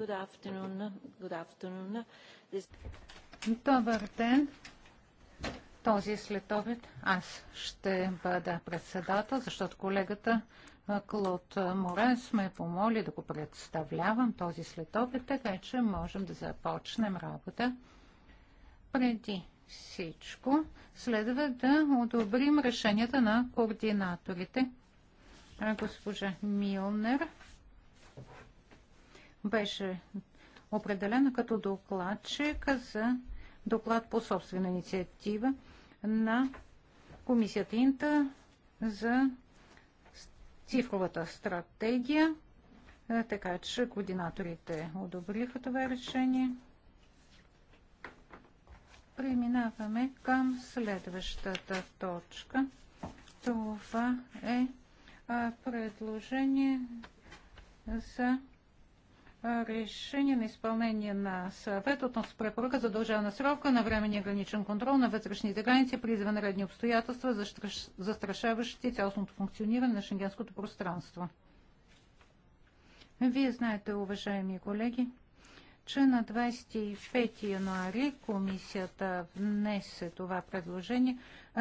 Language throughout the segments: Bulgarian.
Good afternoon. Good afternoon. Добър ден. Този следобед аз ще бъда председател, защото колегата Клод Морес ме помоли да го представлявам този следобед, така че можем да започнем работа. Преди всичко следва да одобрим решенията на координаторите. Госпожа Милнер беше определена като докладчик за доклад по собствена инициатива на комисията Инта за цифровата стратегия, е, така че координаторите одобриха това решение. Преминаваме към следващата точка. Това е предложение за решение на изпълнение на съвет относно препоръка за дължавна срока на временния граничен контрол на вътрешните граници при извънредни обстоятелства, застрашаващи цялостното функциониране на шенгенското пространство. Вие знаете, уважаеми колеги, че на 25 януари комисията внесе това предложение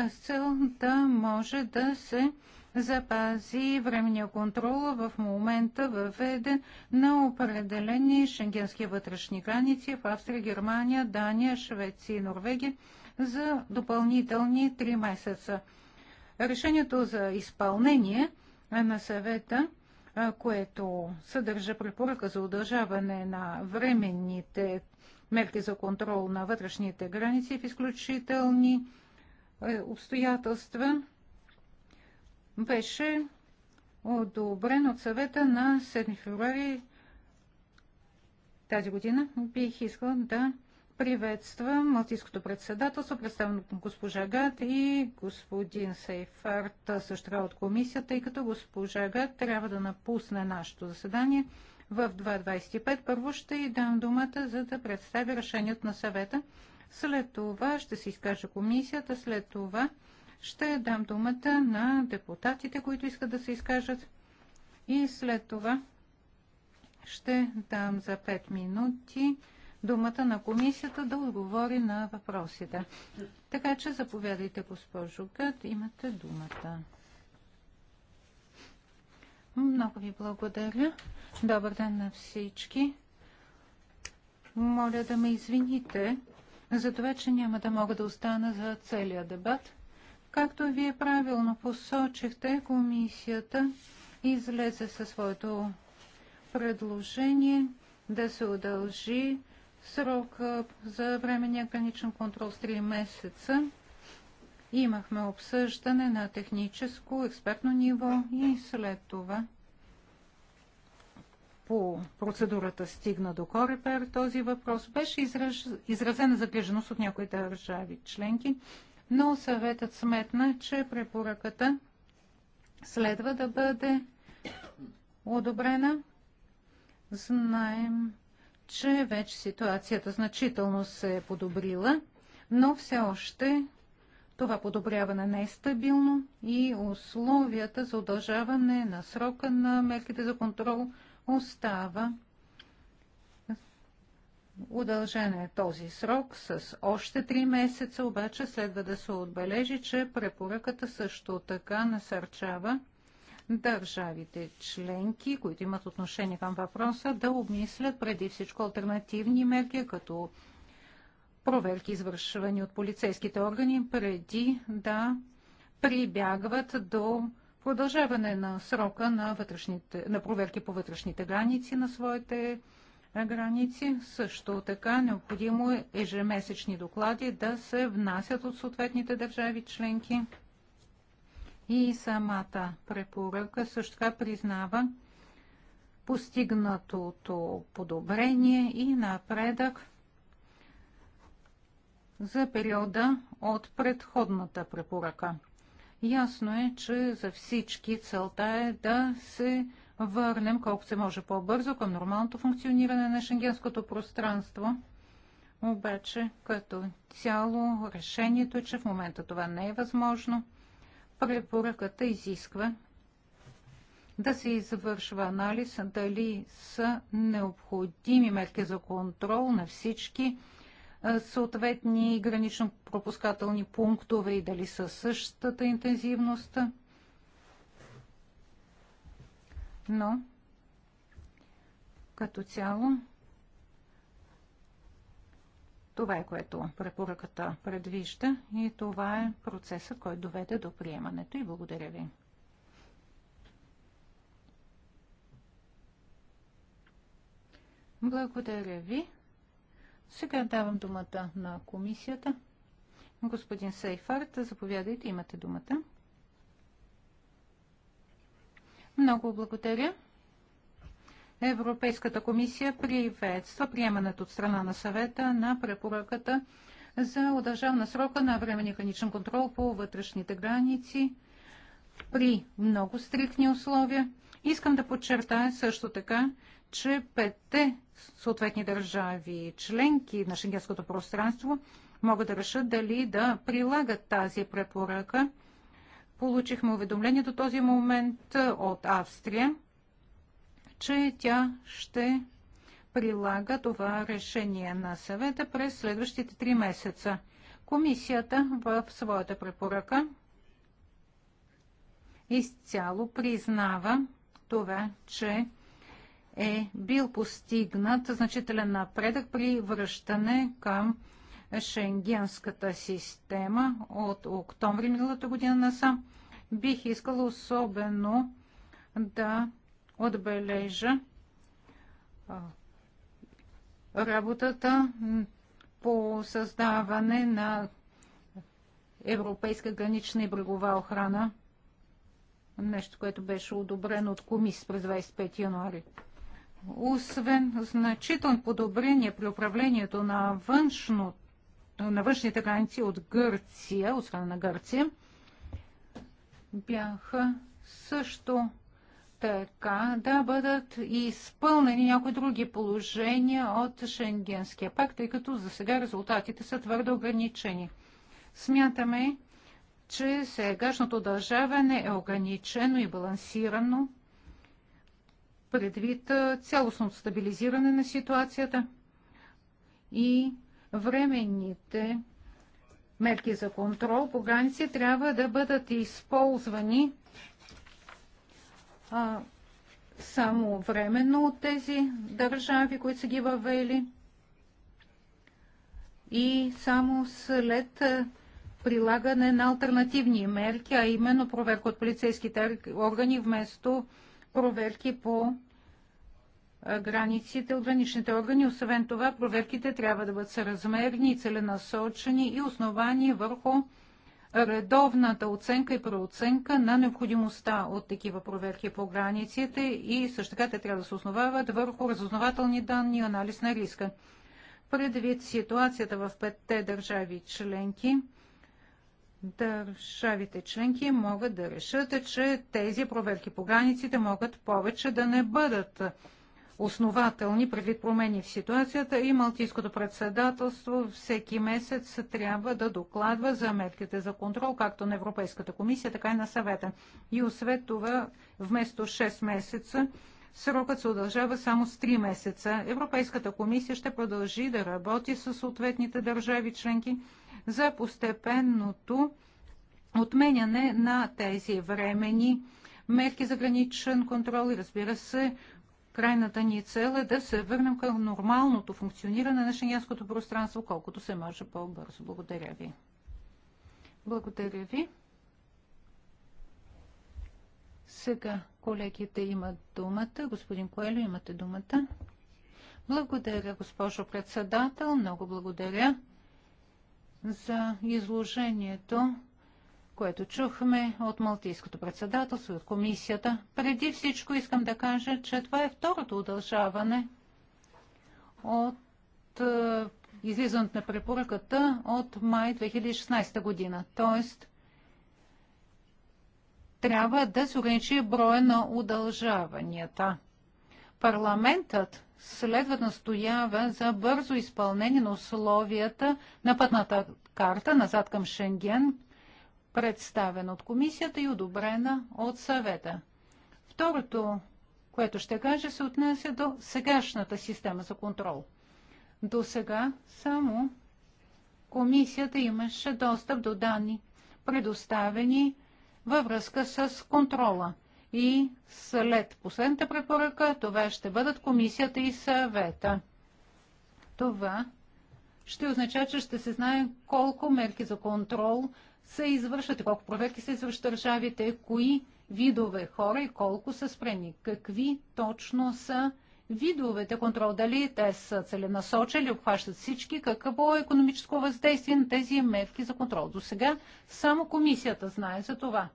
с цел да може да се запази временния контрол в момента въведен на определени шенгенски вътрешни граници в Австрия, Германия, Дания, Швеция и Норвегия за допълнителни три месеца. Решението за изпълнение е на съвета, което съдържа препоръка за удължаване на временните мерки за контрол на вътрешните граници в изключителни е, обстоятелства, беше одобрен от съвета на 7 февруари тази година. Бих искал да приветствам Малтийското председателство, представено от госпожа Гад и господин Сейфарт, също от комисията, тъй като госпожа Гад трябва да напусне нашето заседание в 2.25. Първо ще й дам думата, за да представи решението на съвета. След това ще се изкаже комисията, след това ще дам думата на депутатите, които искат да се изкажат. И след това ще дам за 5 минути думата на комисията да отговори на въпросите. Така че заповядайте, госпожо Гът, имате думата. Много ви благодаря. Добър ден на всички. Моля да ме извините за това, че няма да мога да остана за целия дебат. Както вие правилно посочихте, комисията излезе със своето предложение да се удължи срок за временния граничен контрол с 3 месеца. Имахме обсъждане на техническо, експертно ниво и след това по процедурата стигна до Корепер този въпрос. Беше изразена загриженост от някои държави членки но съветът сметна, че препоръката следва да бъде одобрена. Знаем, че вече ситуацията значително се е подобрила, но все още това подобряване не е стабилно и условията за удължаване на срока на мерките за контрол остава Удължен е този срок с още 3 месеца, обаче следва да се отбележи, че препоръката също така насърчава държавите членки, които имат отношение към въпроса, да обмислят преди всичко альтернативни мерки, като проверки, извършвани от полицейските органи, преди да прибягват до продължаване на срока на, на проверки по вътрешните граници на своите граници. Също така необходимо е ежемесечни доклади да се внасят от съответните държави членки. И самата препоръка също така признава постигнатото подобрение и напредък за периода от предходната препоръка. Ясно е, че за всички целта е да се върнем колкото се може по-бързо към нормалното функциониране на шенгенското пространство. Обаче, като цяло, решението е, че в момента това не е възможно. Препоръката изисква да се извършва анализ дали са необходими мерки за контрол на всички съответни гранично пропускателни пунктове и дали са същата интензивност но като цяло това е което препоръката предвижда и това е процесът, който доведе до приемането и благодаря ви. Благодаря ви. Сега давам думата на комисията. Господин Сейфарт, заповядайте, имате думата. Много благодаря. Европейската комисия приветства приемането от страна на съвета на препоръката за удължаване срока на временния граничен контрол по вътрешните граници при много стрикни условия. Искам да подчертая също така, че петте съответни държави членки на шенгенското пространство могат да решат дали да прилагат тази препоръка – Получихме уведомление до този момент от Австрия, че тя ще прилага това решение на съвета през следващите три месеца. Комисията в своята препоръка изцяло признава това, че е бил постигнат значителен напредък при връщане към шенгенската система от октомври миналата година насам, бих искала особено да отбележа работата по създаване на Европейска гранична и брегова охрана. Нещо, което беше одобрено от комисия през 25 януари. Освен значително подобрение при управлението на външното на външните граници от Гърция, от страна на Гърция, бяха също така да бъдат изпълнени някои други положения от Шенгенския пакт, тъй като за сега резултатите са твърдо ограничени. Смятаме, че сегашното удължаване е ограничено и балансирано предвид цялостното стабилизиране на ситуацията и временните мерки за контрол по граници трябва да бъдат използвани а, само временно от тези държави, които са ги въвели и само след прилагане на альтернативни мерки, а именно проверка от полицейските органи вместо проверки по границите от граничните органи. Освен това, проверките трябва да бъдат съразмерни, целенасочени и основани върху редовната оценка и преоценка на необходимостта от такива проверки по границите и също така те трябва да се основават върху разузнавателни данни и анализ на риска. Предвид ситуацията в петте държави членки, държавите членки могат да решат, че тези проверки по границите могат повече да не бъдат основателни предвид промени в ситуацията и Малтийското председателство всеки месец трябва да докладва за мерките за контрол, както на Европейската комисия, така и на съвета. И освен това, вместо 6 месеца, срокът се удължава само с 3 месеца. Европейската комисия ще продължи да работи с съответните държави членки за постепенното отменяне на тези времени мерки за граничен контрол и разбира се крайната ни цел е да се върнем към нормалното функциониране на шенгенското пространство, колкото се може по-бързо. Благодаря ви. Благодаря ви. Сега колегите имат думата. Господин Коелю, имате думата. Благодаря, госпожо председател. Много благодаря за изложението което чухме от Малтийското председателство и от комисията. Преди всичко искам да кажа, че това е второто удължаване от е, излизането на препоръката от май 2016 година. Тоест, трябва да се ограничи броя на удължаванията. Парламентът следва да настоява за бързо изпълнение на условията на пътната карта назад към Шенген представена от комисията и одобрена от съвета. Второто, което ще кажа, се отнася до сегашната система за контрол. До сега само комисията имаше достъп до данни, предоставени във връзка с контрола. И след последната препоръка това ще бъдат комисията и съвета. Това ще означава, че ще се знае колко мерки за контрол се извършват и колко проверки се извършват държавите, кои видове хора и колко са спрени, какви точно са видовете контрол, дали те са целенасочени, обхващат всички, какво е економическо въздействие на тези мерки за контрол. До сега само комисията знае за това.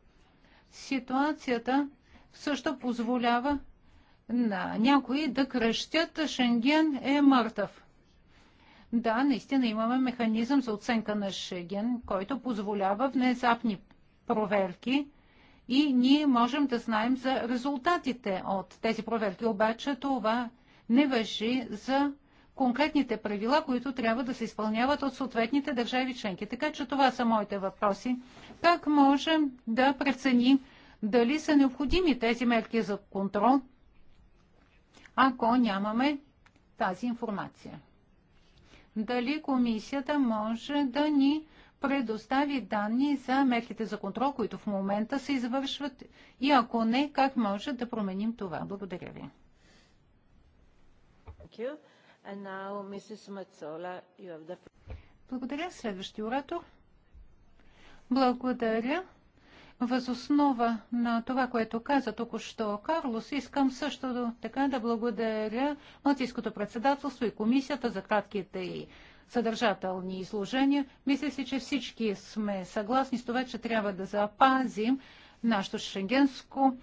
Ситуацията също позволява на някои да кръщят Шенген е мъртъв. Да, наистина имаме механизъм за оценка на Шеген, който позволява внезапни проверки и ние можем да знаем за резултатите от тези проверки. Обаче това не въжи за конкретните правила, които трябва да се изпълняват от съответните държави членки. Така че това са моите въпроси. Как можем да преценим дали са необходими тези мерки за контрол, ако нямаме тази информация? дали комисията може да ни предостави данни за мерките за контрол, които в момента се извършват и ако не, как може да променим това. Благодаря ви. Благодаря. Следващия оратор. Благодаря. Възоснова на това, което каза току-що Карлос, искам също така да благодаря Малтийското председателство и комисията за кратките и съдържателни изложения. Мисля си, че всички сме съгласни с това, че трябва да запазим нашето шенгенско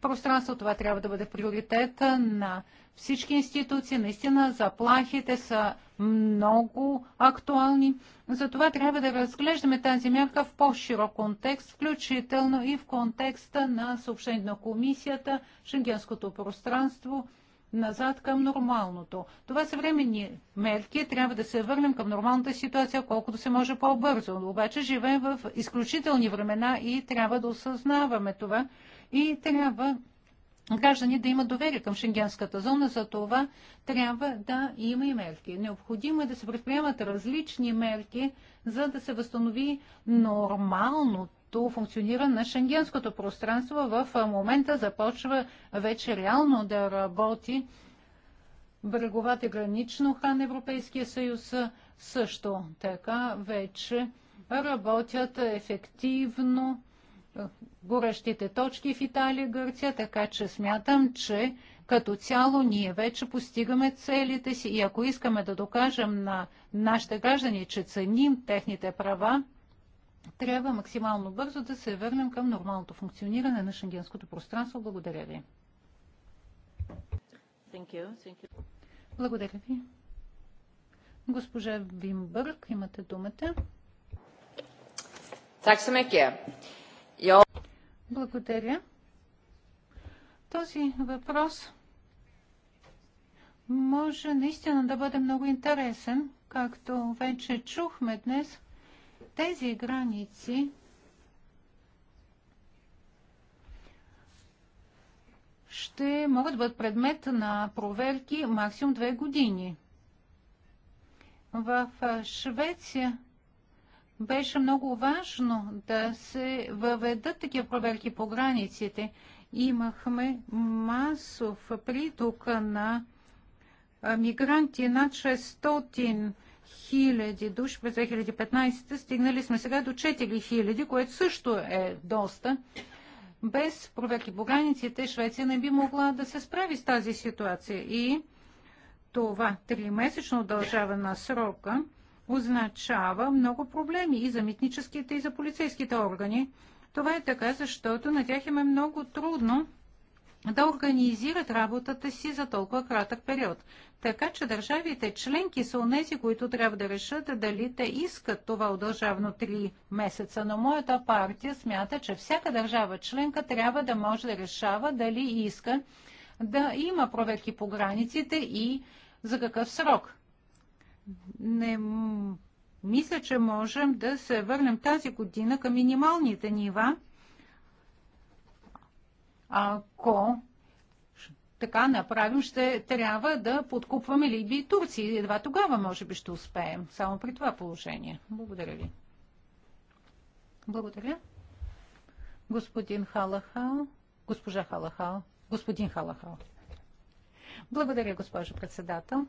пространство. Това трябва да бъде приоритета на всички институции. Наистина заплахите са много актуални. Затова трябва да разглеждаме тази мярка в по-широк контекст, включително и в контекста на съобщение на комисията, шенгенското пространство, назад към нормалното. Това са временни мерки, трябва да се върнем към нормалната ситуация, колкото се може по-бързо. Обаче живеем в изключителни времена и трябва да осъзнаваме това и трябва граждани да имат доверие към шенгенската зона, за това трябва да има и мерки. Необходимо е да се предприемат различни мерки, за да се възстанови нормалното функциониране на шенгенското пространство. В момента започва вече реално да работи бреговата и гранична охрана Европейския съюз също така вече работят ефективно горещите точки в Италия и Гърция, така че смятам, че като цяло ние вече постигаме целите си и ако искаме да докажем на нашите граждани, че ценим техните права, трябва максимално бързо да се върнем към нормалното функциониране на шенгенското пространство. Благодаря ви. Thank you. Thank you. Благодаря ви. Госпожа Вимбърг, имате думата. Так så благодаря. Този въпрос може наистина да бъде много интересен, както вече чухме днес. Тези граници ще могат да бъдат предмет на проверки максимум две години. В Швеция беше много важно да се въведат такива проверки по границите. Имахме масов приток на мигранти над 600 хиляди души през 2015. Стигнали сме сега до 4 хиляди, което също е доста. Без проверки по границите Швеция не би могла да се справи с тази ситуация. И това тримесечно удължаване на срока означава много проблеми и за митническите, и за полицейските органи. Това е така, защото на тях им е много трудно да организират работата си за толкова кратък период. Така че държавите членки са онези, които трябва да решат дали те искат това удължавно 3 месеца. Но моята партия смята, че всяка държава членка трябва да може да решава дали иска да има проверки по границите и за какъв срок не мисля, че можем да се върнем тази година към минималните нива, ако така направим, ще трябва да подкупваме Либия и Турция. Едва тогава, може би, ще успеем. Само при това положение. Благодаря ви. Благодаря. Господин Халахал. Госпожа Халахал. Господин Халахал. Благодаря, госпожо председател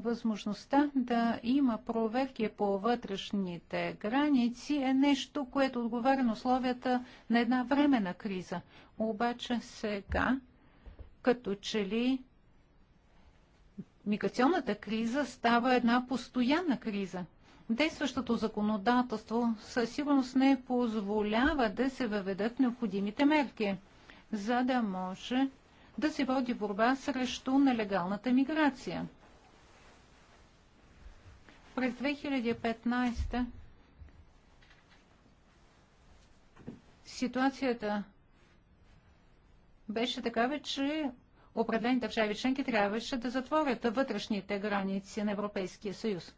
възможността да има проверки по вътрешните граници е нещо, което отговаря на условията на една времена криза. Обаче сега, като че ли миграционната криза става една постоянна криза. Действащото законодателство със сигурност не позволява да се въведат необходимите мерки, за да може да се води борба срещу нелегалната миграция. През 2015 ситуацията беше такава, че определени държави членки трябваше да затворят вътрешните граници на Европейския съюз.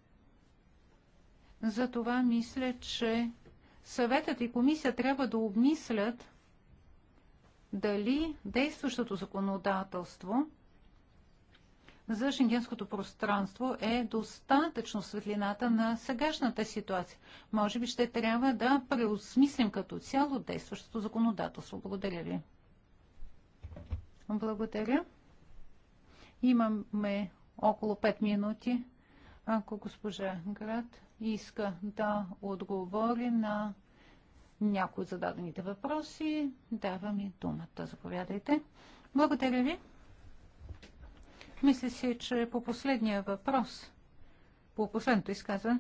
Затова мисля, че съветът и комисия трябва да обмислят дали действащото законодателство за шенгенското пространство е достатъчно светлината на сегашната ситуация. Може би ще трябва да преосмислим като цяло действащото законодателство. Благодаря ви. Благодаря. Имаме около 5 минути. Ако госпожа Град иска да отговори на някои от зададените въпроси, давам и думата. Заповядайте. Благодаря ви. Мисля си, че по последния въпрос, по последното изказване,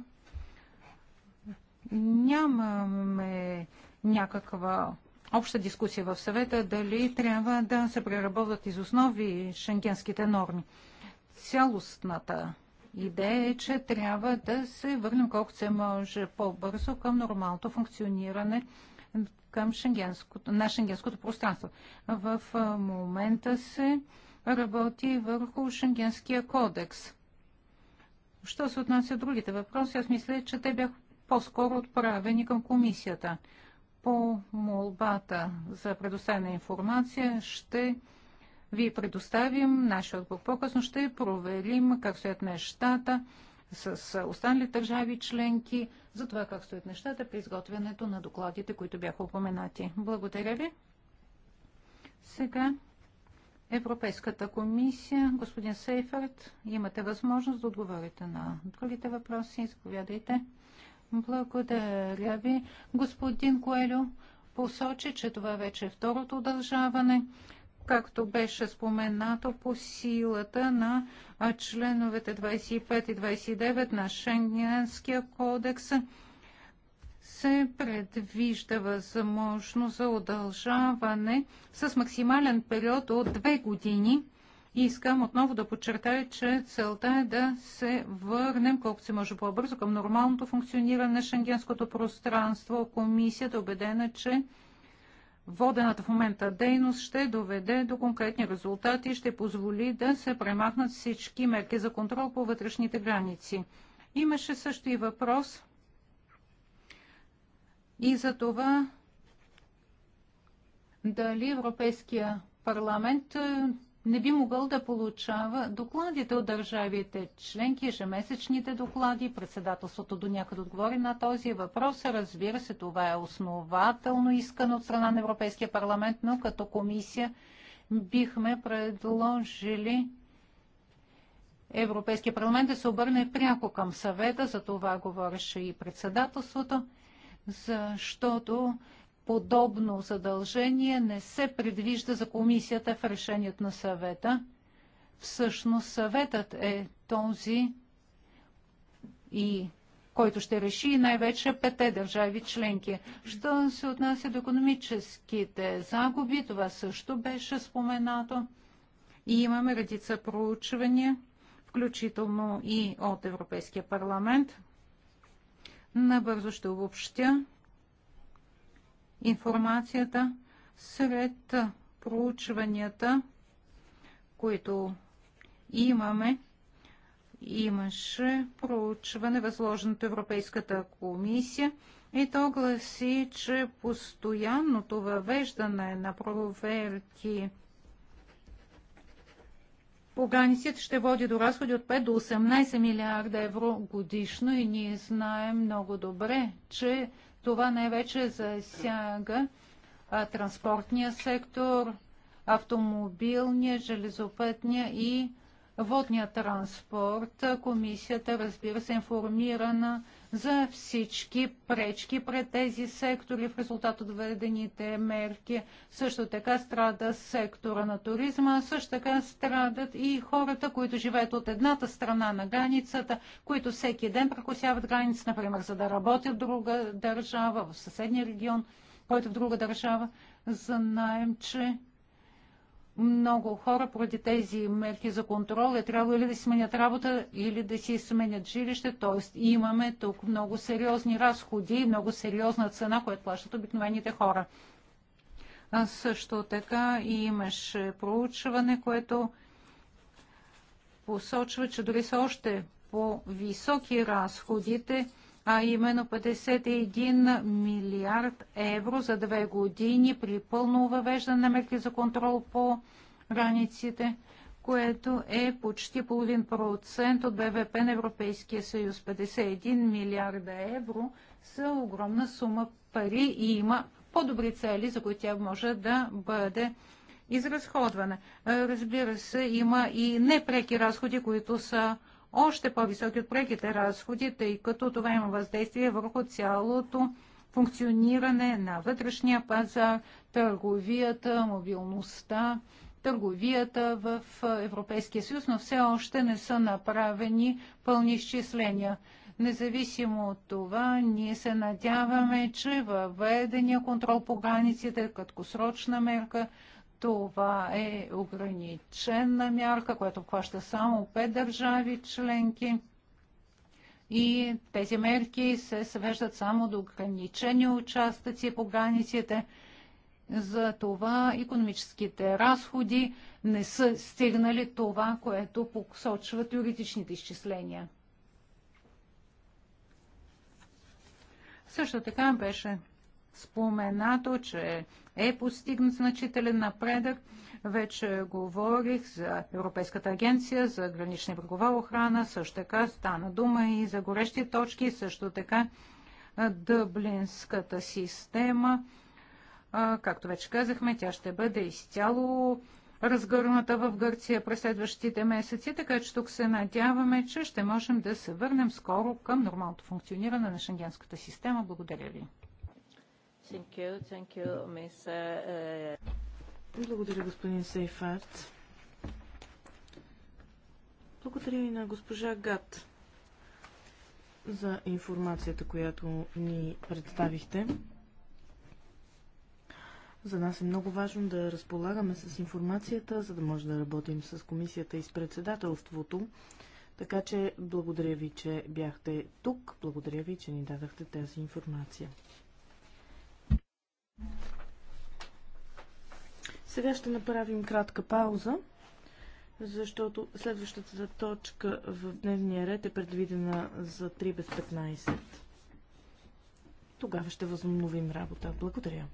нямаме някаква обща дискусия в съвета дали трябва да се преработват из основи шенгенските норми. Цялостната идея е, че трябва да се върнем колкото се може по-бързо към нормалното функциониране към шенгенското, на шенгенското пространство. В момента се работи върху Шенгенския кодекс. Що се отнася до другите въпроси, аз мисля, че те бяха по-скоро отправени към комисията. По молбата за предоставена информация ще ви предоставим нашия отговор. По-късно ще проверим как стоят нещата с останали държави членки за това как стоят нещата при изготвянето на докладите, които бяха упоменати. Благодаря ви. Сега Европейската комисия. Господин Сейфърт, имате възможност да отговорите на другите въпроси. Заповядайте. Благодаря ви. Господин Коелю посочи, че това вече е второто удължаване, както беше споменато по силата на членовете 25 и 29 на Шенгенския кодекс се предвижда възможност за удължаване с максимален период от две години. И искам отново да подчертая, че целта е да се върнем колкото се може по-бързо към нормалното функциониране на шенгенското пространство. Комисията е убедена, че водената в момента дейност ще доведе до конкретни резултати и ще позволи да се премахнат всички мерки за контрол по вътрешните граници. Имаше също и въпрос – и за това дали Европейския парламент е, не би могъл да получава докладите от държавите членки, ежемесечните доклади. Председателството до някъде отговори на този въпрос. Разбира се, това е основателно искано от страна на Европейския парламент, но като комисия бихме предложили Европейския парламент да се обърне пряко към съвета, за това говореше и председателството защото подобно задължение не се предвижда за комисията в решението на съвета. Всъщност съветът е този и който ще реши най-вече пете държави членки. Що се отнася до економическите загуби, това също беше споменато. И имаме редица проучвания, включително и от Европейския парламент. Набързо ще обобщя информацията сред проучванията, които имаме. Имаше проучване, възложено от Европейската комисия, и то гласи, че постоянното въвеждане на проверки по ще води до разходи от 5 до 18 милиарда евро годишно и ние знаем много добре, че това най-вече засяга а, транспортния сектор, автомобилния, железопътния и водния транспорт. Комисията, разбира се, е информирана за всички пречки пред тези сектори в резултат от введените мерки. Също така страда сектора на туризма, също така страдат и хората, които живеят от едната страна на границата, които всеки ден прекусяват граница, например, за да работят в друга държава, в съседния регион, който в друга държава. Знаем, че много хора поради тези мерки за контрол е трябва или да си сменят работа, или да си сменят жилище. Тоест имаме тук много сериозни разходи и много сериозна цена, която плащат обикновените хора. А също така имаше проучване, което посочва, че дори са още по-високи разходите – а именно 51 милиард евро за две години при пълно въвеждане на мерки за контрол по границите, което е почти половин процент от БВП на Европейския съюз. 51 милиарда евро са огромна сума пари и има по-добри цели, за които тя може да бъде изразходвана. Разбира се, има и непреки разходи, които са още по-високи от преките разходи, тъй като това има въздействие върху цялото функциониране на вътрешния пазар, търговията, мобилността, търговията в Европейския съюз, но все още не са направени пълни изчисления. Независимо от това, ние се надяваме, че въведения контрол по границите, като срочна мерка, това е ограничена мярка, която обхваща само 5 държави членки. И тези мерки се свеждат само до ограничени участъци по границите. За това економическите разходи не са стигнали това, което посочват юридичните изчисления. Също така беше споменато, че е постигнат значителен напредък. Вече говорих за Европейската агенция за гранична и брегова охрана, също така стана дума и за горещи точки, също така Дъблинската система. Както вече казахме, тя ще бъде изцяло разгърната в Гърция през следващите месеци, така че тук се надяваме, че ще можем да се върнем скоро към нормалното функциониране на шенгенската система. Благодаря ви. Thank you, thank you, miss, uh, uh, Благодаря, господин Сейфарт. Благодаря и на госпожа Гат за информацията, която ни представихте. За нас е много важно да разполагаме с информацията, за да може да работим с комисията и с председателството. Така че благодаря ви, че бяхте тук. Благодаря ви, че ни дадахте тази информация. Сега ще направим кратка пауза, защото следващата точка в дневния ред е предвидена за 3 без 15. Тогава ще възобновим работа. Благодаря.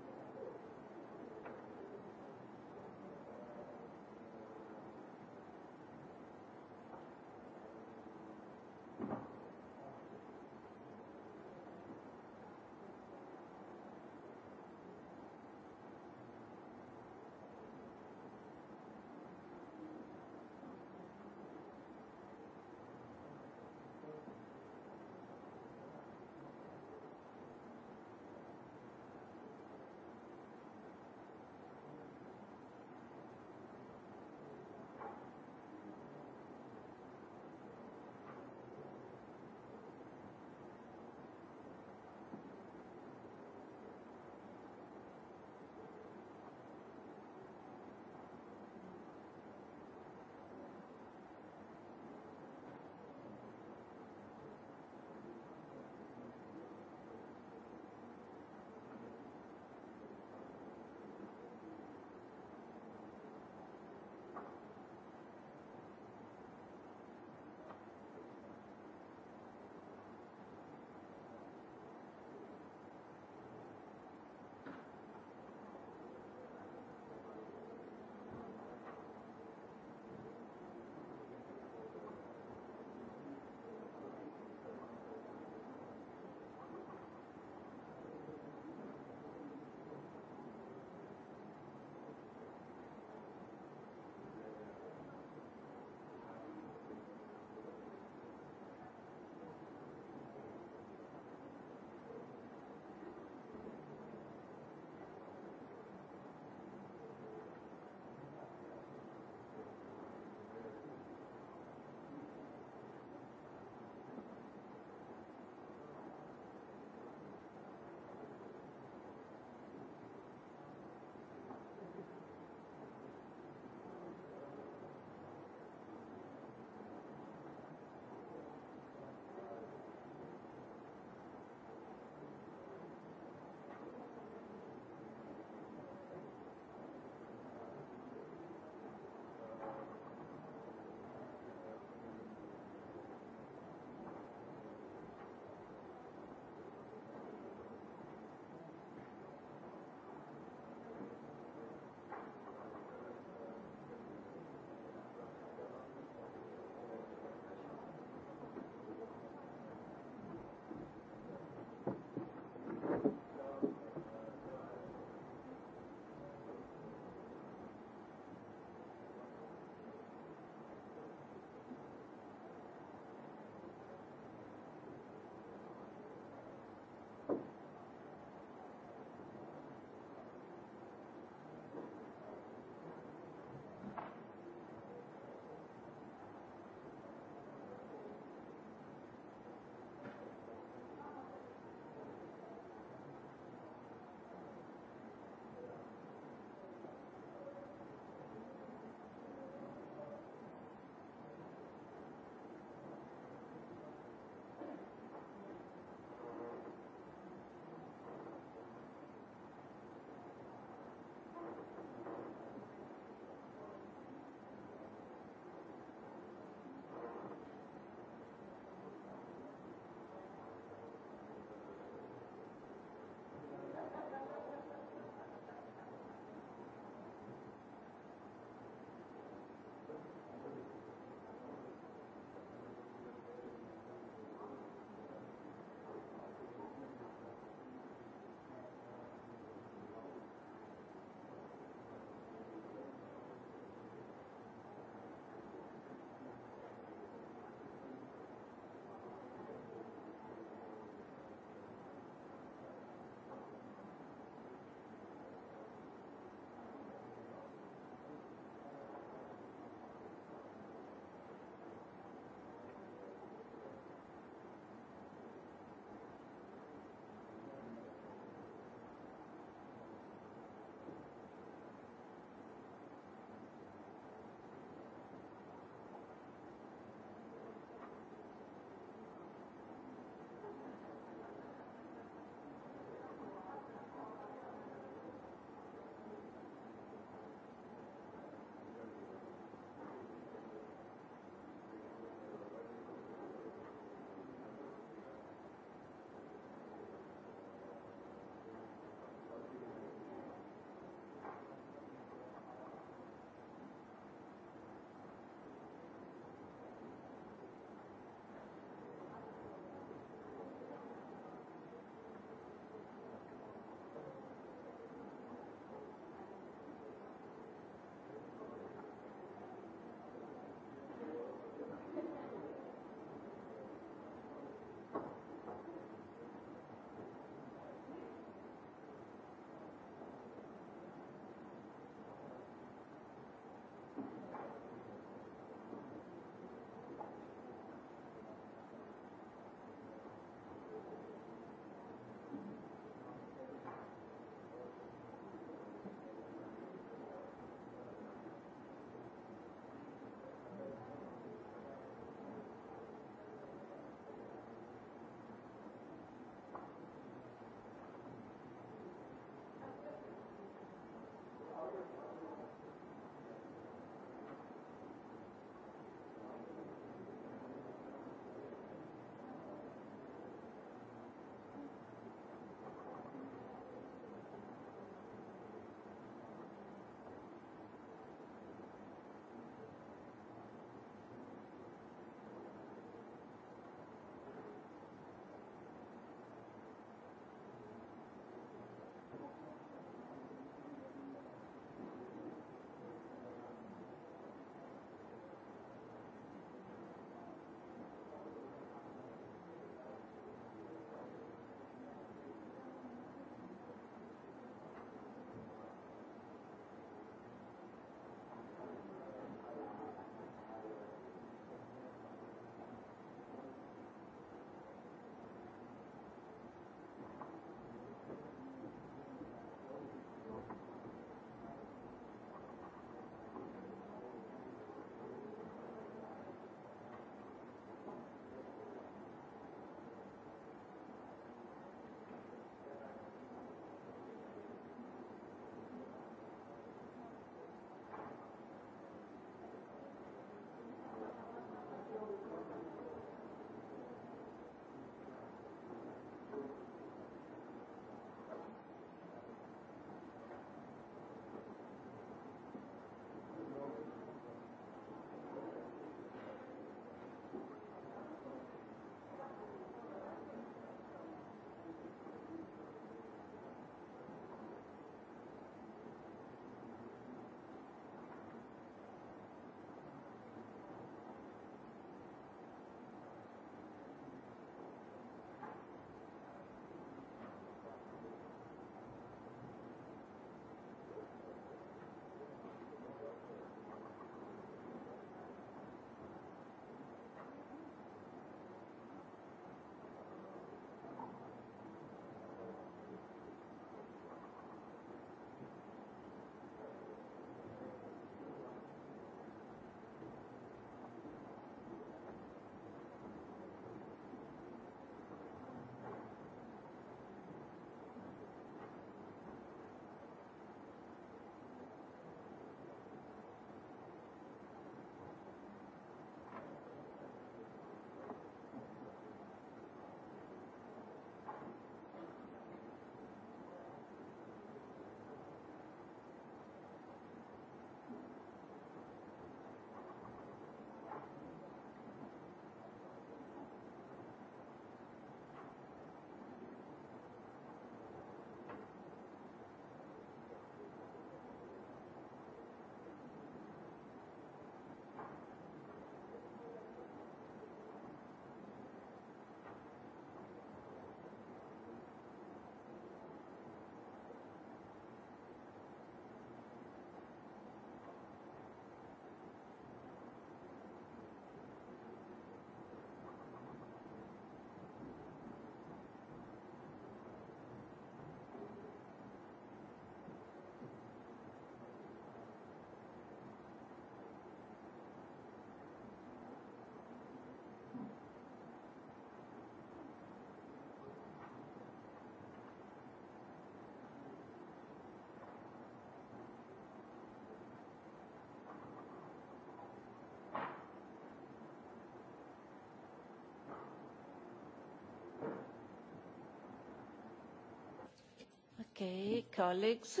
Okay, colleagues,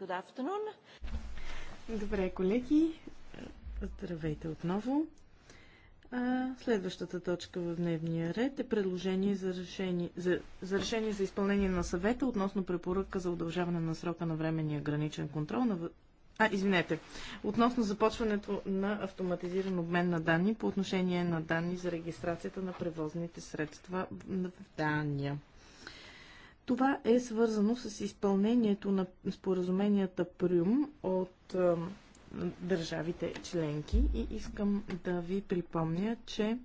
good afternoon. Добре, колеги, здравейте отново. следващата точка в дневния ред е предложение за решение за, за решение за изпълнение на съвета относно препоръка за удължаване на срока на временния граничен контрол на а, извинете. Относно започването на автоматизиран обмен на данни по отношение на данни за регистрацията на превозните средства в Дания. Това е свързано с изпълнението на споразуменията Прюм от е, държавите членки и искам да ви припомня, че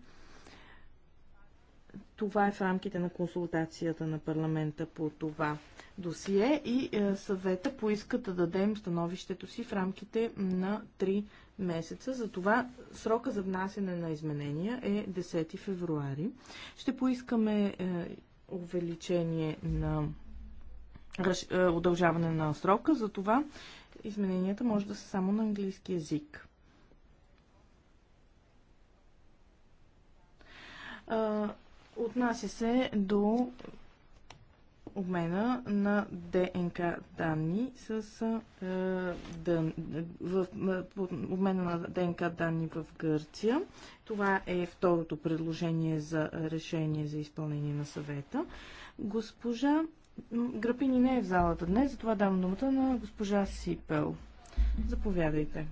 това е в рамките на консултацията на парламента по това досие и е, съвета поиска да дадем становището си в рамките на 3 месеца. Затова срока за внасяне на изменения е 10 февруари. Ще поискаме е, увеличение на е, удължаване на срока, затова измененията може да са само на английски язик. Е, отнася се до обмена на ДНК данни с дън, в, обмена на ДНК данни в Гърция. Това е второто предложение за решение за изпълнение на съвета. Госпожа Грапини не е в залата днес, затова дам думата на госпожа Сипел. Заповядайте.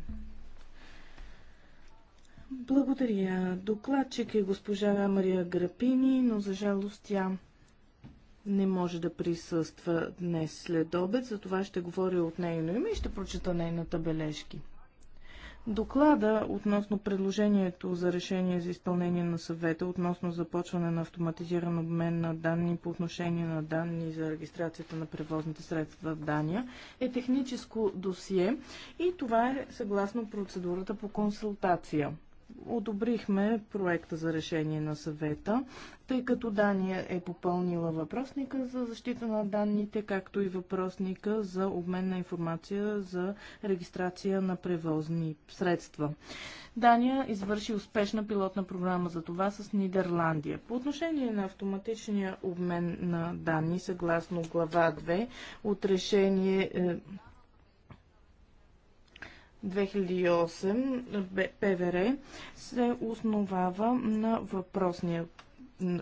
Благодаря. Докладчик е госпожа Мария Грапини, но за жалост тя не може да присъства днес след обед, за това ще говоря от нейно име и ще прочета нейната бележки. Доклада относно предложението за решение за изпълнение на съвета относно започване на автоматизиран обмен на данни по отношение на данни за регистрацията на превозните средства в Дания е техническо досие и това е съгласно процедурата по консултация одобрихме проекта за решение на съвета, тъй като Дания е попълнила въпросника за защита на данните, както и въпросника за обмен на информация за регистрация на превозни средства. Дания извърши успешна пилотна програма за това с Нидерландия. По отношение на автоматичния обмен на данни, съгласно глава 2 от решение е, 2008 ПВР се основава на въпросния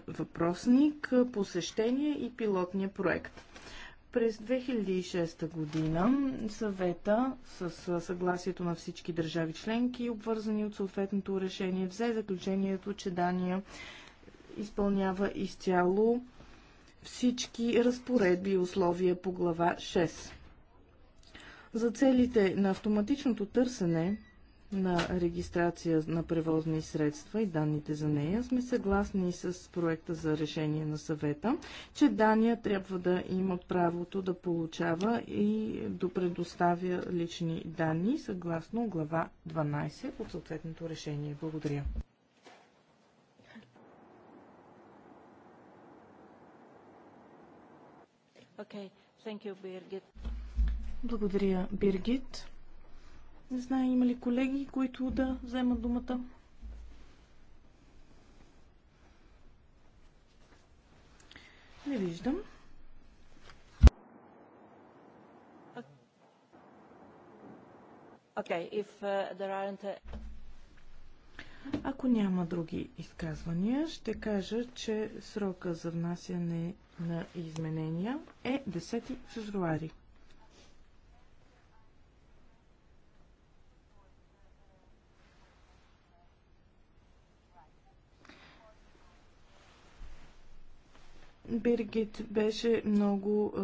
въпросник, посещение и пилотния проект. През 2006 година съвета с съгласието на всички държави членки, обвързани от съответното решение, взе заключението, че Дания изпълнява изцяло всички разпоредби и условия по глава 6. За целите на автоматичното търсене на регистрация на превозни средства и данните за нея, сме съгласни с проекта за решение на съвета, че Дания трябва да има правото да получава и да предоставя лични данни съгласно глава 12 от съответното решение. Благодаря. Okay. Thank you, Birgit. Благодаря, Биргит. Не знае, има ли колеги, които да вземат думата? Не виждам. Okay, if, uh, there aren't... Ако няма други изказвания, ще кажа, че срока за внасяне на изменения е 10 февруари. Биргит беше много е,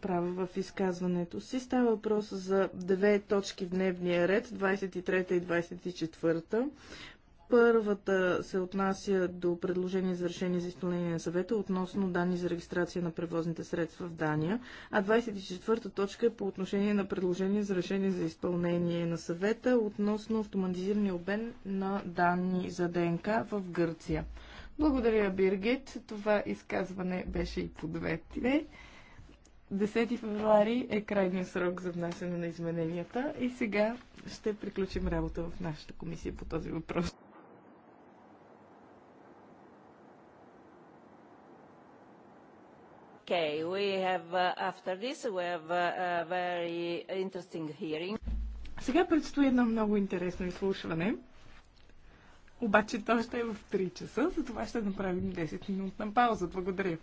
права в изказването си. Става въпрос за две точки в дневния ред, 23 и 24. Първата се отнася до предложение за решение за изпълнение на съвета относно данни за регистрация на превозните средства в Дания, а 24-та точка е по отношение на предложение за решение за изпълнение на съвета относно автоматизирания обмен на данни за ДНК в Гърция. Благодаря, Биргит. Това изказване беше и по двете. 10 февруари е крайният срок за внасяне на измененията и сега ще приключим работа в нашата комисия по този въпрос. Okay, we have uh, after this we have uh, a very interesting hearing. Сега предстои едно много интересно изслушване. Обаче то ще е в 3 часа, затова ще направим 10 минутна пауза. Благодаря.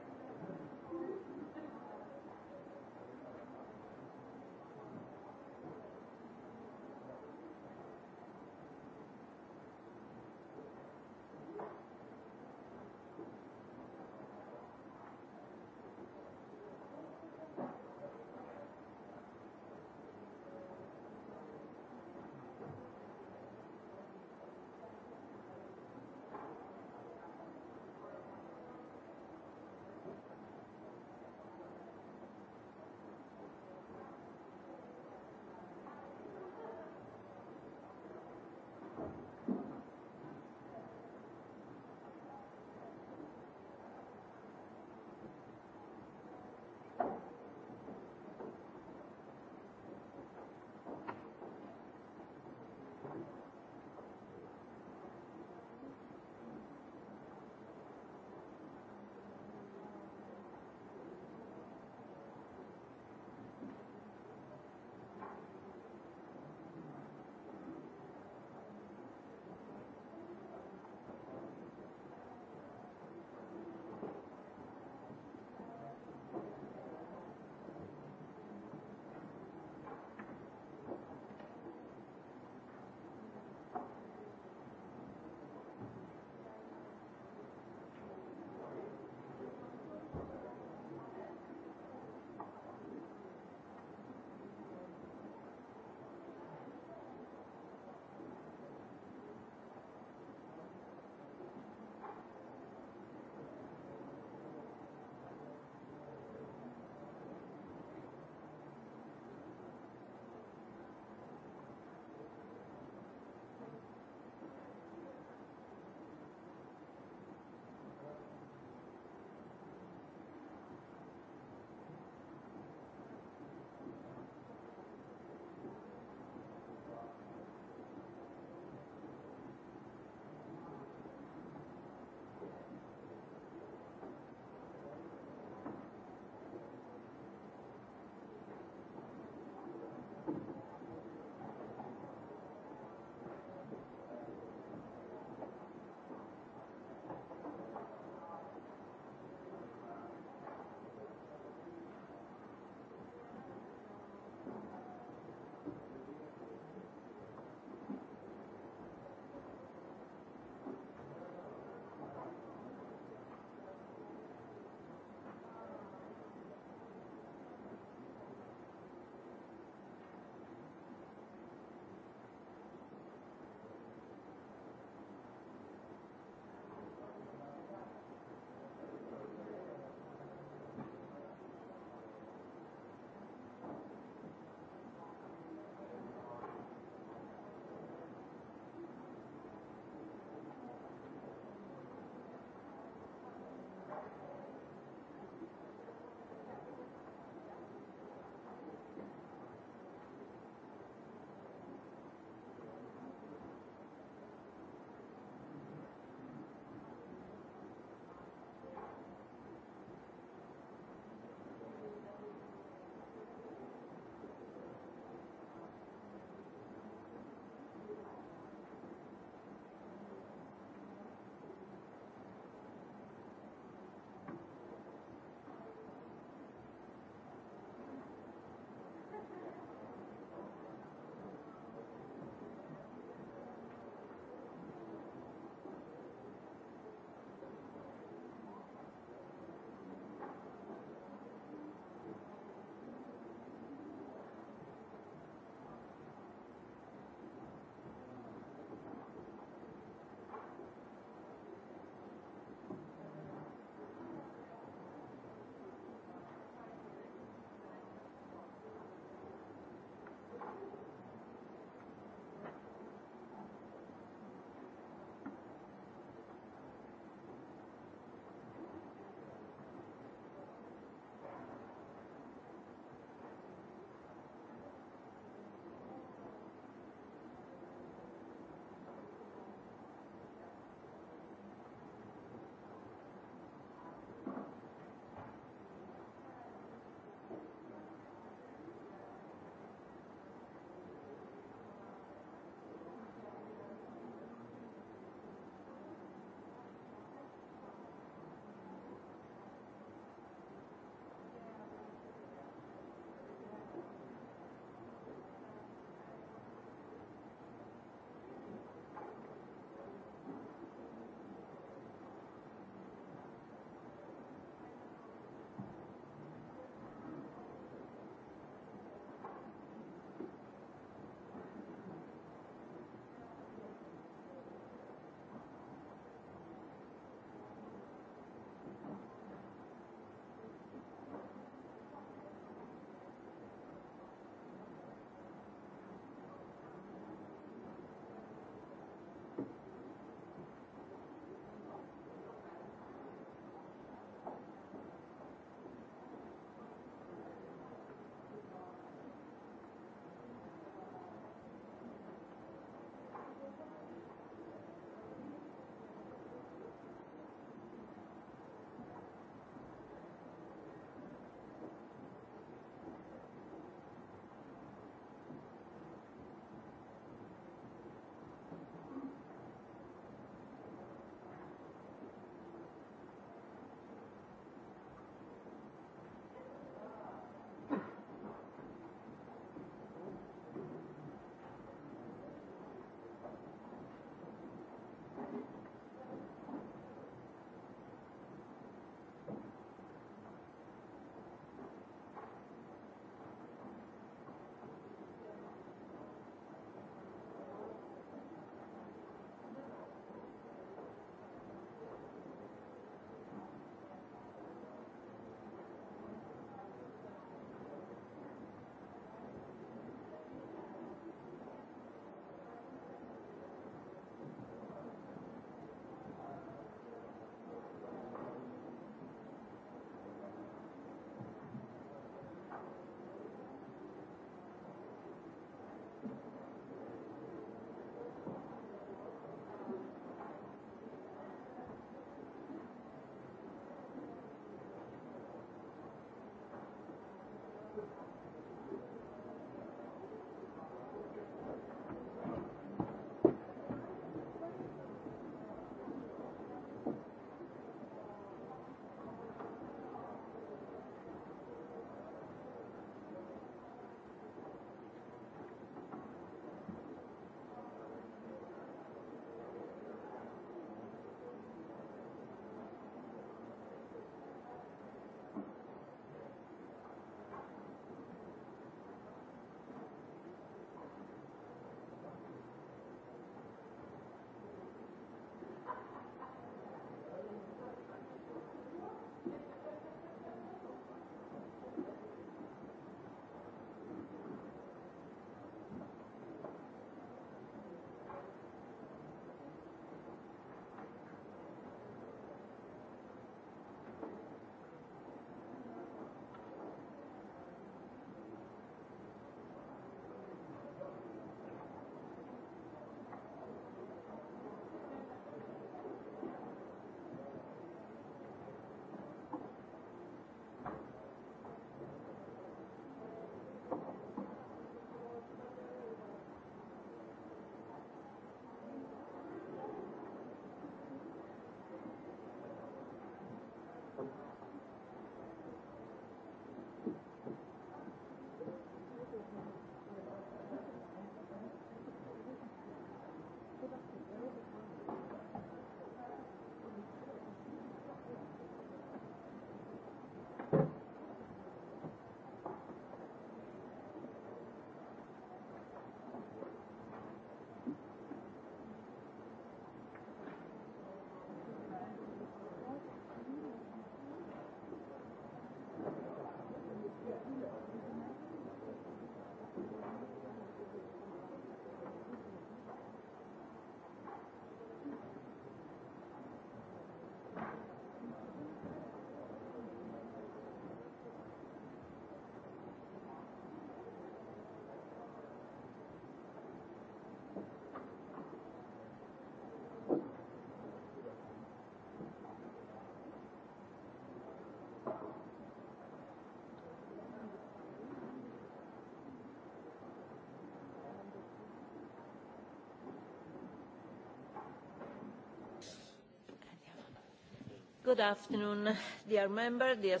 Good afternoon, dear member, dear...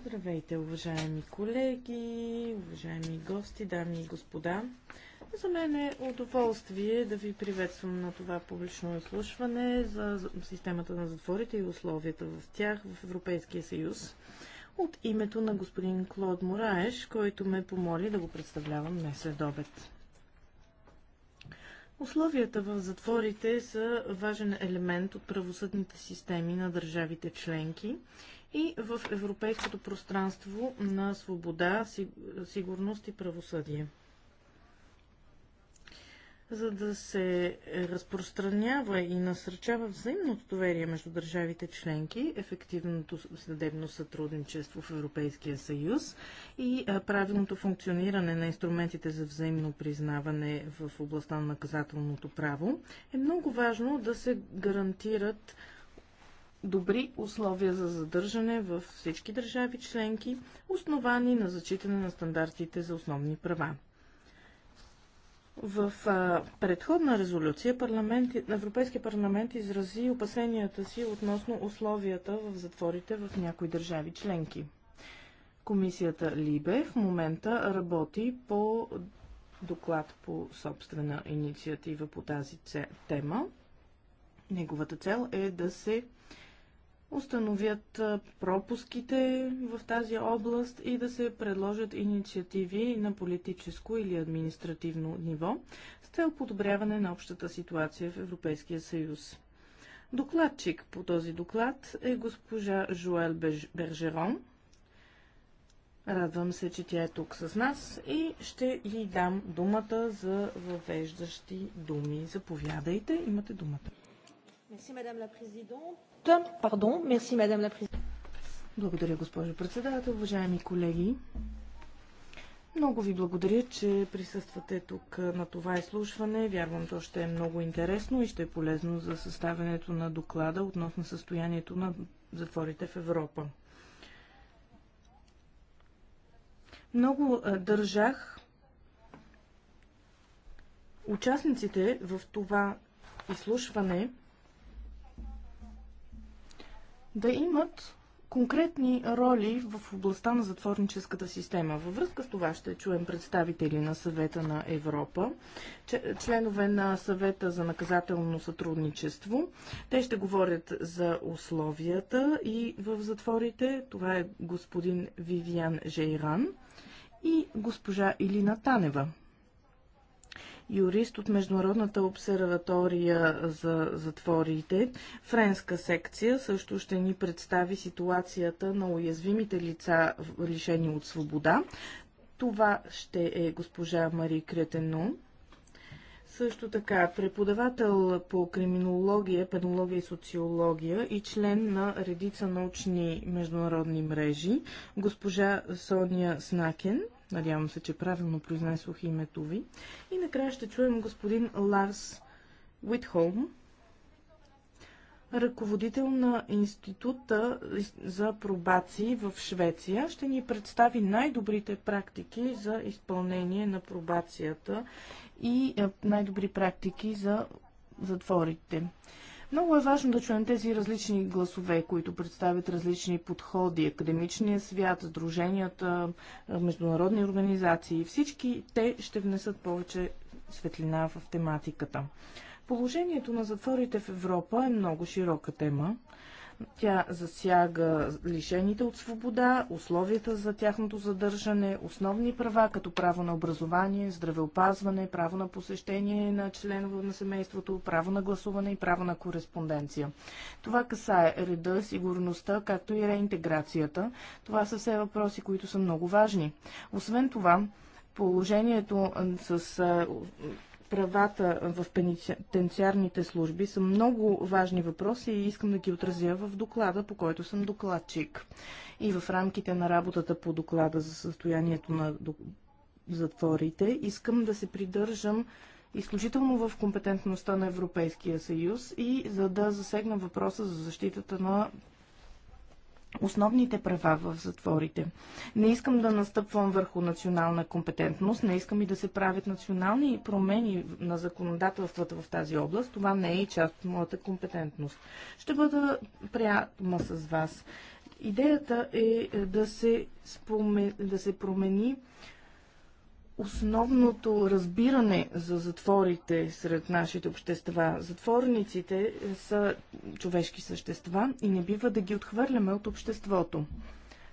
Здравейте, уважаеми колеги, уважаеми гости, дами и господа. За мен е удоволствие да ви приветствам на това публично изслушване за системата на затворите и условията в тях в Европейския съюз от името на господин Клод Мораеш, който ме помоли да го представлявам днес след обед. Условията в затворите са важен елемент от правосъдните системи на държавите членки и в европейското пространство на свобода, сигурност и правосъдие за да се разпространява и насърчава взаимното доверие между държавите членки, ефективното съдебно сътрудничество в Европейския съюз и правилното функциониране на инструментите за взаимно признаване в областта на наказателното право, е много важно да се гарантират добри условия за задържане в всички държави членки, основани на зачитане на стандартите за основни права. В а, предходна резолюция парламент, Европейския парламент изрази опасенията си относно условията в затворите в някои държави членки. Комисията Либе в момента работи по доклад по собствена инициатива по тази тема. Неговата цел е да се установят пропуските в тази област и да се предложат инициативи на политическо или административно ниво с цел подобряване на общата ситуация в Европейския съюз. Докладчик по този доклад е госпожа Жуел Бержерон. Радвам се, че тя е тук с нас и ще й дам думата за въвеждащи думи. Заповядайте, имате думата. Merci, Madame la Présidente. Пардон, мерси, мадам на Благодаря, госпожо председател. Уважаеми колеги, много ви благодаря, че присъствате тук на това изслушване. Вярвам, то ще е много интересно и ще е полезно за съставянето на доклада относно състоянието на затворите в Европа. Много държах участниците в това изслушване да имат конкретни роли в областта на затворническата система. Във връзка с това ще чуем представители на съвета на Европа, членове на съвета за наказателно сътрудничество. Те ще говорят за условията и в затворите. Това е господин Вивиан Жейран и госпожа Илина Танева юрист от Международната обсерватория за затворите. Френска секция също ще ни представи ситуацията на уязвимите лица, лишени от свобода. Това ще е госпожа Мари Кретено. Също така, преподавател по криминология, педагогия и социология и член на редица научни международни мрежи, госпожа Соня Снакен – Надявам се, че правилно произнесох името ви. И накрая ще чуем господин Ларс Уитхолм, ръководител на Института за пробации в Швеция. Ще ни представи най-добрите практики за изпълнение на пробацията и е, най-добри практики за затворите. Много е важно да чуем тези различни гласове, които представят различни подходи, академичния свят, сдруженията, международни организации. Всички те ще внесат повече светлина в тематиката. Положението на затворите в Европа е много широка тема. Тя засяга лишените от свобода, условията за тяхното задържане, основни права, като право на образование, здравеопазване, право на посещение на членове на семейството, право на гласуване и право на кореспонденция. Това касае реда, сигурността, както и реинтеграцията. Това са все въпроси, които са много важни. Освен това, положението с правата в пенитенциарните служби са много важни въпроси и искам да ги отразя в доклада, по който съм докладчик. И в рамките на работата по доклада за състоянието на затворите искам да се придържам изключително в компетентността на Европейския съюз и за да засегна въпроса за защитата на основните права в затворите. Не искам да настъпвам върху национална компетентност, не искам и да се правят национални промени на законодателствата в тази област. Това не е и част от моята компетентност. Ще бъда приятна с вас. Идеята е да се, спомен... да се промени основното разбиране за затворите сред нашите общества. Затворниците е, са човешки същества и не бива да ги отхвърляме от обществото.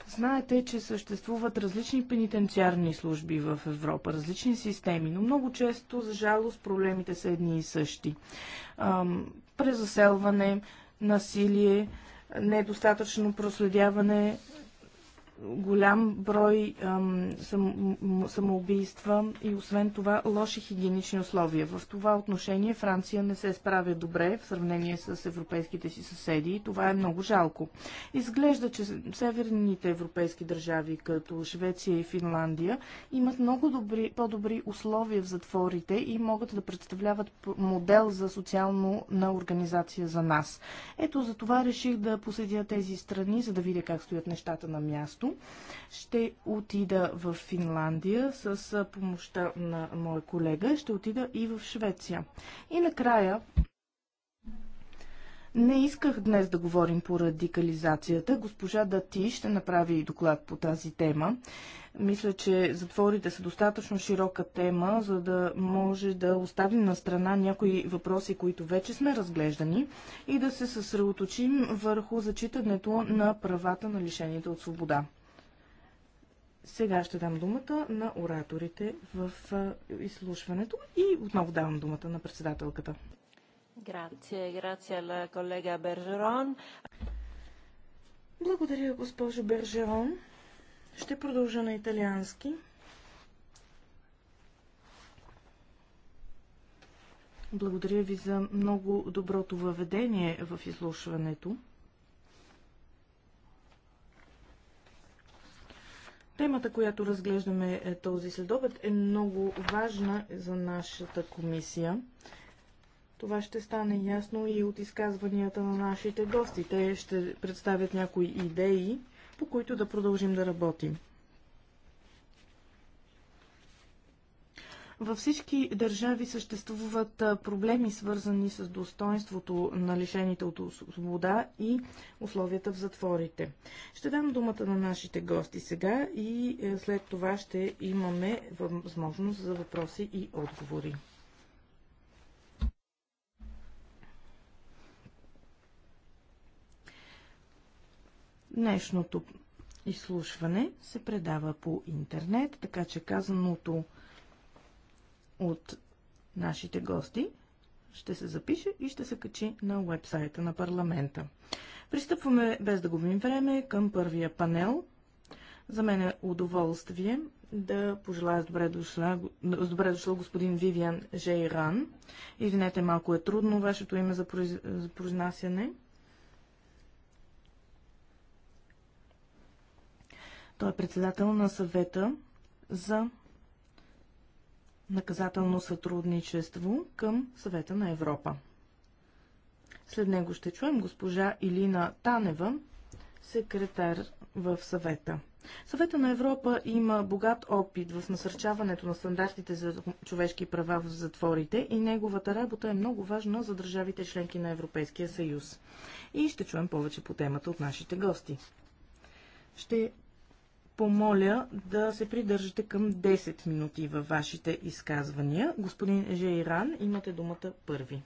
Знаете, че съществуват различни пенитенциарни служби в Европа, различни системи, но много често, за жалост, проблемите са едни и същи. презаселване, насилие, недостатъчно проследяване голям брой самоубийства и освен това лоши хигиенични условия. В това отношение Франция не се справя добре в сравнение с европейските си съседи и това е много жалко. Изглежда, че северните европейски държави, като Швеция и Финландия, имат много добри, по-добри условия в затворите и могат да представляват модел за социално на организация за нас. Ето за това реших да посетя тези страни, за да видя как стоят нещата на място ще отида в Финландия с помощта на моя колега. Ще отида и в Швеция. И накрая не исках днес да говорим по радикализацията. Госпожа Дати ще направи доклад по тази тема. Мисля, че затворите са достатъчно широка тема, за да може да оставим на страна някои въпроси, които вече сме разглеждани и да се съсредоточим върху зачитането на правата на лишените от свобода. Сега ще дам думата на ораторите в изслушването и отново давам думата на председателката. Грация, грация на колега Бержерон. Благодаря, госпожо Бержерон. Ще продължа на италиански. Благодаря ви за много доброто въведение в изслушването. Темата, която разглеждаме е този следобед, е много важна за нашата комисия. Това ще стане ясно и от изказванията на нашите гости. Те ще представят някои идеи, по които да продължим да работим. Във всички държави съществуват проблеми, свързани с достоинството на лишените от свобода и условията в затворите. Ще дам думата на нашите гости сега и е, след това ще имаме възможност за въпроси и отговори. Днешното изслушване се предава по интернет, така че казаното от нашите гости ще се запише и ще се качи на уебсайта на парламента. Пристъпваме, без да губим време, към първия панел. За мен е удоволствие да пожелая добре дошла, с добре дошла господин Вивиан Жейран. Извинете, малко е трудно вашето име за, произ... за произнасяне. Той е председател на съвета за наказателно сътрудничество към Съвета на Европа. След него ще чуем госпожа Илина Танева, секретар в съвета. Съвета на Европа има богат опит в насърчаването на стандартите за човешки права в затворите и неговата работа е много важна за държавите членки на Европейския съюз. И ще чуем повече по темата от нашите гости. Ще помоля да се придържате към 10 минути във вашите изказвания. Господин Жейран, имате думата първи.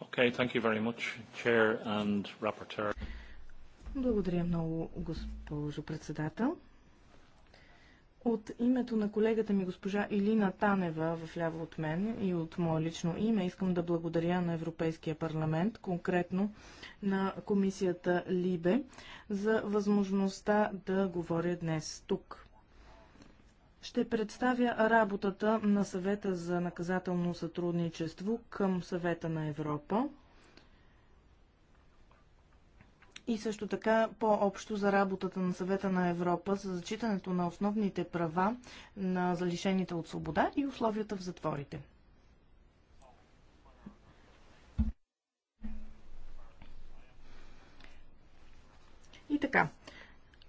Okay, thank you very much, Chair and Благодаря много, госпожо председател. От името на колегата ми госпожа Илина Танева, в ляво от мен и от мое лично име, искам да благодаря на Европейския парламент, конкретно на комисията Либе, за възможността да говоря днес тук. Ще представя работата на съвета за наказателно сътрудничество към съвета на Европа и също така по-общо за работата на съвета на Европа за зачитането на основните права на залишените от свобода и условията в затворите. И така,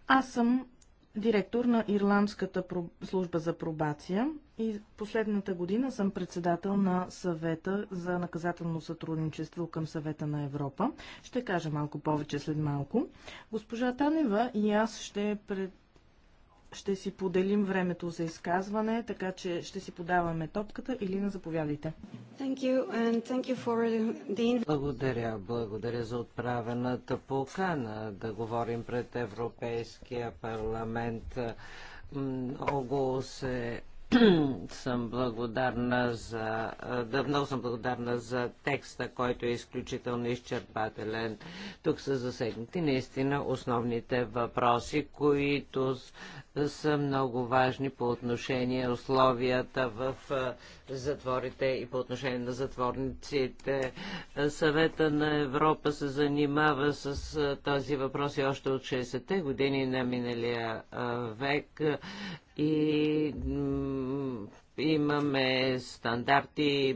аз съм директор на Ирландската служба за пробация и последната година съм председател на съвета за наказателно сътрудничество към съвета на Европа. Ще кажа малко повече след малко. Госпожа Танева и аз ще пред ще си поделим времето за изказване, така че ще си подаваме топката или на заповядайте. The... Благодаря, благодаря за отправената покана да говорим пред Европейския парламент. Много се съм благодарна за, да, много съм благодарна за текста, който е изключително изчерпателен. Тук са засегнати наистина основните въпроси, които са много важни по отношение условията в затворите и по отношение на затворниците. Съвета на Европа се занимава с този въпрос и още от 60-те години на миналия век и имаме стандарти,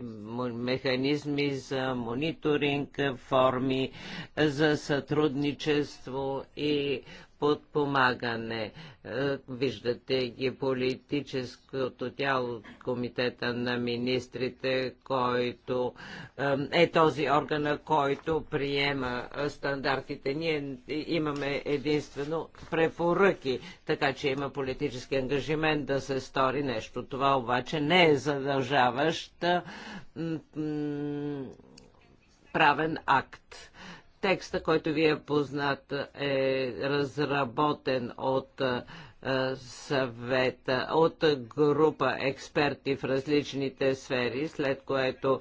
механизми за мониторинг, форми за сътрудничество и подпомагане. Е, виждате ги политическото тяло от комитета на министрите, който е, е този орган, който приема е, стандартите. Ние имаме единствено препоръки, така че има политически ангажимент да се стори нещо. Това обаче не е задължаващ правен акт Текста, който ви е познат, е разработен от е, е, съвета, от група експерти в различните сфери, след което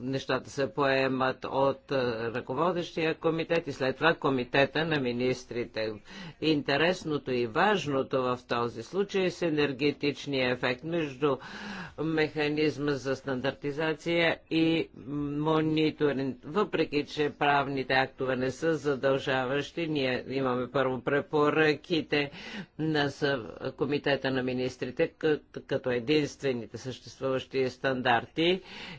нещата се поемат от ръководещия комитет и след това комитета на министрите. Интересното и важното в този случай е с енергетичния ефект между механизма за стандартизация и мониторинг. Въпреки, че правните актове не са задължаващи, ние имаме първо препоръките на комитета на министрите като единствените съществуващи стандарти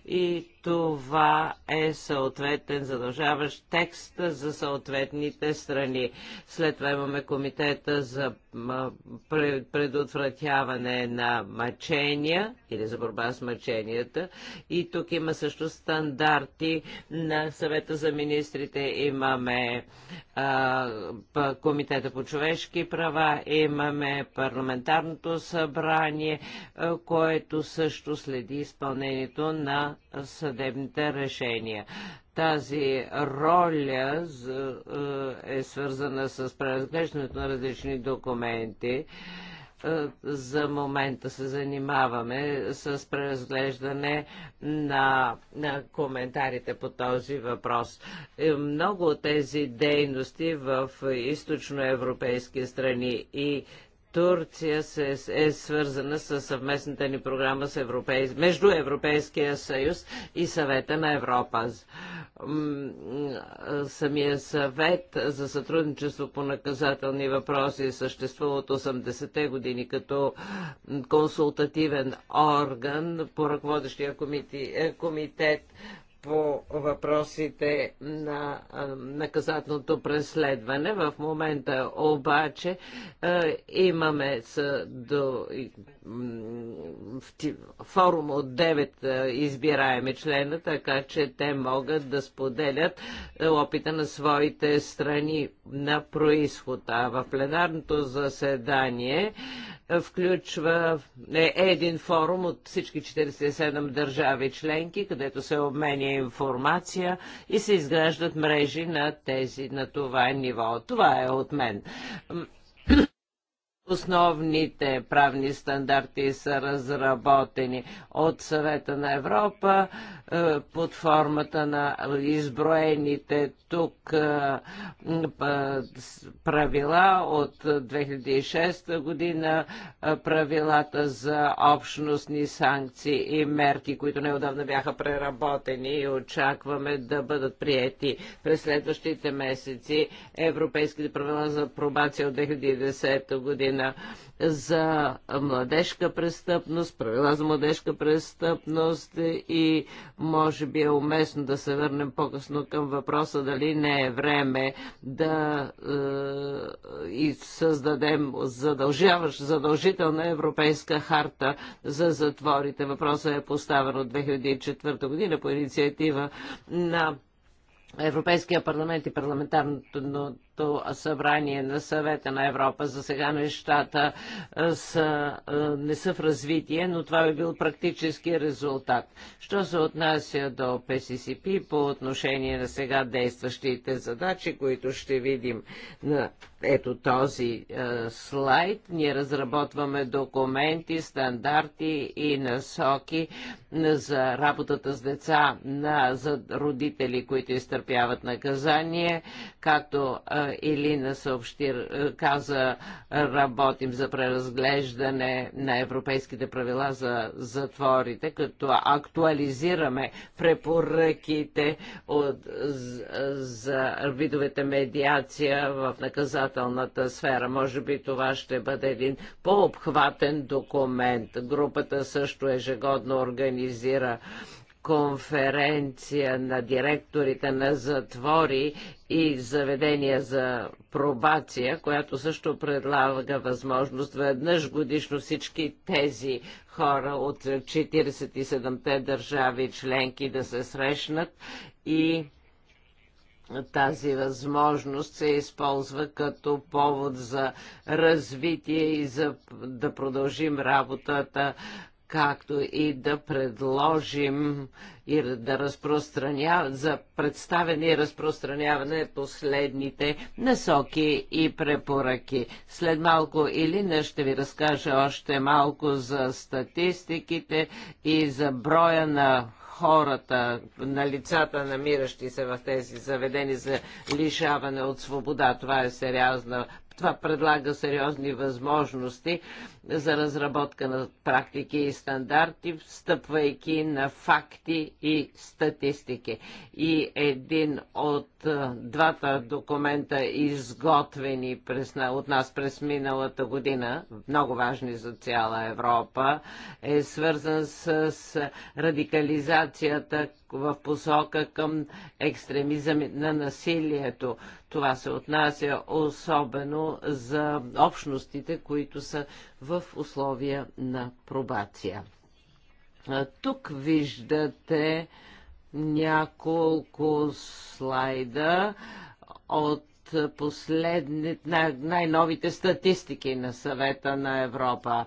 и това е съответен задължаващ текст за съответните страни. След това имаме комитета за предотвратяване на мъчения или за борба с мъченията. И тук има също стандарти на съвета за министрите. Имаме а, Комитета по човешки права, имаме парламентарното събрание, а, което също следи изпълнението на съдебните решения. Тази роля е свързана с преразглеждането на различни документи. Е, за момента се занимаваме с преразглеждане на, на коментарите по този въпрос. Е, много от тези дейности в източноевропейски страни и Турция се, е свързана с съвместната ни програма с Европей... между Европейския съюз и съвета на Европа. Самия съвет за сътрудничество по наказателни въпроси е съществува от 80-те години като консултативен орган по ръководещия е, комитет по въпросите на наказателното преследване. В момента обаче имаме до, форум от 9 избираеми члена, така че те могат да споделят опита на своите страни на происход. А в пленарното заседание включва е, е един форум от всички 47 държави членки, където се обменя информация и се изграждат мрежи на тези, на това ниво. Това е от мен. Основните правни стандарти са разработени от Съвета на Европа е, под формата на изброените тук е, правила от 2006 година, е, правилата за общностни санкции и мерки, които неодавна бяха преработени и очакваме да бъдат приети през следващите месеци. Европейските правила за пробация от 2010 година година за младежка престъпност, правила за младежка престъпност и може би е уместно да се върнем по-късно към въпроса дали не е време да е, и създадем задължаващ, задължителна европейска харта за затворите. Въпросът е поставен от 2004 година по инициатива на Европейския парламент и парламентарното Общото събрание на съвета на Европа. За сега нещата са, не са в развитие, но това би е бил практически резултат. Що се отнася до ПССП по отношение на сега действащите задачи, които ще видим на ето този е, слайд, ние разработваме документи, стандарти и насоки за работата с деца на за родители, които изтърпяват наказание, както е, Илина съобщи, е, каза, работим за преразглеждане на европейските правила за затворите, като актуализираме препоръките от, за видовете медиация в наказателната сфера. Може би това ще бъде един по-обхватен документ. Групата също ежегодно организира конференция на директорите на затвори и заведения за пробация, която също предлага възможност веднъж годишно всички тези хора от 47-те държави членки да се срещнат и тази възможност се използва като повод за развитие и за да продължим работата както и да предложим и да разпространяват за представяне и разпространяване последните насоки и препоръки. След малко Илина ще ви разкаже още малко за статистиките и за броя на хората, на лицата, намиращи се в тези заведени за лишаване от свобода. Това е сериозна това предлага сериозни възможности за разработка на практики и стандарти, встъпвайки на факти и статистики. И един от двата документа, изготвени през, от нас през миналата година, много важни за цяла Европа, е свързан с, с радикализацията в посока към екстремизъм на насилието. Това се отнася особено за общностите, които са в условия на пробация. Тук виждате няколко слайда от последни, най-новите статистики на съвета на Европа.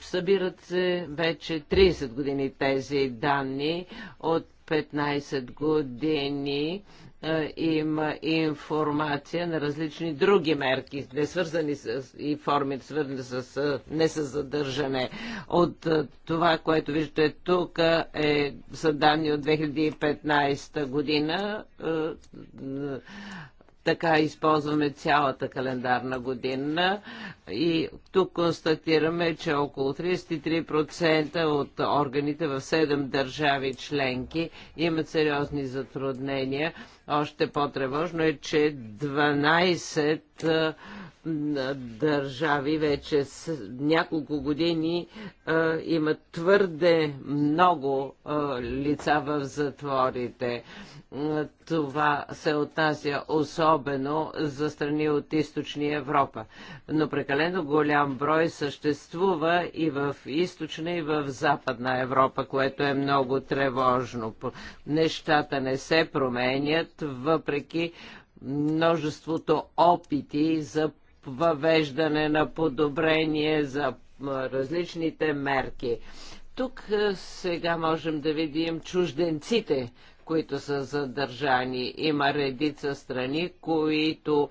Събират се вече 30 години тези данни от 15 години е, има информация на различни други мерки, не свързани с и форми, свързани с не с задържане. От е, това, което виждате тук, е, са данни от 2015 година. Е, така използваме цялата календарна година и тук констатираме, че около 33% от органите в 7 държави членки имат сериозни затруднения още по-тревожно е, че 12 държави вече с няколко години имат твърде много лица в затворите. Това се отнася особено за страни от източния Европа. Но прекалено голям брой съществува и в източна и в западна Европа, което е много тревожно. Нещата не се променят, въпреки множеството опити за въвеждане на подобрение за различните мерки. Тук е, сега можем да видим чужденците, които са задържани. Има редица страни, които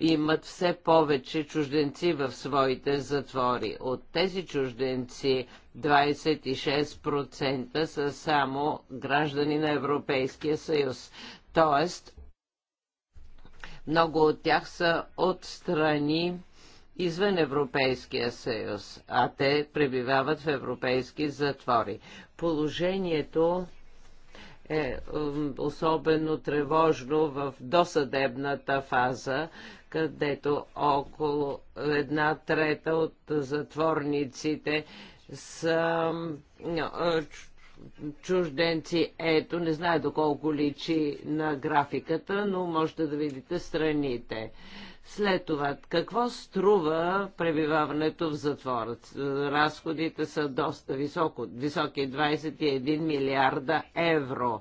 имат все повече чужденци в своите затвори. От тези чужденци 26% са само граждани на Европейския съюз. Т.е. много от тях са от страни извън Европейския съюз, а те пребивават в европейски затвори. Положението е особено тревожно в досъдебната фаза, където около една трета от затворниците са чужденци. Ето, не знае доколко личи на графиката, но можете да видите страните. След това, какво струва пребиваването в затвора? Разходите са доста високо, високи 21 милиарда евро.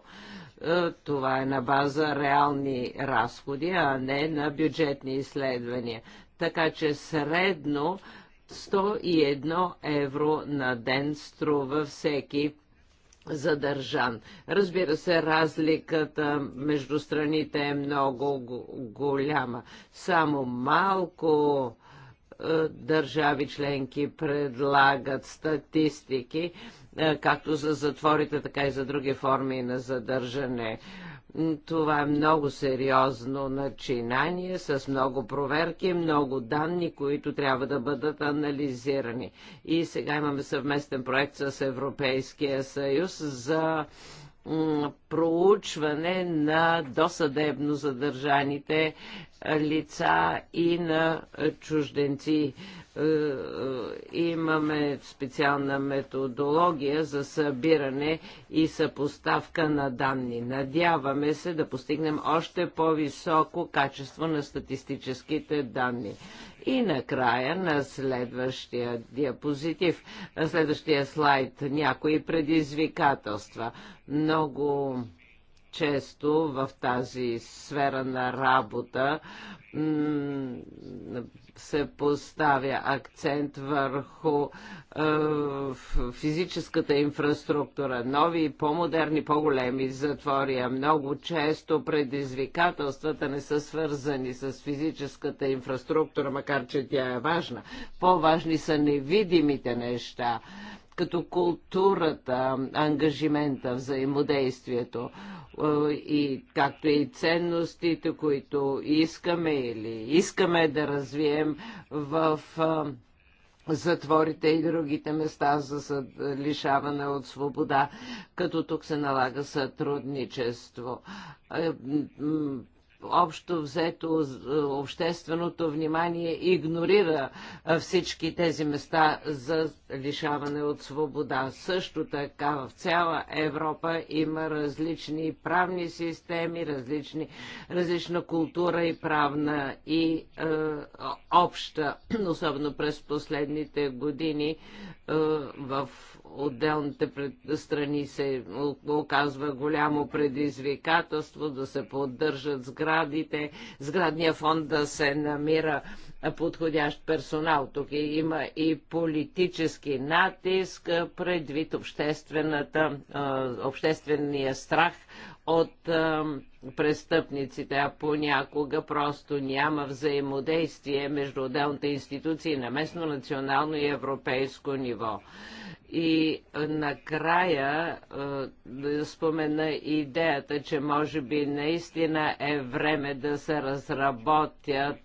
Е, това е на база реални разходи, а не на бюджетни изследвания. Така че средно 101 евро на ден струва всеки задържан. Разбира се, разликата между страните е много голяма. Само малко е, държави членки предлагат статистики, е, както за затворите, така и за други форми на задържане. Това е много сериозно начинание с много проверки, много данни, които трябва да бъдат анализирани. И сега имаме съвместен проект с Европейския съюз за проучване на досъдебно задържаните лица и на чужденци. Е, е, имаме специална методология за събиране и съпоставка на данни. Надяваме се да постигнем още по-високо качество на статистическите данни. И накрая на следващия диапозитив, на следващия слайд, някои предизвикателства. Много често в тази сфера на работа се поставя акцент върху е, физическата инфраструктура, нови, по-модерни, по-големи затвори, а много често предизвикателствата не са свързани с физическата инфраструктура, макар че тя е важна. По-важни са невидимите неща като културата, ангажимента, взаимодействието е, и както и ценностите, които искаме или искаме да развием в е, затворите и другите места за лишаване от свобода, като тук се налага сътрудничество е, общо взето е, общественото внимание игнорира е, всички тези места за лишаване от свобода. Също така в цяла Европа има различни правни системи, различни, различна култура и правна и е, обща, особено през последните години е, в отделните страни се оказва голямо предизвикателство да се поддържат сградите, сградния фонд да се намира подходящ персонал. Тук е- има и политически натиск предвид обществената, обществения страх от престъпниците, а понякога просто няма взаимодействие между отделните институции на местно, национално и европейско ниво. И е, накрая е, да спомена идеята, че може би наистина е време да се разработят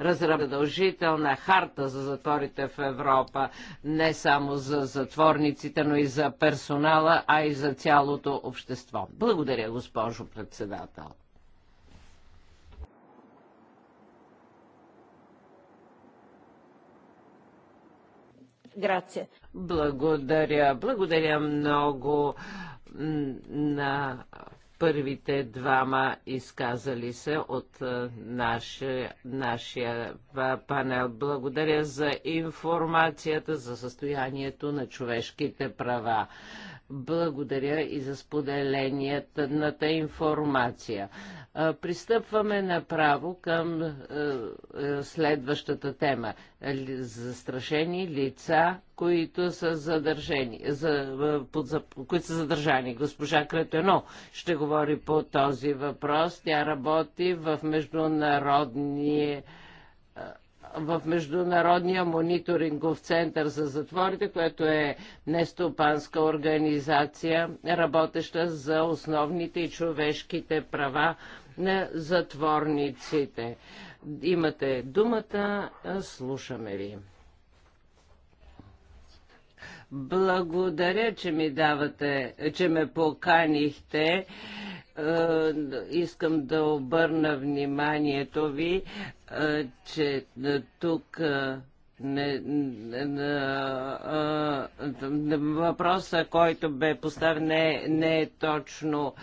разработължителна харта за затворите в Европа, не само за затворниците, но и за персонала, а и за цялото общество. Благодаря, госпожо председател. Грация. Благодаря. Благодаря много на първите двама изказали се от нашия, нашия панел. Благодаря за информацията за състоянието на човешките права. Благодаря и за споделенията информация. Пристъпваме направо към следващата тема. Застрашени лица, които са задържени, за, под, за, които са задържани. Госпожа Кретено ще говори по този въпрос. Тя работи в международния в Международния мониторингов център за затворите, което е нестопанска организация, работеща за основните и човешките права на затворниците. Имате думата, слушаме ви. Благодаря, че ми давате, че ме поканихте. Е, искам да обърна вниманието ви, е, че е, тук не, не, въпроса, който бе поставен, не, не е точно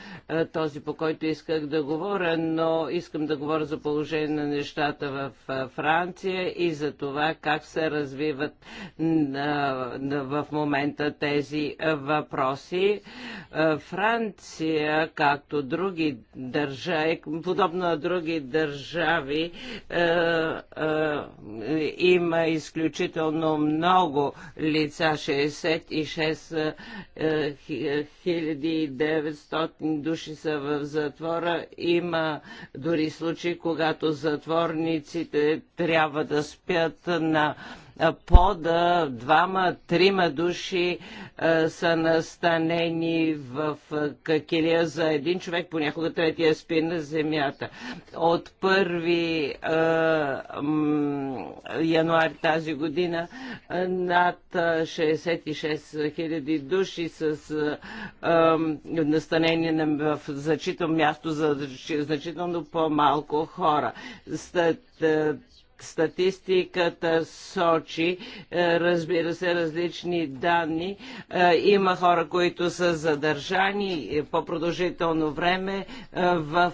този, по който исках да говоря, но искам да говоря за положение на нещата в Франция и за това как се развиват в момента тези въпроси. Франция, както други държави, подобно на други държави, има и изключително много лица, 66 900 е, е, е, души са в затвора. Има дори случаи, когато затворниците трябва да спят на под двама, трима души а, са настанени в какелия за един човек, понякога третия спи на земята. От 1 а, януари тази година над 66 000 души с а, настанени в значително място за значително по-малко хора. Стат, статистиката сочи, е, разбира се, различни данни. Е, има хора, които са задържани е, по продължително време в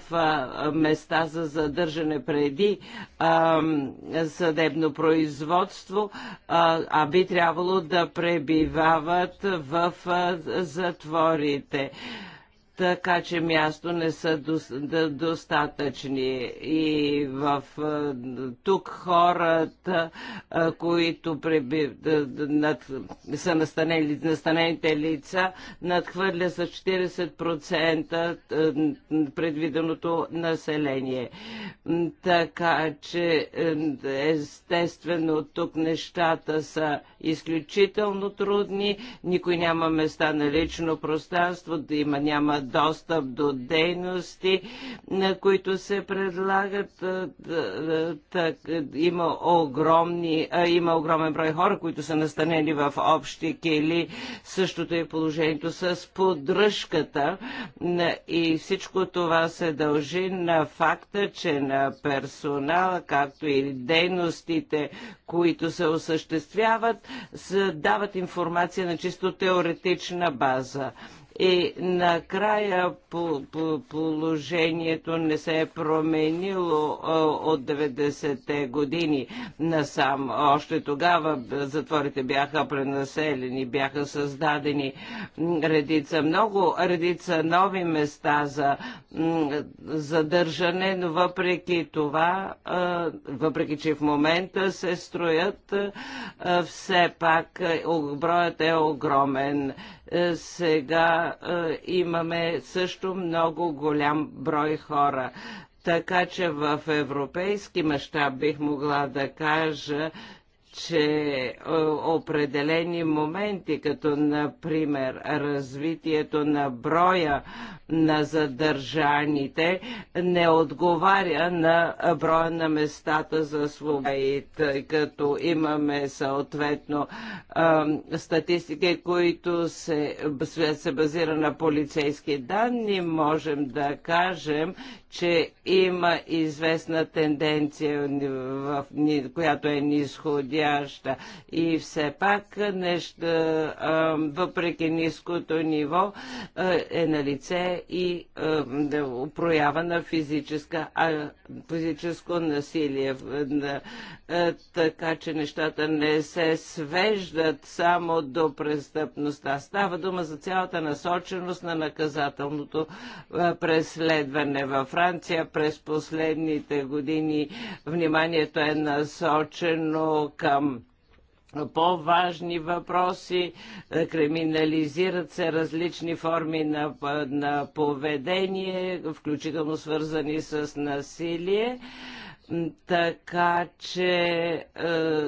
места за задържане преди съдебно производство, а би трябвало да пребивават в затворите така че място не са до, достатъчни. И в, тук хората, които преби, над, са настанени, настанените лица, надхвърля с 40% предвиденото население. Така че е, естествено тук нещата са изключително трудни, никой няма места на лично пространство, да има няма достъп до дейности, на които се предлагат. Так, има, огромни, а, има огромен брой хора, които са настанени в общи кели. Същото е положението с поддръжката и всичко това се дължи на факта, че на персонала, както и дейностите, които се осъществяват, дават информация на чисто теоретична база. И накрая по, по, положението не се е променило а, от 90-те години насам. Още тогава затворите бяха пренаселени, бяха създадени редица много, редица нови места за задържане, но въпреки това, а, въпреки че в момента се строят, а, все пак броят е огромен. Е, сега е, имаме също много голям брой хора. Така че в европейски мащаб бих могла да кажа, че е, определени моменти, като например развитието на броя на задържаните, не отговаря на броя на местата за свобода. И тъй като имаме съответно е, статистики, които се, се базира на полицейски данни, можем да кажем, че има известна тенденция, в, която е нисходяща. И все пак, неща, въпреки ниското ниво, е на лице и проява на физическа, физическо насилие. Е, така че нещата не се свеждат само до престъпността. Става дума за цялата насоченост на наказателното е, преследване. Във Франция през последните години вниманието е насочено към по-важни въпроси, е, криминализират се различни форми на, на поведение, включително свързани с насилие така че е,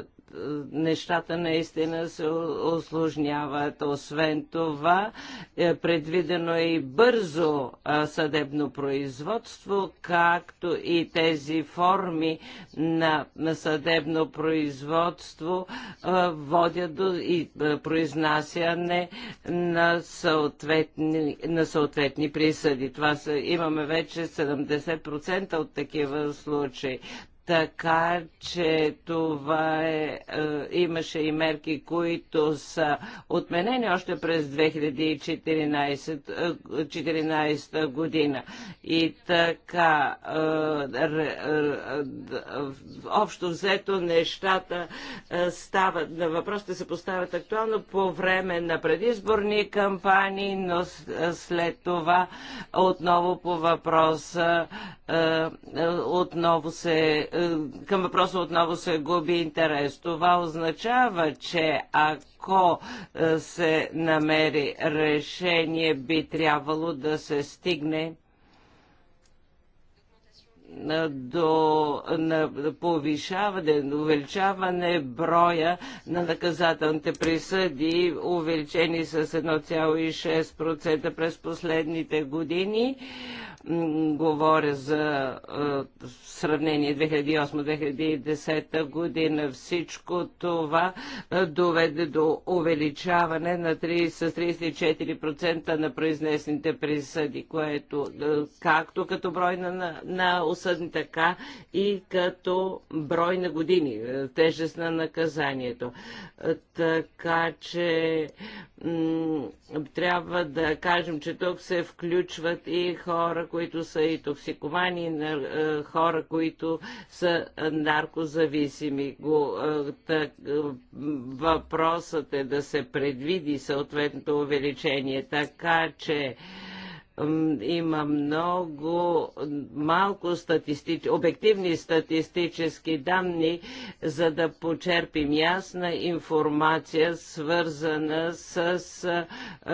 нещата наистина се осложняват. Освен това, е предвидено е и бързо съдебно производство, както и тези форми на съдебно производство водят до и произнасяне на съответни, на съответни присъди. Това са, имаме вече 70% от такива случаи. Така че това е, е, имаше и мерки, които са отменени още през 2014 е, година. И така, е, общо взето нещата стават, въпросите се поставят актуално по време на предизборни кампании, но след това отново по въпроса отново се е, към въпроса отново се губи интерес. Това означава, че ако е, се намери решение, би трябвало да се стигне е, до на повишаване, увеличаване броя на наказателните присъди, увеличени с 1,6% през последните години Говоря за сравнение 2008-2010 година. Всичко това доведе до увеличаване на 30, с 34% на произнесните присъди, което както като брой на, на осъдни, така и като брой на години, тежест на наказанието. Така че трябва да кажем, че тук се включват и хора, които са и токсиковани, на е, хора, които са е, наркозависими. Е, въпросът е да се предвиди съответното увеличение, така че има много малко статистич... обективни статистически данни, за да почерпим ясна информация, свързана с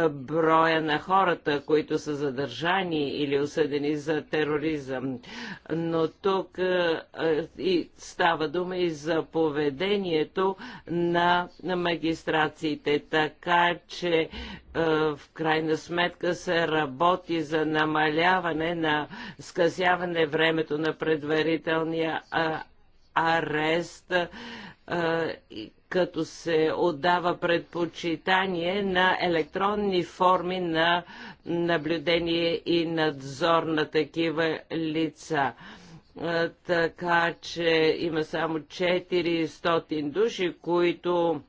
броя на хората, които са задържани или осъдени за тероризъм. Но тук и става дума и за поведението на магистрациите, така че в крайна сметка се работи за намаляване на скъсяване времето на предварителния арест като се отдава предпочитание на електронни форми на наблюдение и надзор на такива лица. Така че има само 400 души, които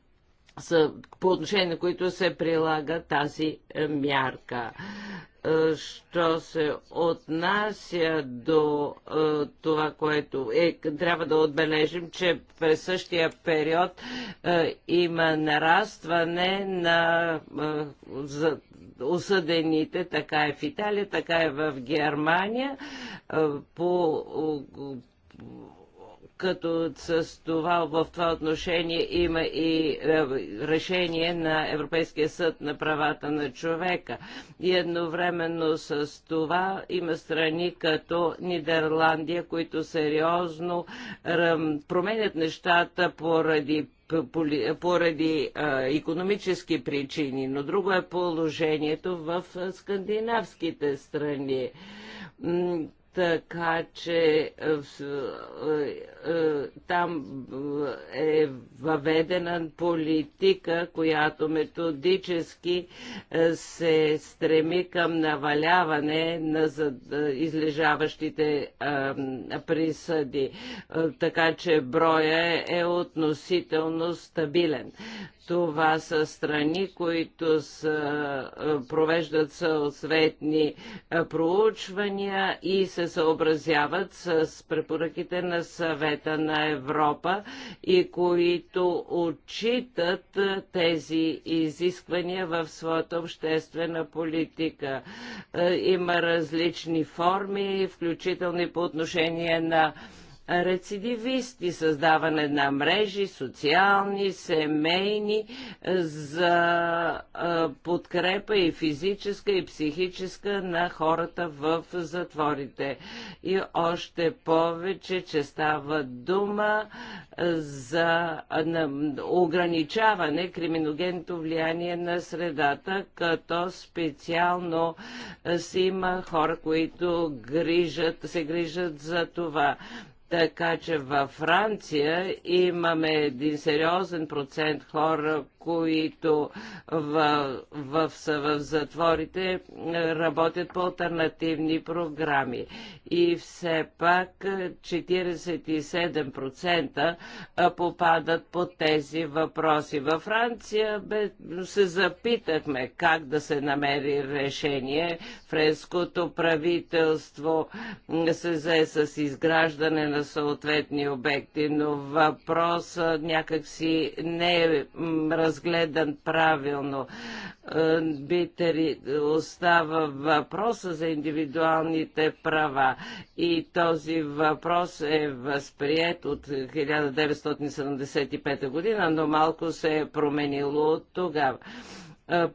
са, по отношение на които се прилага тази е, мярка. Е, що се отнася до е, това, което е, трябва да отбележим, че през същия период е, има нарастване на е, за, осъдените, така е в Италия, така е в Германия, е, по като с това в това отношение има и е, решение на Европейския съд на правата на човека. И едновременно с това има страни като Нидерландия, които сериозно е, променят нещата поради поради економически причини, но друго е положението в е, скандинавските страни така че е, е, е, там е въведена политика, която методически се стреми към наваляване на излежаващите присъди, така че броя е относително стабилен. Това са страни, които са, провеждат съответни проучвания и се съобразяват с препоръките на съвета на Европа и които отчитат тези изисквания в своята обществена политика. Има различни форми, включително и по отношение на рецидивисти, създаване на мрежи, социални, семейни, е, за е, подкрепа и физическа, и психическа на хората в затворите. И още повече, че става дума е, за ограничаване криминогенто влияние на средата, като специално си има хора, които грижат, се грижат за това. Така че във Франция имаме един сериозен процент хора, които в, в, са в затворите, е, работят по альтернативни програми. И все пак 47% е, попадат по тези въпроси. Във Франция бе, се запитахме как да се намери решение. Френското правителство се зае с изграждане на на съответни обекти, но въпросът някакси не е разгледан правилно. Е, Битери остава въпроса за индивидуалните права и този въпрос е възприят от 1975 година, но малко се е променило от тогава.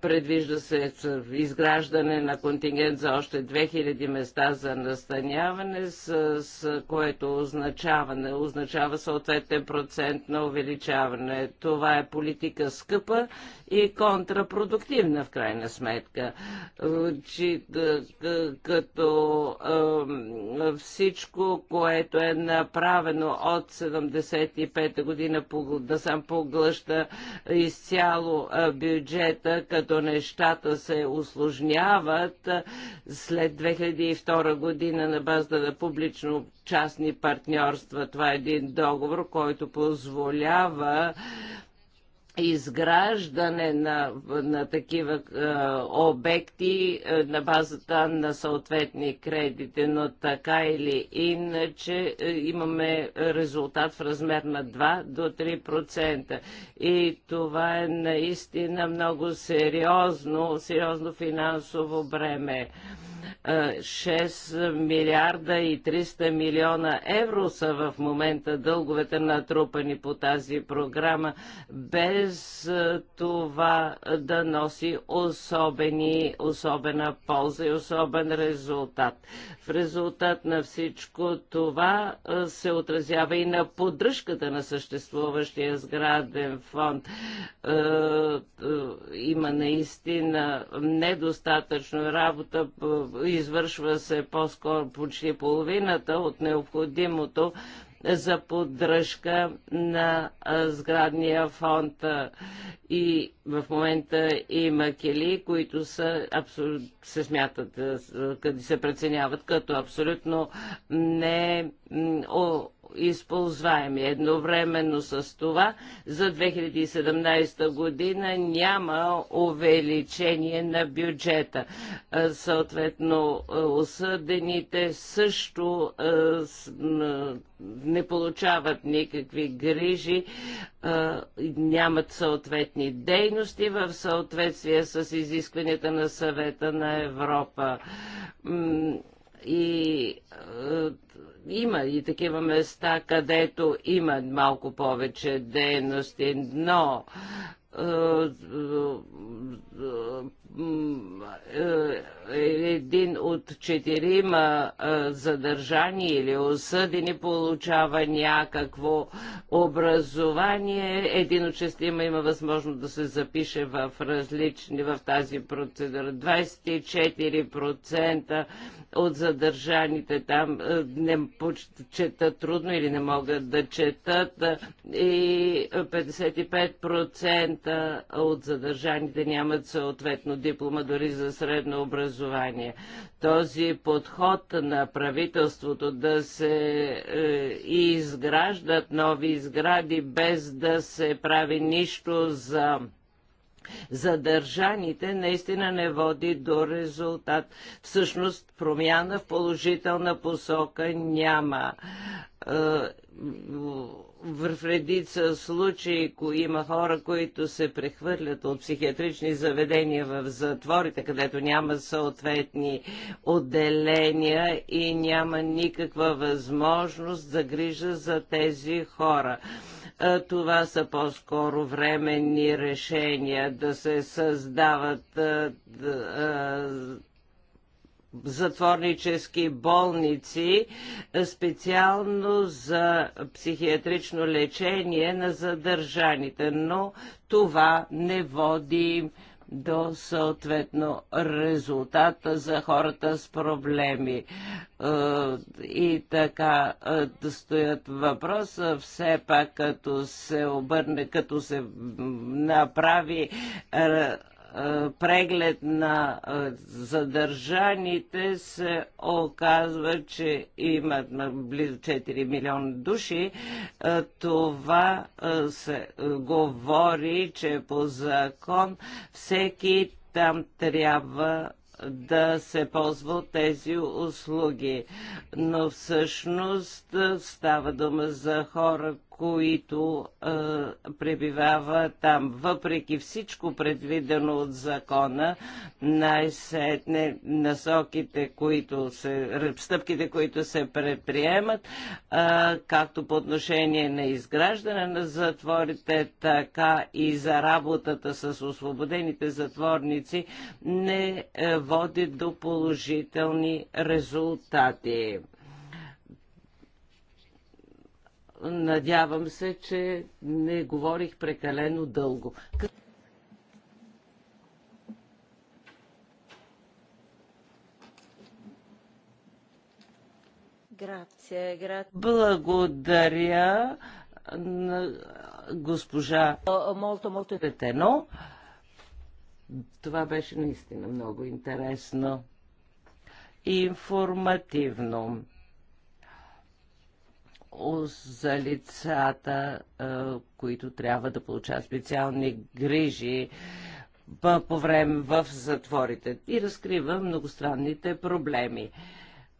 Предвижда се изграждане на контингент за още 2000 места за настаняване, с, с което означава, означава съответен процент на увеличаване. Това е политика скъпа и контрапродуктивна в крайна сметка. Че, като всичко, което е направено от 75-та година, да сам поглъща изцяло бюджета, като нещата се усложняват след 2002 година на база на публично-частни партньорства. Това е един договор, който позволява изграждане на, на такива е, обекти е, на базата на съответни кредити, но така или иначе е, имаме резултат в размер на 2 до 3%. И това е наистина много сериозно, сериозно финансово бреме. Е, 6 милиарда и 300 милиона евро са в момента дълговете натрупани по тази програма, без това да носи особени, особена полза и особен резултат. В резултат на всичко това се отразява и на поддръжката на съществуващия сграден фонд. Има наистина недостатъчно работа извършва се по-скоро почти половината от необходимото за поддръжка на сградния фонд. И в момента има кили, които са абсолютно се смятат, къде се преценяват като абсолютно не използваеми. Едновременно с това за 2017 година няма увеличение на бюджета. Е, съответно, е, осъдените също е, не получават никакви грижи, нямат съответни дейности в съответствие с изискванията на съвета на Европа и има и такива места, където има малко повече дейности, но е, е, е, е, един от четирима е, задържани или осъдени получава някакво образование, един от шестима има възможност да се запише в различни, в тази процедура. 24% от задържаните там не четат трудно или не могат да четат и 55% от задържаните нямат съответно диплома дори за средно образование. Този подход на правителството да се е, изграждат нови сгради без да се прави нищо за задържаните наистина не води до резултат. Всъщност промяна в положителна посока няма е, в редица случаи ко има хора, които се прехвърлят от психиатрични заведения в затворите, където няма съответни отделения и няма никаква възможност за грижа за тези хора. Това са по-скоро временни решения да се създават затворнически болници, е, специално за психиатрично лечение на задържаните, но това не води до съответно резултата за хората с проблеми. Е, и така е, стоят въпроса, все пак като се обърне, като се направи преглед на задържаните се оказва, че имат близо 4 милиона души. Това се говори, че по закон всеки там трябва да се ползва от тези услуги. Но всъщност става дума за хора, които е, пребивава там. Въпреки всичко предвидено от закона, най-сетне насоките, които се, стъпките, които се предприемат, е, както по отношение на изграждане на затворите, така и за работата с освободените затворници, не е, води до положителни резултати. Надявам се, че не говорих прекалено дълго. Благодаря на госпожа Молто Молто Петено. Това беше наистина много интересно и информативно за лицата, които трябва да получават специални грижи по време в затворите и разкрива многостранните проблеми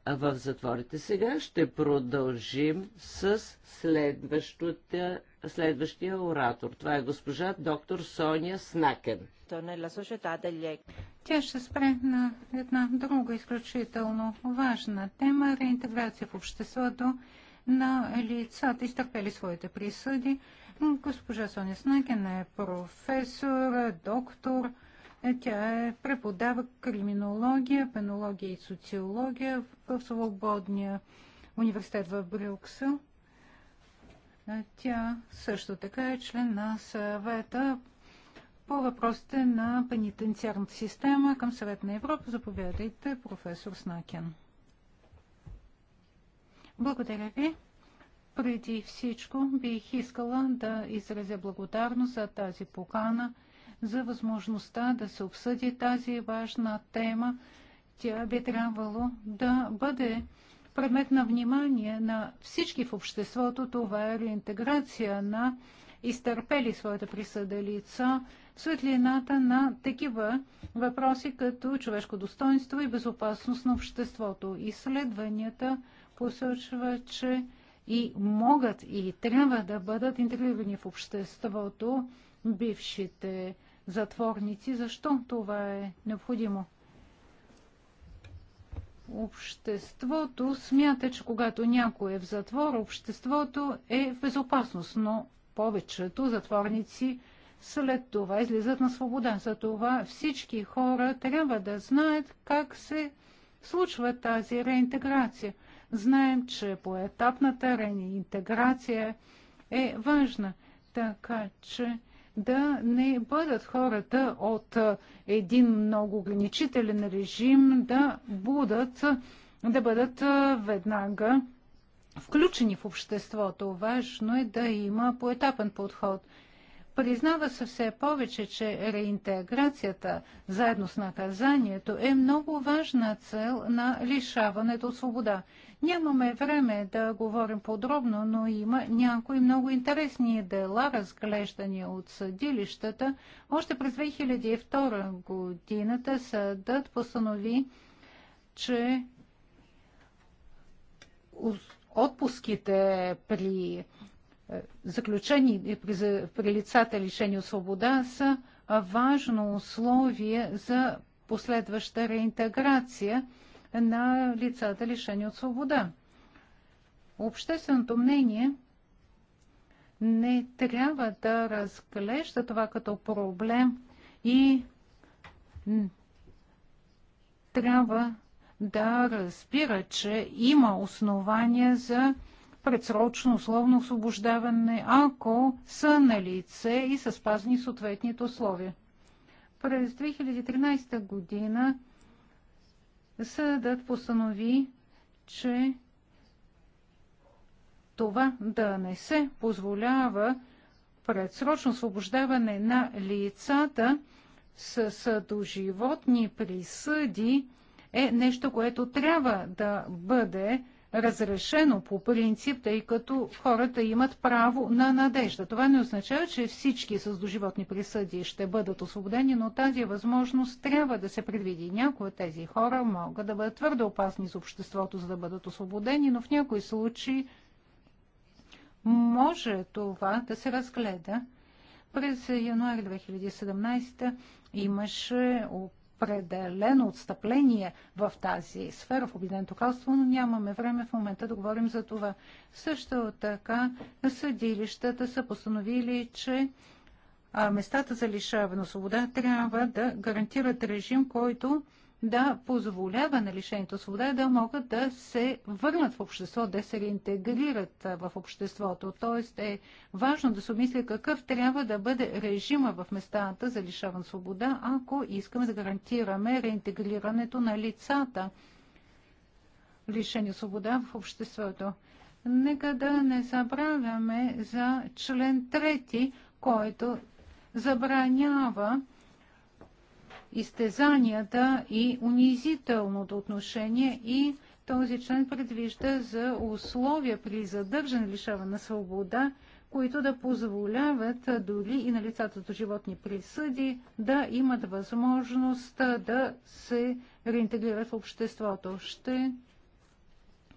в затворите. Сега ще продължим с следващия оратор. Това е госпожа доктор Соня Снакен. Тя ще спре на една друга изключително важна тема – реинтеграция в обществото на лицата, изтърпели своите присъди. Госпожа Соня Снакен е професор, доктор. Е, тя е преподава криминология, пенология и социология в Свободния университет в Брюксел. Е, тя също така е член на съвета по въпросите на пенитенциарната система към съвет на Европа. Заповядайте, професор Снакен. Благодаря ви. Преди всичко бих искала да изразя благодарност за тази покана, за възможността да се обсъди тази важна тема. Тя би трябвало да бъде предмет на внимание на всички в обществото. Това е реинтеграция на изтърпели своята присъда лица в светлината на такива въпроси като човешко достоинство и безопасност на обществото. Изследванията посочва, че и могат и трябва да бъдат интегрирани в обществото бившите затворници. Защо това е необходимо? Обществото смята, че когато някой е в затвор, обществото е в безопасност, но повечето затворници след това излизат на свобода. Затова всички хора трябва да знаят как се случва тази реинтеграция. Знаем, че поетапната реинтеграция е важна, така че да не бъдат хората от един много ограничителен режим да будат, да бъдат веднага включени в обществото. Важно е да има поетапен подход. Признава се все повече, че реинтеграцията заедно с наказанието е много важна цел на лишаването от свобода. Нямаме време да говорим подробно, но има някои много интересни дела, разглеждани от съдилищата. Още през 2002 годината съдът постанови, че отпуските при е, заключени при, при лицата лишени от свобода са важно условие за последваща реинтеграция – на лицата лишени от свобода. Общественото мнение не трябва да разглежда това като проблем и трябва да разбира, че има основания за предсрочно условно освобождаване, ако са на лице и са спазни съответните условия. През 2013 година съдът постанови, че това да не се позволява предсрочно освобождаване на лицата с доживотни присъди е нещо, което трябва да бъде разрешено по принцип, тъй като хората имат право на надежда. Това не означава, че всички с доживотни присъди ще бъдат освободени, но тази възможност трябва да се предвиди. Някои от тези хора могат да бъдат твърде опасни за обществото, за да бъдат освободени, но в някои случаи може това да се разгледа. През януари 2017 имаше определено отстъпление в тази сфера в Обиденото кралство, но нямаме време в момента да говорим за това. Също така съдилищата са постановили, че местата за лишаване на свобода трябва да гарантират режим, който да позволява на лишените свобода да могат да се върнат в общество, да се реинтегрират в обществото. Тоест е важно да се обмисли какъв трябва да бъде режима в местата за лишаван свобода, ако искаме да гарантираме реинтегрирането на лицата лишени свобода в обществото. Нека да не забравяме за член трети, който забранява изтезанията и унизителното отношение и този член предвижда за условия при задържане лишаване на свобода, които да позволяват дори и на лицата до животни присъди да имат възможност да се реинтегрират в обществото. Ще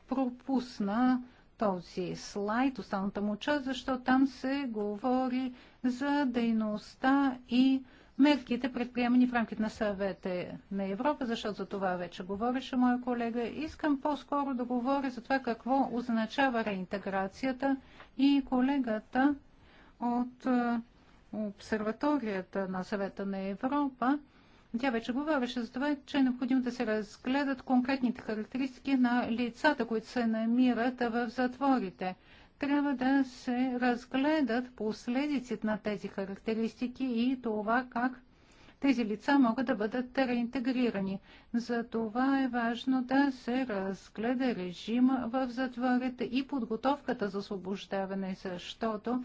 пропусна този слайд, останалата му част, защото там се говори за дейността и мерките, предприемани в рамките на съвета на Европа, защото за това вече говореше моя колега. Искам по-скоро да говоря за това какво означава реинтеграцията и колегата от е, обсерваторията на съвета на Европа. Тя вече говореше за това, че е необходимо да се разгледат конкретните характеристики на лицата, които се намират в затворите трябва да се разгледат последиците на тези характеристики и това как тези лица могат да бъдат реинтегрирани. За това е важно да се разгледа режима в затворите и подготовката за освобождаване, защото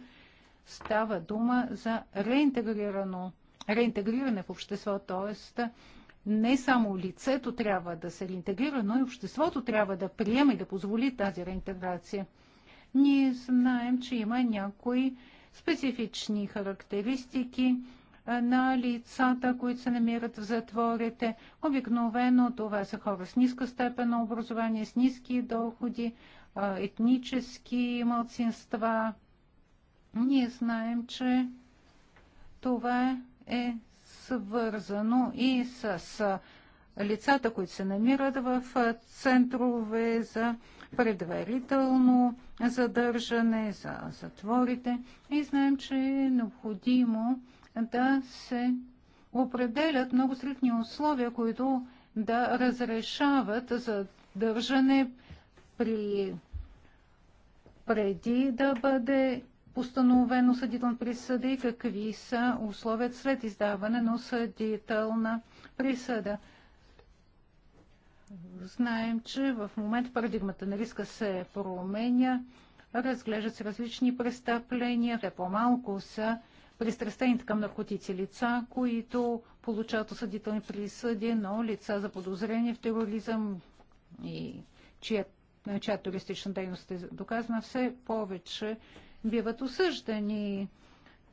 става дума за реинтегрирано, реинтегриране в общество, т.е. не само лицето трябва да се реинтегрира, но и обществото трябва да приема и да позволи тази реинтеграция. Ние знаем, че има някои специфични характеристики на лицата, които се намират в затворите. Обикновено това са хора с ниска степен на образование, с ниски доходи, етнически малцинства. Ние знаем, че това е свързано и с лицата, които се намират в центрове за предварително задържане, за затворите и знаем, че е необходимо да се определят много стрикни условия, които да разрешават задържане при преди да бъде постановен осъдителна присъда и какви са условията след издаване на осъдителна присъда. Знаем, че в момент парадигмата на риска се променя, разглеждат се различни престъпления, те по-малко са пристрастените към наркотици лица, които получават осъдителни присъди, но лица за подозрение в тероризъм и чия, чия туристична дейност е доказана, все повече биват осъждани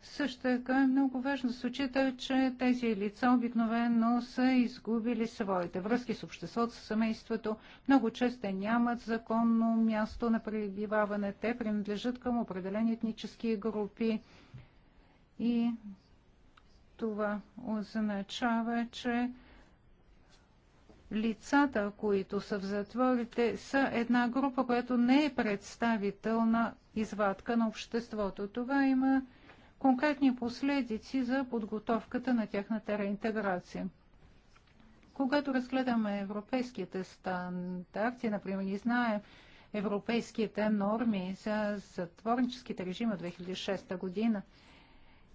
също така е много важно се отчита, че тези лица обикновено са изгубили своите връзки с обществото, с семейството. Много често те нямат законно място на пребиваване. Те принадлежат към определени етнически групи. И това означава, че лицата, които са в затворите, са една група, която не е представителна извадка на обществото. Това има конкретни последици за подготовката на тяхната реинтеграция. Когато разгледаме европейските стандарти, например, и знаем европейските норми за затворническите режими от 2006 година,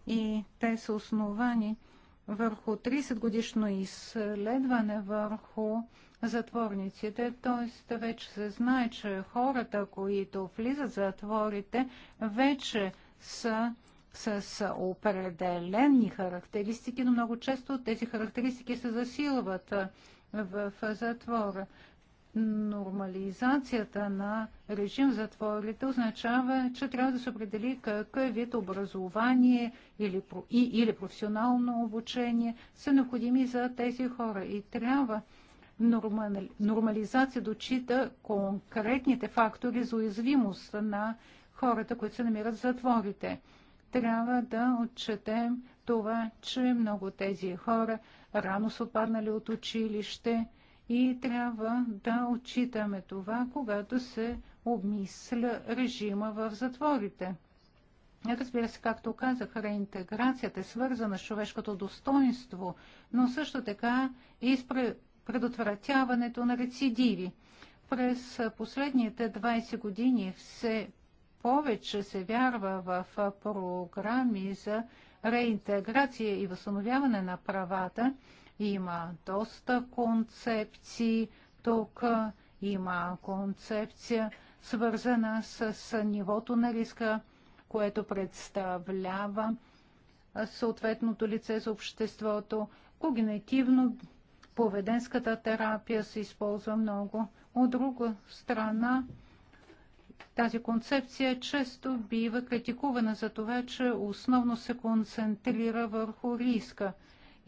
и те са основани върху 30 годишно изследване върху затворниците, т.е. вече се знае, че хората, които влизат в затворите, вече са с определени характеристики, но много често тези характеристики се засилват в затвора. Нормализацията на режим в затворите означава, че трябва да се определи какъв е вид образование или, и, или професионално обучение са необходими за тези хора. И трябва нормализация дочита конкретните фактори за уязвимост на хората, които се намират в затворите трябва да отчетем това, че много тези хора рано са отпаднали от училище и трябва да отчитаме това, когато се обмисля режима в затворите. Разбира се, както казах, реинтеграцията е свързана с човешкото достоинство, но също така и с предотвратяването на рецидиви. През последните 20 години все повече се вярва в програми за реинтеграция и възстановяване на правата. Има доста концепции тук, има концепция свързана с, нивото на риска, което представлява съответното лице за обществото. Когнитивно поведенската терапия се използва много. От друга страна, тази концепция често бива критикувана за това, че основно се концентрира върху риска.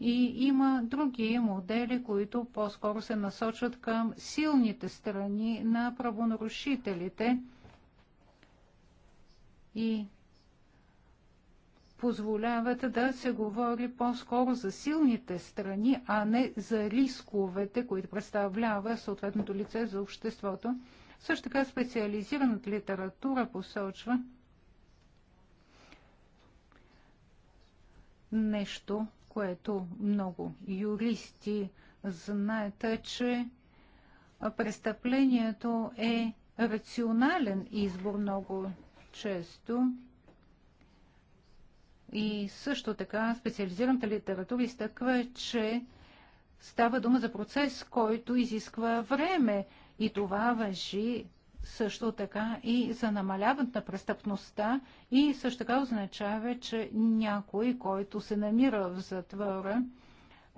И има други модели, които по-скоро се насочват към силните страни на правонарушителите и позволяват да се говори по-скоро за силните страни, а не за рисковете, които представлява съответното лице за обществото. Също така специализираната литература посочва нещо, което много юристи знаят, че престъплението е рационален избор много често. И също така специализираната литература изтъква, че става дума за процес, който изисква време. И това въжи също така и за намаляването на престъпността и също така означава, че някой, който се намира в затвора,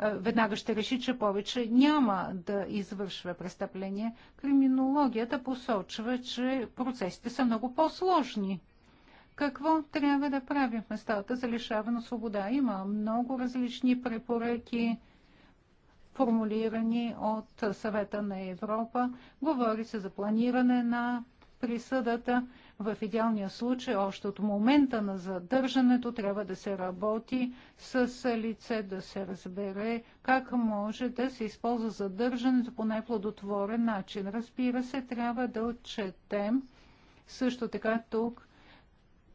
е, веднага ще реши, че повече няма да извършва престъпление. Криминологията посочва, че процесите са много по-сложни. Какво трябва да правим в местата за лишаване свобода? Има много различни препоръки формулирани от Съвета на Европа. Говори се за планиране на присъдата. В идеалния случай, още от момента на задържането, трябва да се работи с лице, да се разбере как може да се използва задържането по най-плодотворен начин. Разбира се, трябва да отчетем също така тук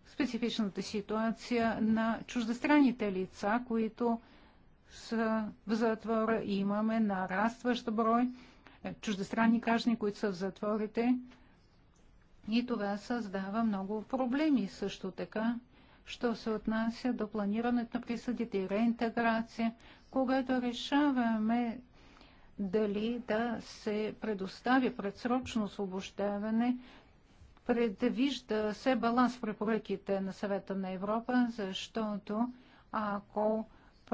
специфичната ситуация на чуждестранните лица, които са в затвора и имаме нарастващ брой чуждестранни граждани, които са в затворите. И това създава много проблеми също така, що се отнася до планирането на присъдите и реинтеграция, когато решаваме дали да се предостави предсрочно освобождаване, предвижда се баланс в препоръките на съвета на Европа, защото ако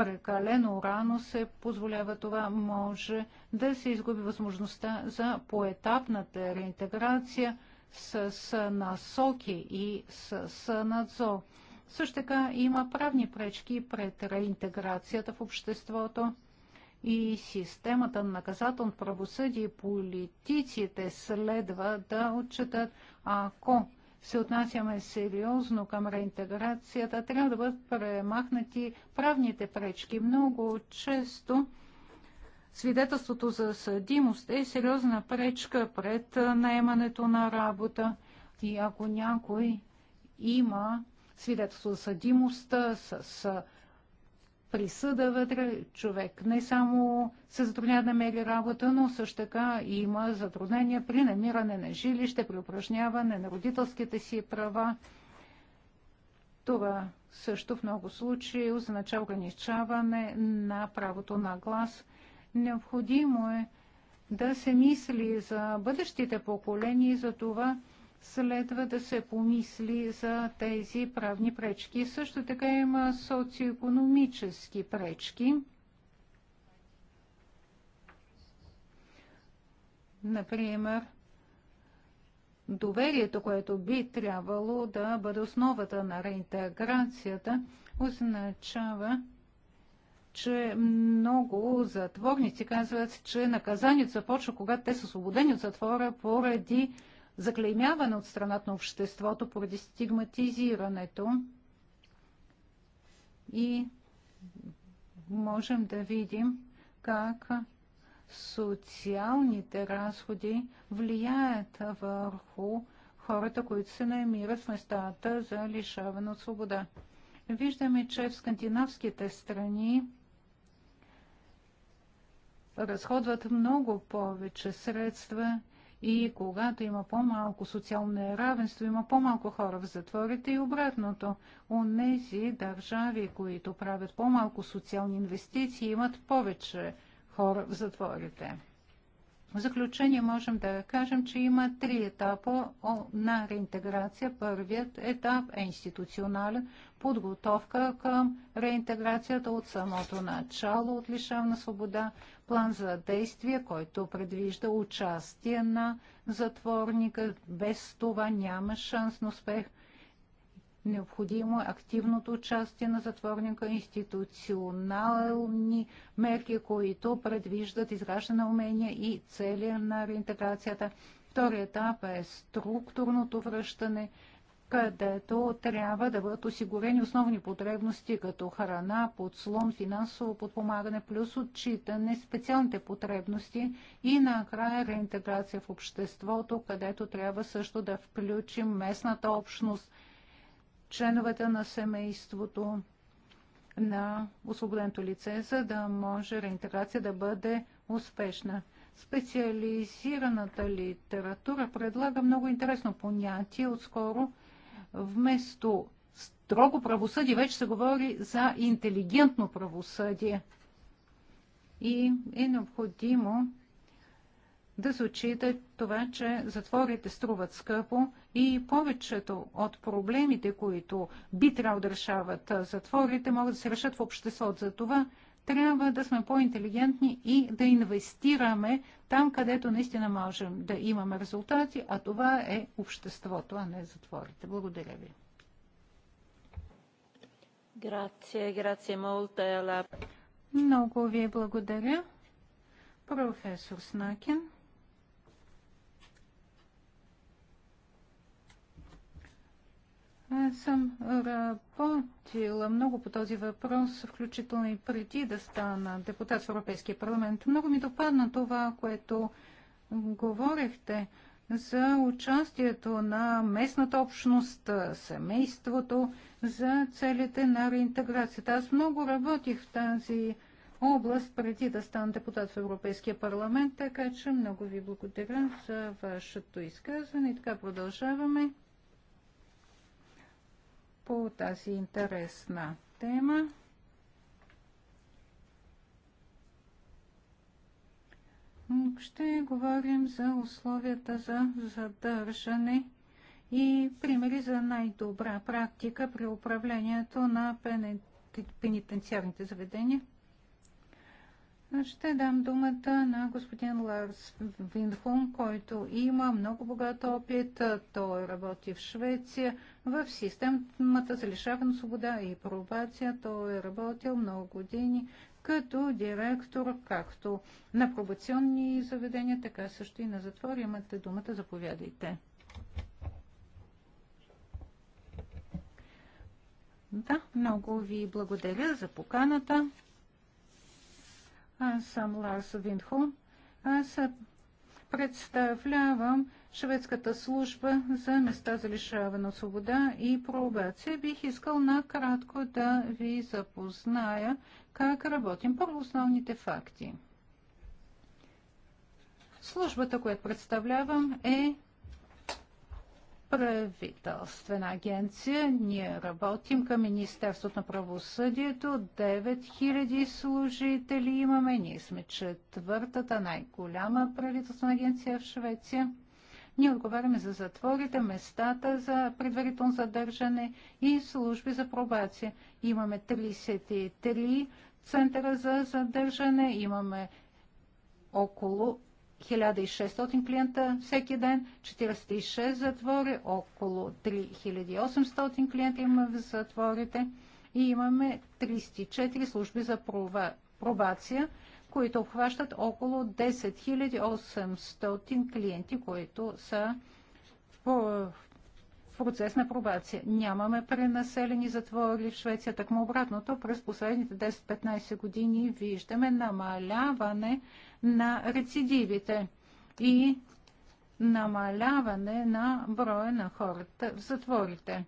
прекалено рано се позволява това, може да се изгуби възможността за поетапната реинтеграция с, с насоки и с, с надзор. Също така има правни пречки пред реинтеграцията в обществото и системата на наказателно правосъдие политиците следва да отчитат, ако се отнасяме сериозно към реинтеграцията, трябва да бъдат премахнати правните пречки. Много често свидетелството за съдимост е сериозна пречка пред наемането на работа. И ако някой има свидетелство за съдимост с присъда вътре, човек не само се затруднява да намери работа, но също така има затруднения при намиране на жилище, при упражняване на родителските си права. Това също в много случаи означава ограничаване на правото на глас. Необходимо е да се мисли за бъдещите поколения и за това, следва да се помисли за тези правни пречки. Също така има социоекономически пречки. Например, доверието, което би трябвало да бъде основата на реинтеграцията, означава, че много затворници казват, че наказанието започва, когато те са освободени от затвора поради заклеймяване от страната на обществото поради стигматизирането. И можем да видим как социалните разходи влияят върху хората, които се намират в местата за лишаване от свобода. Виждаме, че в скандинавските страни разходват много повече средства и когато има по-малко социално неравенство, има по-малко хора в затворите и обратното. Онези държави, които правят по-малко социални инвестиции, имат повече хора в затворите. В заключение можем да кажем, че има три етапа на реинтеграция. Първият етап е институционален, подготовка към реинтеграцията от самото начало от лишавна свобода, план за действие, който предвижда участие на затворника. Без това няма шанс на успех. Необходимо е активното участие на затворника, институционални мерки, които предвиждат изграждане на умения и цели на реинтеграцията. Вторият етап е структурното връщане, където трябва да бъдат осигурени основни потребности, като храна, подслон, финансово подпомагане, плюс отчитане, специалните потребности и накрая реинтеграция в обществото, където трябва също да включим местната общност – членовете на семейството на освободеното лице, за да може реинтеграция да бъде успешна. Специализираната литература предлага много интересно понятие. Отскоро вместо строго правосъдие вече се говори за интелигентно правосъдие. И е необходимо да се отчита това, че затворите струват скъпо и повечето от проблемите, които би трябвало да решават затворите, могат да се решат в обществото. За това трябва да сме по-интелигентни и да инвестираме там, където наистина можем да имаме резултати, а това е обществото, а не затворите. Благодаря ви. Грация, грация молта. Много ви благодаря, професор Снакин. Аз съм работила много по този въпрос, включително и преди да стана депутат в Европейския парламент. Много ми допадна това, което говорихте за участието на местната общност, семейството, за целите на реинтеграцията. Аз много работих в тази област преди да стана депутат в Европейския парламент, така че много ви благодаря за вашето изказване. И така продължаваме по тази интересна тема. Ще говорим за условията за задържане и примери за най-добра практика при управлението на пенитенциарните заведения. Ще дам думата на господин Ларс Виндхун, който има много богат опит. Той работи в Швеция в системата за лишаване свобода и пробация. Той е работил много години като директор както на пробационни заведения, така също и на затвор. Имате думата, заповядайте. Да, много ви благодаря за поканата. Аз съм Ларс Виндхолм. Аз представлявам шведската служба за места за лишаване от свобода и пробация. Бих искал накратко да ви запозная как работим. Първо основните факти. Службата, която представлявам, е правителствена агенция. Ние работим към Министерството на правосъдието. 9000 служители имаме. Ние сме четвъртата най-голяма правителствена агенция в Швеция. Ние отговаряме за затворите, местата за предварително задържане и служби за пробация. Имаме 33 центъра за задържане, имаме около 1600 клиента всеки ден, 46 затвори, около 3800 клиента има в затворите и имаме 34 служби за пробация, които обхващат около 10 800 клиенти, които са в процес на пробация. Нямаме пренаселени затвори в Швеция, му обратното. През последните 10-15 години виждаме намаляване на рецидивите и намаляване на броя на хората в затворите.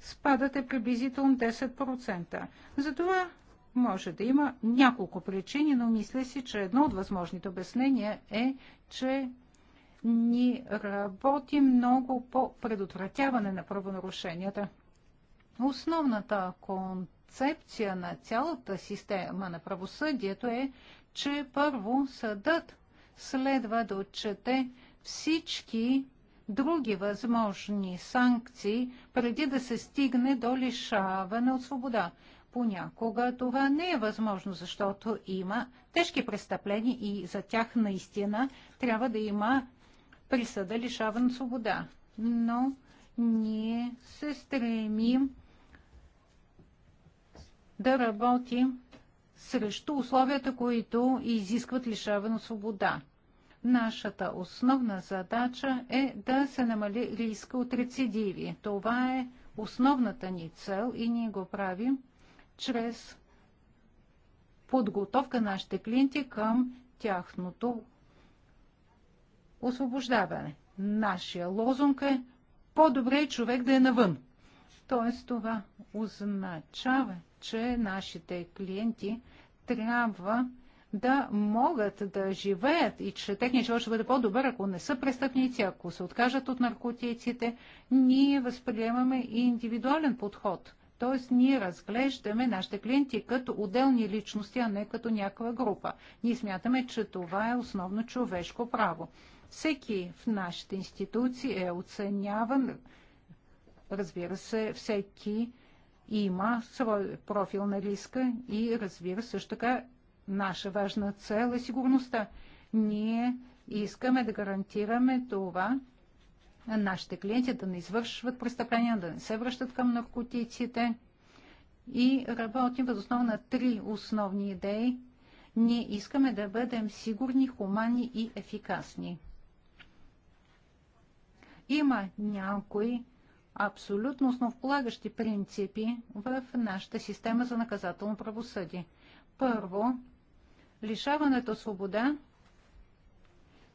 Спадът е приблизително 10%. Затова може да има няколко причини, но мисля си, че едно от възможните обяснения е, че ни работи много по предотвратяване на правонарушенията. Основната концепция на цялата система на правосъдието е, че първо съдът следва да отчете всички други възможни санкции, преди да се стигне до лишаване от свобода. Понякога това не е възможно, защото има тежки престъпления и за тях наистина трябва да има присъда лишаван свобода. Но ние се стремим да работим срещу условията, които изискват лишаване свобода. Нашата основна задача е да се намали риска от рецидиви. Това е основната ни цел и ние го правим чрез подготовка нашите клиенти към тяхното освобождаване. Нашия лозунг е по-добре е човек да е навън. Тоест това означава, че нашите клиенти трябва да могат да живеят и че техният живот ще бъде по-добър, ако не са престъпници, ако се откажат от наркотиците, ние възприемаме и индивидуален подход. Тоест ние разглеждаме нашите клиенти като отделни личности, а не като някаква група. Ние смятаме, че това е основно човешко право. Всеки в нашите институции е оценяван. Разбира се, всеки има свой профил на риска и разбира също така наша важна цел е сигурността. Ние искаме да гарантираме това, нашите клиенти да не извършват престъпления, да не се връщат към наркотиците. И работим въз основа на три основни идеи. Ние искаме да бъдем сигурни, хумани и ефикасни. Има някои абсолютно основополагащи принципи в нашата система за наказателно правосъдие. Първо, лишаването от свобода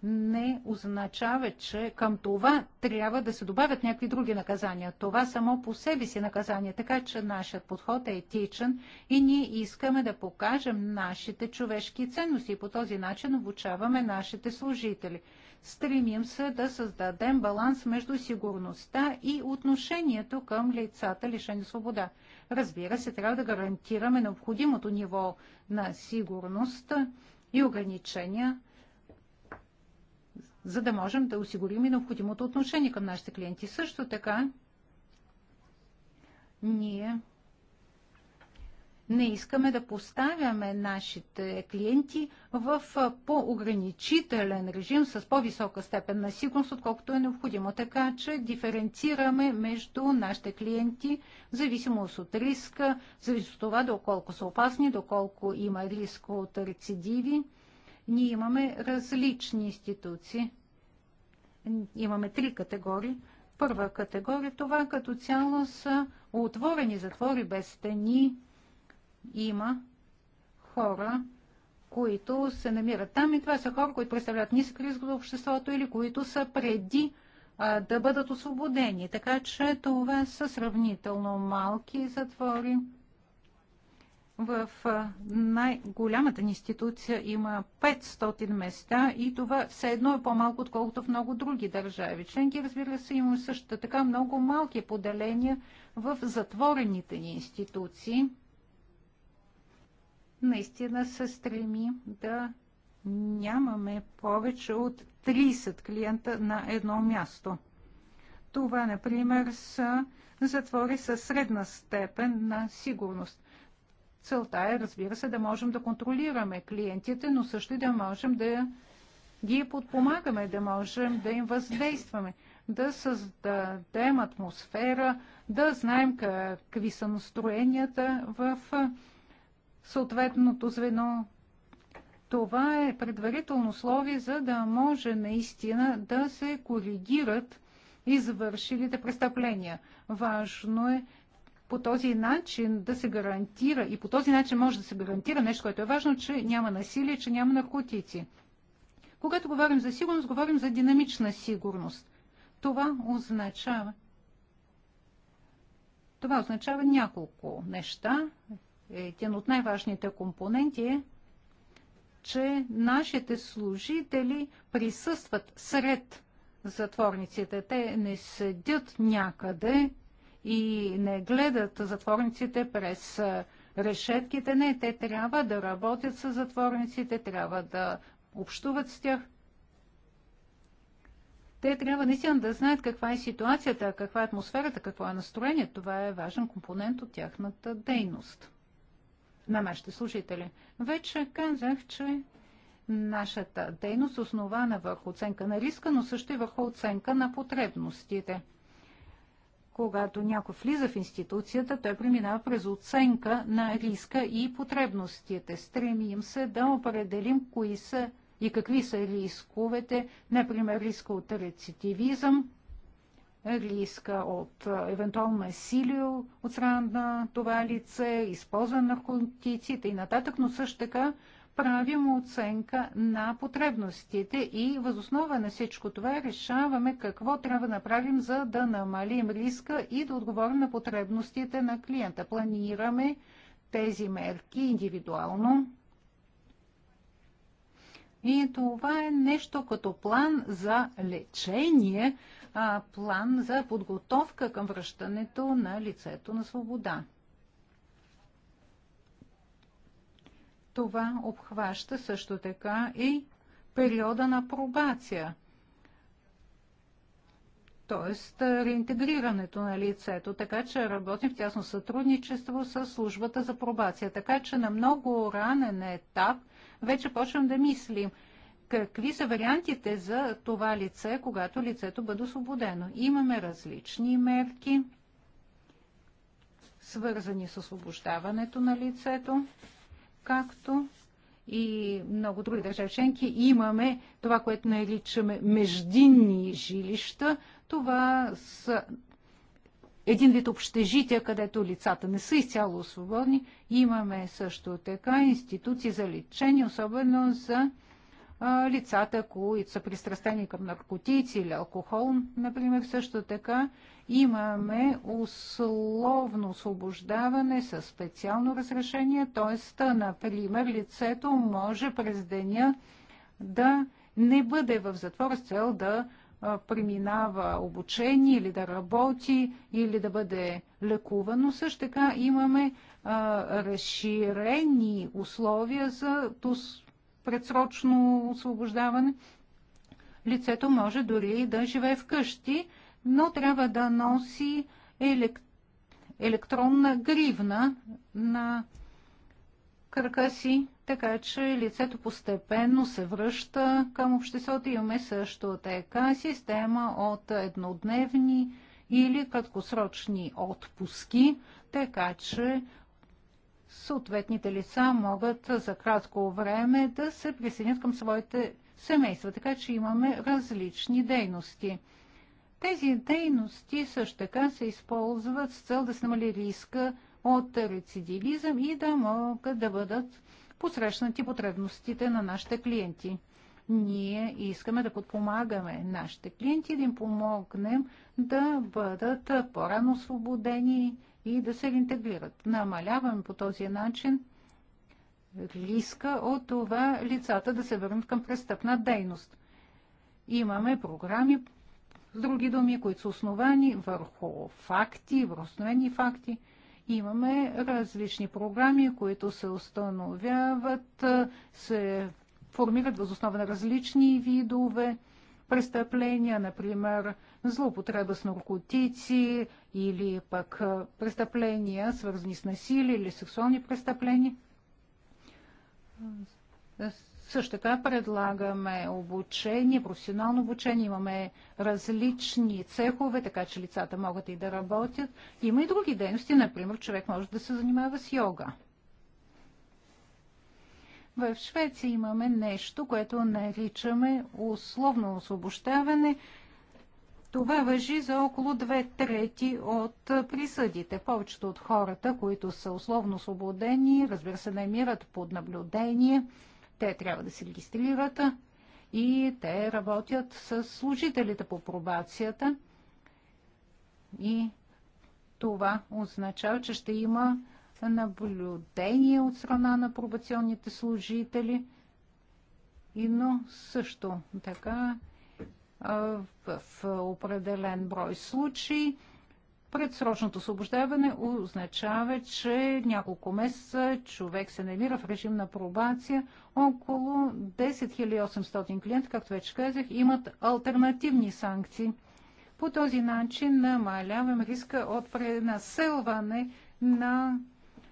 не означава, че към това трябва да се добавят някакви други наказания. Това само по себе си е наказание, така че нашият подход е етичен и ние искаме да покажем нашите човешки ценности и по този начин обучаваме нашите служители. Стремим се да създадем баланс между сигурността и отношението към лицата лишени свобода. Разбира се, трябва да гарантираме необходимото ниво на сигурност и ограничения, за да можем да осигурим и необходимото отношение към нашите клиенти. Също така, ние не искаме да поставяме нашите клиенти в по-ограничителен режим с по-висока степен на сигурност, отколкото е необходимо. Така че диференцираме между нашите клиенти в зависимост от риска, в зависимост от това доколко са опасни, доколко има риск от рецидиви. Ние имаме различни институции. Имаме три категории. Първа категория е това като цяло са отворени затвори без стени, има хора, които се намират там и това са хора, които представляват нисък риск за обществото или които са преди а, да бъдат освободени. Така че това са сравнително малки затвори. В най-голямата ни институция има 500 места и това все едно е по-малко, отколкото в много други държави. Членки, разбира се, има също така много малки поделения в затворените ни институции наистина се стреми да нямаме повече от 30 клиента на едно място. Това, например, са затвори със средна степен на сигурност. Целта е, разбира се, да можем да контролираме клиентите, но също и да можем да ги подпомагаме, да можем да им въздействаме, да създадем атмосфера, да знаем какви са настроенията в съответното звено. Това е предварително условие, за да може наистина да се коригират извършилите престъпления. Важно е по този начин да се гарантира и по този начин може да се гарантира нещо, което е важно, че няма насилие, че няма наркотици. Когато говорим за сигурност, говорим за динамична сигурност. Това означава. Това означава няколко неща един от най-важните компоненти е, че нашите служители присъстват сред затворниците. Те не седят някъде и не гледат затворниците през решетките. Не, те трябва да работят с затворниците, трябва да общуват с тях. Те трябва наистина да знаят каква е ситуацията, каква е атмосферата, какво е настроението. Това е важен компонент от тяхната дейност на нашите служители. Вече казах, че нашата дейност е основана върху оценка на риска, но също и върху оценка на потребностите. Когато някой влиза в институцията, той преминава през оценка на риска и потребностите. Стремим се да определим кои са и какви са рисковете, например риска от рецитивизъм, риска от евентуално насилие от страна на това лице, използване на наркотиците и нататък, но също така правим оценка на потребностите и възоснова на всичко това решаваме какво трябва да направим, за да намалим риска и да отговорим на потребностите на клиента. Планираме тези мерки индивидуално. И това е нещо като план за лечение, а, план за подготовка към връщането на лицето на свобода. Това обхваща също така и периода на пробация, т.е. реинтегрирането на лицето, така че работим в тясно сътрудничество с службата за пробация. Така че на много ранен етап вече почвам да мислим – какви са вариантите за това лице, когато лицето бъде освободено. Имаме различни мерки, свързани с освобождаването на лицето, както и много други държавченки Имаме това, което наричаме междинни жилища. Това са един вид общежития, където лицата не са изцяло свободни. Имаме също така институции за лечение, особено за лицата, които са пристрастени към наркотици или алкохол, например, също така имаме условно освобождаване със специално разрешение, т.е. например, лицето може през деня да не бъде в затвора с цел да преминава обучение или да работи или да бъде лекувано. Също така имаме а, разширени условия за предсрочно освобождаване. Лицето може дори да живее вкъщи, но трябва да носи елек... електронна гривна на кръка си, така че лицето постепенно се връща към обществото. Имаме също така система от еднодневни или краткосрочни отпуски, така че съответните лица могат за кратко време да се присъединят към своите семейства. Така че имаме различни дейности. Тези дейности също така се използват с цел да се намали риска от рецидивизъм и да могат да бъдат посрещнати потребностите на нашите клиенти. Ние искаме да подпомагаме нашите клиенти, да им помогнем да бъдат по-рано освободени и да се интегрират. Намаляваме по този начин риска от това лицата да се върнат към престъпна дейност. Имаме програми, с други думи, които са основани върху факти, върху факти. Имаме различни програми, които се установяват, се формират възоснова на различни видове престъпления, например, злоупотреба с наркотици или пък престъпления, свързани с насилие или сексуални престъпления. Също така предлагаме обучение, професионално обучение. Имаме различни цехове, така че лицата могат и да работят. Има и други дейности. Например, човек може да се занимава с йога. В Швеция имаме нещо, което наричаме условно освобождаване. Това въжи за около две трети от присъдите. Повечето от хората, които са условно освободени, разбира се, намират под наблюдение. Те трябва да се регистрират и те работят с служителите по пробацията. И това означава, че ще има наблюдение от страна на пробационните служители, и но също така в определен брой случаи предсрочното освобождаване означава, че няколко месеца човек се намира в режим на пробация. Около 10 800 клиента, както вече казах, имат альтернативни санкции. По този начин намаляваме риска от пренаселване на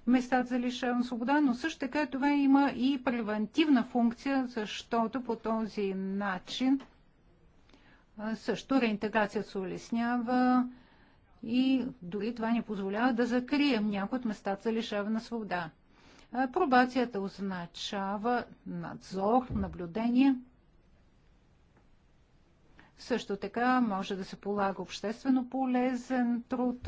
местата за лишаване свобода, но също така това има и превентивна функция, защото по този начин също реинтеграцията се улеснява и дори това ни позволява да закрием някои от местата за лишаване на свобода. Пробацията означава надзор, наблюдение. Също така може да се полага обществено полезен труд.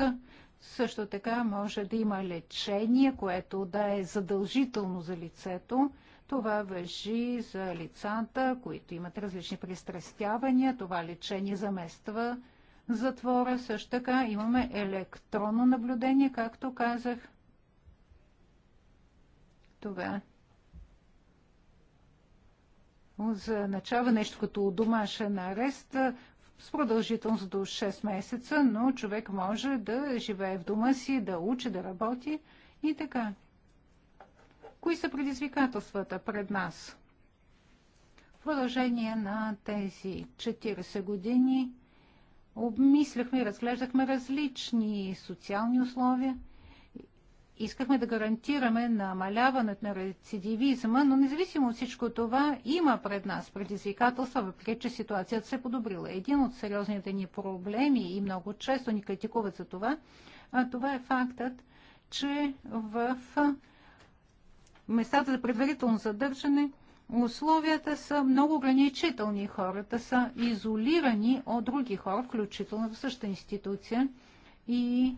Също така може да има лечение, което да е задължително за лицето. Това въжи за лицата, които имат различни пристрастявания. Това лечение замества затвора. Също така имаме електронно наблюдение, както казах. Това означава нещо като домашен арест с продължителност до 6 месеца, но човек може да живее в дома си, да учи, да работи и така. Кои са предизвикателствата пред нас? В продължение на тези 40 години обмисляхме и разглеждахме различни социални условия – искахме да гарантираме намаляването на рецидивизма, но независимо от всичко това, има пред нас предизвикателства, въпреки че ситуацията се е подобрила. Един от сериозните ни проблеми и много често ни критикуват за това, а това е фактът, че в местата за предварително задържане условията са много ограничителни. Хората са изолирани от други хора, включително в същата институция и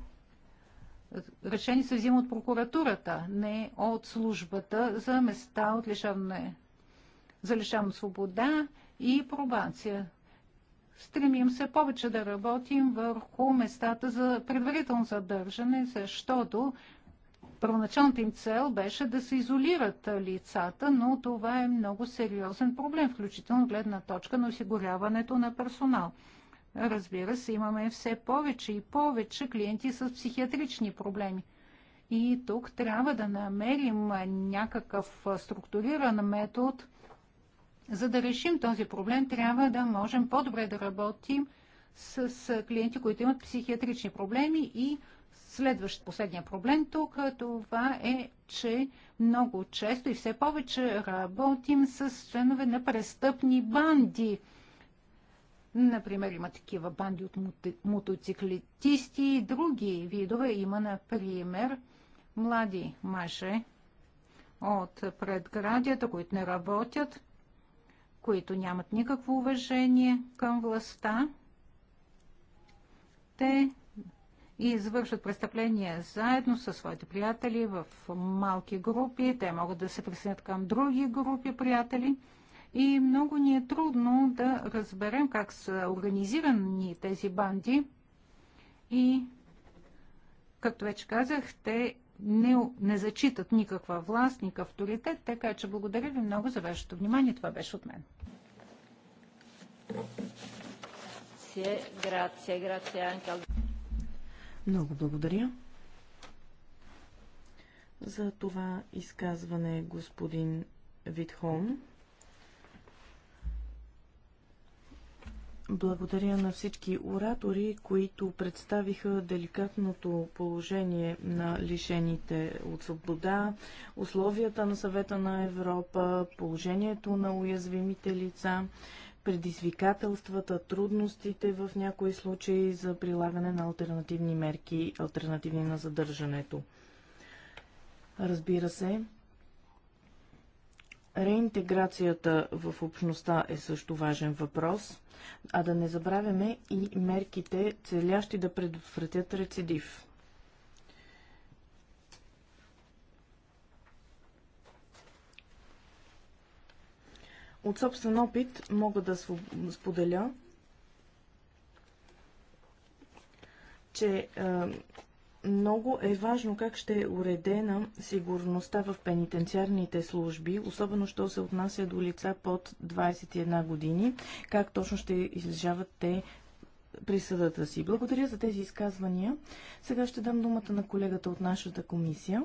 решение се взима от прокуратурата, не от службата за места от лишаване, за лишаване свобода и пробация. Стремим се повече да работим върху местата за предварително задържане, защото първоначалната им цел беше да се изолират лицата, но това е много сериозен проблем, включително гледна точка на осигуряването на персонал. Разбира се, имаме все повече и повече клиенти с психиатрични проблеми. И тук трябва да намерим някакъв структуриран метод. За да решим този проблем, трябва да можем по-добре да работим с, клиенти, които имат психиатрични проблеми и Следващ последния проблем тук това е, че много често и все повече работим с членове на престъпни банди. Например, има такива банди от мотоциклетисти и други видове. Има, например, млади мъже от предградията, които не работят, които нямат никакво уважение към властта. Те и извършват престъпления заедно със своите приятели в малки групи. Те могат да се присъединят към други групи приятели – и много ни е трудно да разберем как са организирани тези банди и, както вече казах, те не, не зачитат никаква власт, никакъв авторитет, така че благодаря ви много за вашето внимание. Това беше от мен. Много благодаря за това изказване господин Витхолм. Благодаря на всички оратори, които представиха деликатното положение на лишените от свобода, условията на съвета на Европа, положението на уязвимите лица, предизвикателствата, трудностите в някои случаи за прилагане на альтернативни мерки, альтернативни на задържането. Разбира се, Реинтеграцията в общността е също важен въпрос, а да не забравяме и мерките, целящи да предотвратят рецидив. От собствен опит мога да споделя, че е, много е важно как ще е уредена сигурността в пенитенциарните служби, особено що се отнася до лица под 21 години, как точно ще излежават те присъдата си. Благодаря за тези изказвания. Сега ще дам думата на колегата от нашата комисия.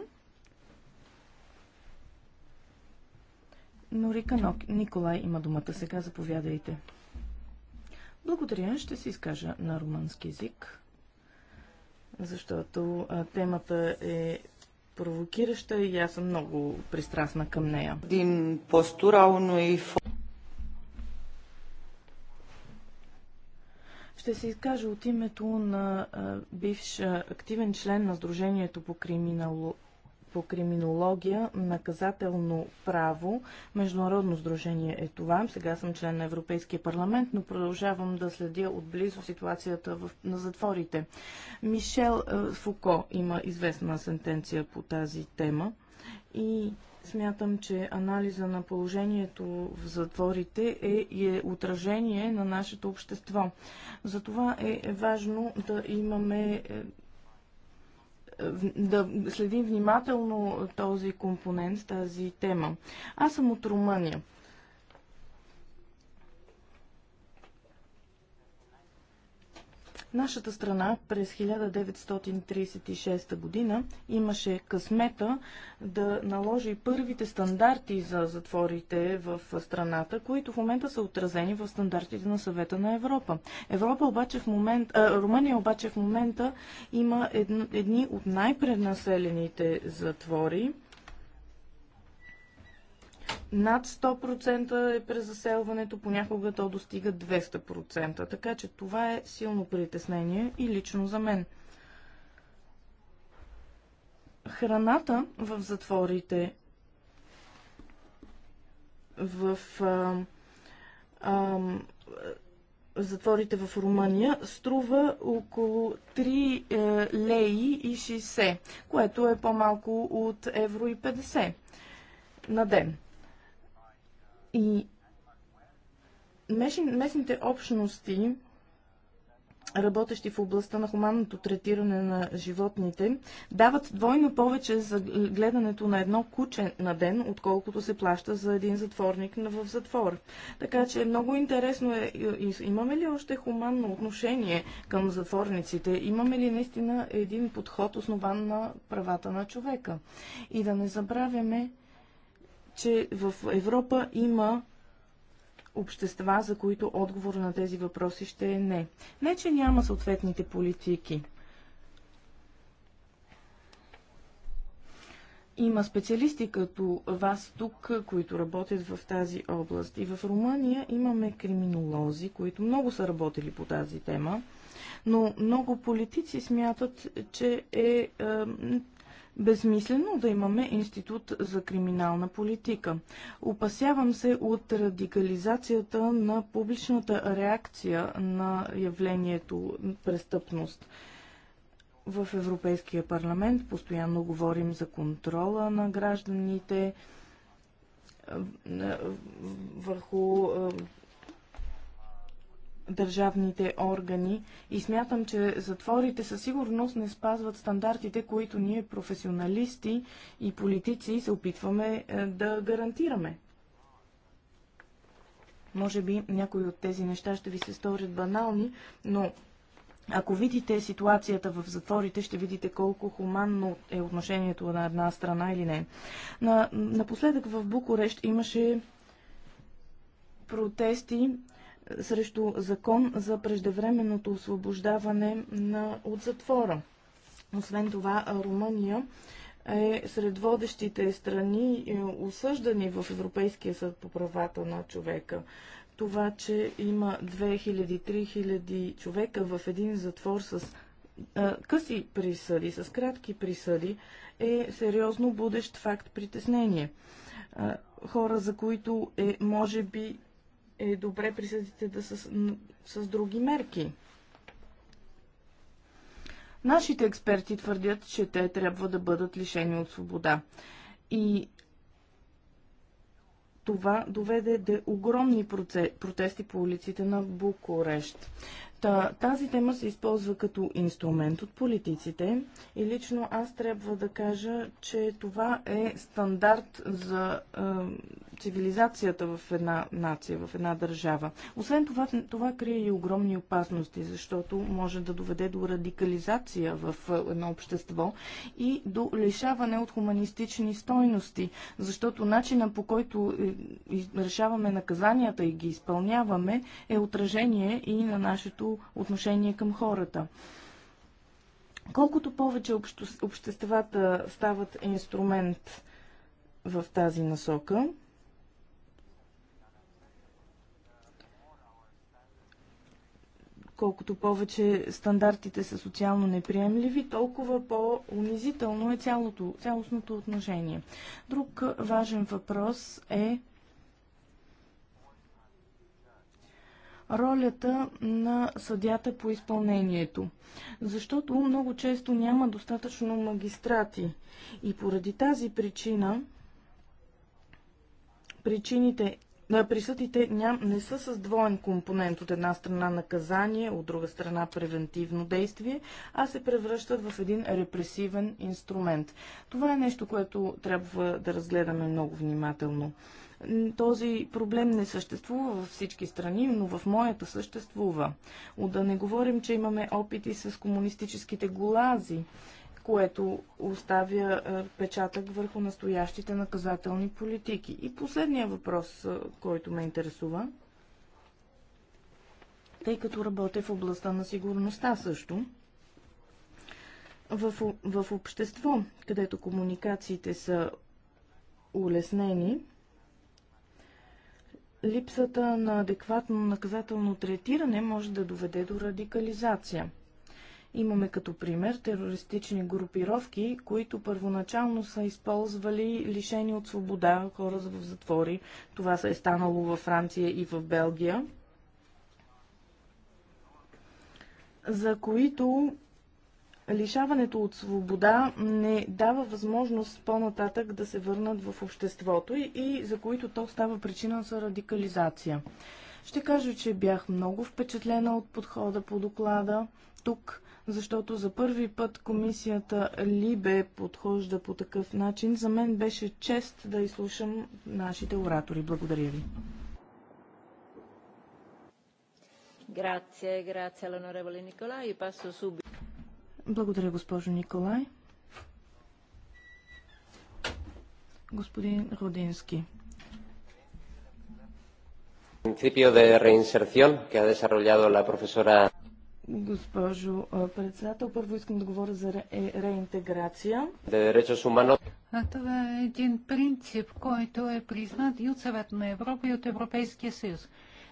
Норика Николай има думата сега. Заповядайте. Благодаря. Ще се изкажа на румънски язик защото темата е провокираща и аз съм много пристрастна към нея. Din postura unui Ще се изкажа от името на бивш активен член на Сдружението по криминало, по криминология, наказателно право. Международно сдружение е това. Сега съм член на Европейския парламент, но продължавам да следя отблизо ситуацията в, на затворите. Мишел е, Фуко има известна сентенция по тази тема и смятам, че анализа на положението в затворите е, е отражение на нашето общество. Затова е важно да имаме е, да следим внимателно този компонент, тази тема. Аз съм от Румъния. Нашата страна през 1936 година имаше късмета да наложи първите стандарти за затворите в страната, които в момента са отразени в стандартите на съвета на Европа. Европа обаче в момент, а, Румъния обаче в момента има едни от най преднаселените затвори над 100% е презаселването, понякога то достига 200%. Така че това е силно притеснение и лично за мен. Храната в затворите, в а, а, затворите в Румъния струва около 3 е, леи и 60, което е по-малко от евро и 50 на ден. И местните общности, работещи в областта на хуманното третиране на животните, дават двойно повече за гледането на едно куче на ден, отколкото се плаща за един затворник в затвор. Така че много интересно е, имаме ли още хуманно отношение към затворниците? Имаме ли наистина един подход, основан на правата на човека? И да не забравяме, че в Европа има общества, за които отговор на тези въпроси ще е не. Не, че няма съответните политики. Има специалисти като вас тук, които работят в тази област. И в Румъния имаме криминолози, които много са работили по тази тема, но много политици смятат, че е, е безмислено да имаме институт за криминална политика. Опасявам се от радикализацията на публичната реакция на явлението престъпност в Европейския парламент постоянно говорим за контрола на гражданите върху държавните органи и смятам, че затворите със сигурност не спазват стандартите, които ние професионалисти и политици се опитваме е, да гарантираме. Може би някои от тези неща ще ви се сторят банални, но ако видите ситуацията в затворите, ще видите колко хуманно е отношението на една страна или не. На, напоследък в Букурещ имаше протести срещу закон за преждевременното освобождаване на, от затвора. Освен това, Румъния е сред водещите страни е, осъждани в Европейския съд по правата на човека. Това, че има 2000-3000 човека в един затвор с а, е, къси присъди, с кратки присъди, е сериозно будещ факт притеснение. А, е, хора, за които е, може би, е добре присъдите да с, с други мерки. Нашите експерти твърдят, че те трябва да бъдат лишени от свобода. И това доведе до огромни протести по улиците на Букурещ. Та, тази тема се използва като инструмент от политиците и лично аз трябва да кажа, че това е стандарт за е, цивилизацията в една нация, в една държава. Освен това, това крие и огромни опасности, защото може да доведе до радикализация в едно общество и до лишаване от хуманистични стойности, защото начина по който е, решаваме наказанията и ги изпълняваме е отражение и на нашето своето отношение към хората. Колкото повече обществата стават инструмент в тази насока, колкото повече стандартите са социално неприемливи, толкова по-унизително е цялото, цялостното отношение. Друг важен въпрос е ролята на съдята по изпълнението. Защото много често няма достатъчно магистрати и поради тази причина причините Присъдите не са с двоен компонент от една страна наказание, от друга страна превентивно действие, а се превръщат в един репресивен инструмент. Това е нещо, което трябва да разгледаме много внимателно. Този проблем не съществува във всички страни, но в моята съществува. От да не говорим, че имаме опити с комунистическите голази, което оставя е, печатък върху настоящите наказателни политики. И последния въпрос, е, който ме интересува, тъй като работя в областта на сигурността също, в, в общество, където комуникациите са улеснени, липсата на адекватно наказателно третиране може да доведе до радикализация. Имаме като пример терористични групировки, които първоначално са използвали лишени от свобода хора в затвори. Това се е станало във Франция и в Белгия, за които лишаването от свобода не дава възможност по-нататък да се върнат в обществото и, и за които то става причина за радикализация. Ще кажа, че бях много впечатлена от подхода по доклада тук, защото за първи път комисията Либе подхожда по такъв начин. За мен беше чест да изслушам нашите оратори. Благодаря ви. Grazie, grazie all'onorevole Nicolai. Пасо subito. Благодаря, госпожо Николай. Господин Родински. Принципио де реинсерцион, ке ха desarrollado ла професора... Госпожо председател, първо искам да говоря за ре, е, реинтеграция. Това е един принцип, който е признат и от Съвета на Европа, и от Европейския съюз.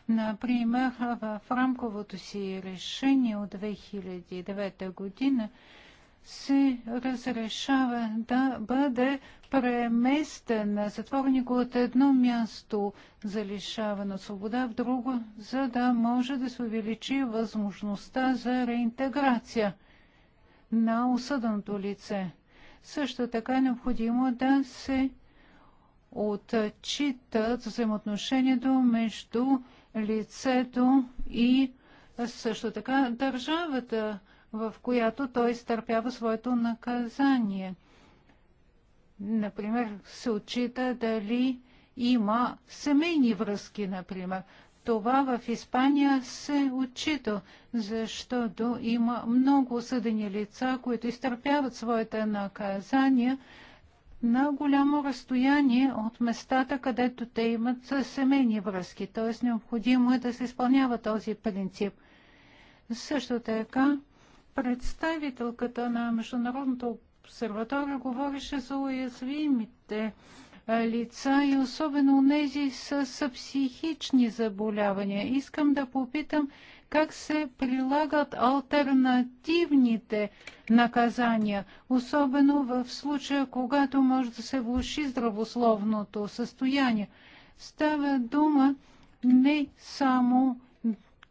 Например, в рамковото си решение от 2009 година се разрешава да бъде преместен затворник от едно място за лишаване свобода в друго, за да може да се увеличи възможността за реинтеграция на осъденото лице. Също така е необходимо да се отчитат взаимоотношението между лицето и също така държавата, в която той изтърпява своето наказание. Например, се отчита дали има семейни връзки, например. Това в Испания се отчита, защото има много съдени лица, които изтърпяват своите наказания, на голямо разстояние от местата, където те имат семейни връзки. Т.е. необходимо е да се изпълнява този принцип. Също така, представителката на Международната обсерватория говореше за уязвимите лица и особено нези с психични заболявания. Искам да попитам как се прилагат альтернативните наказания, особено в случая, когато може да се влуши здравословното състояние. Става дума не само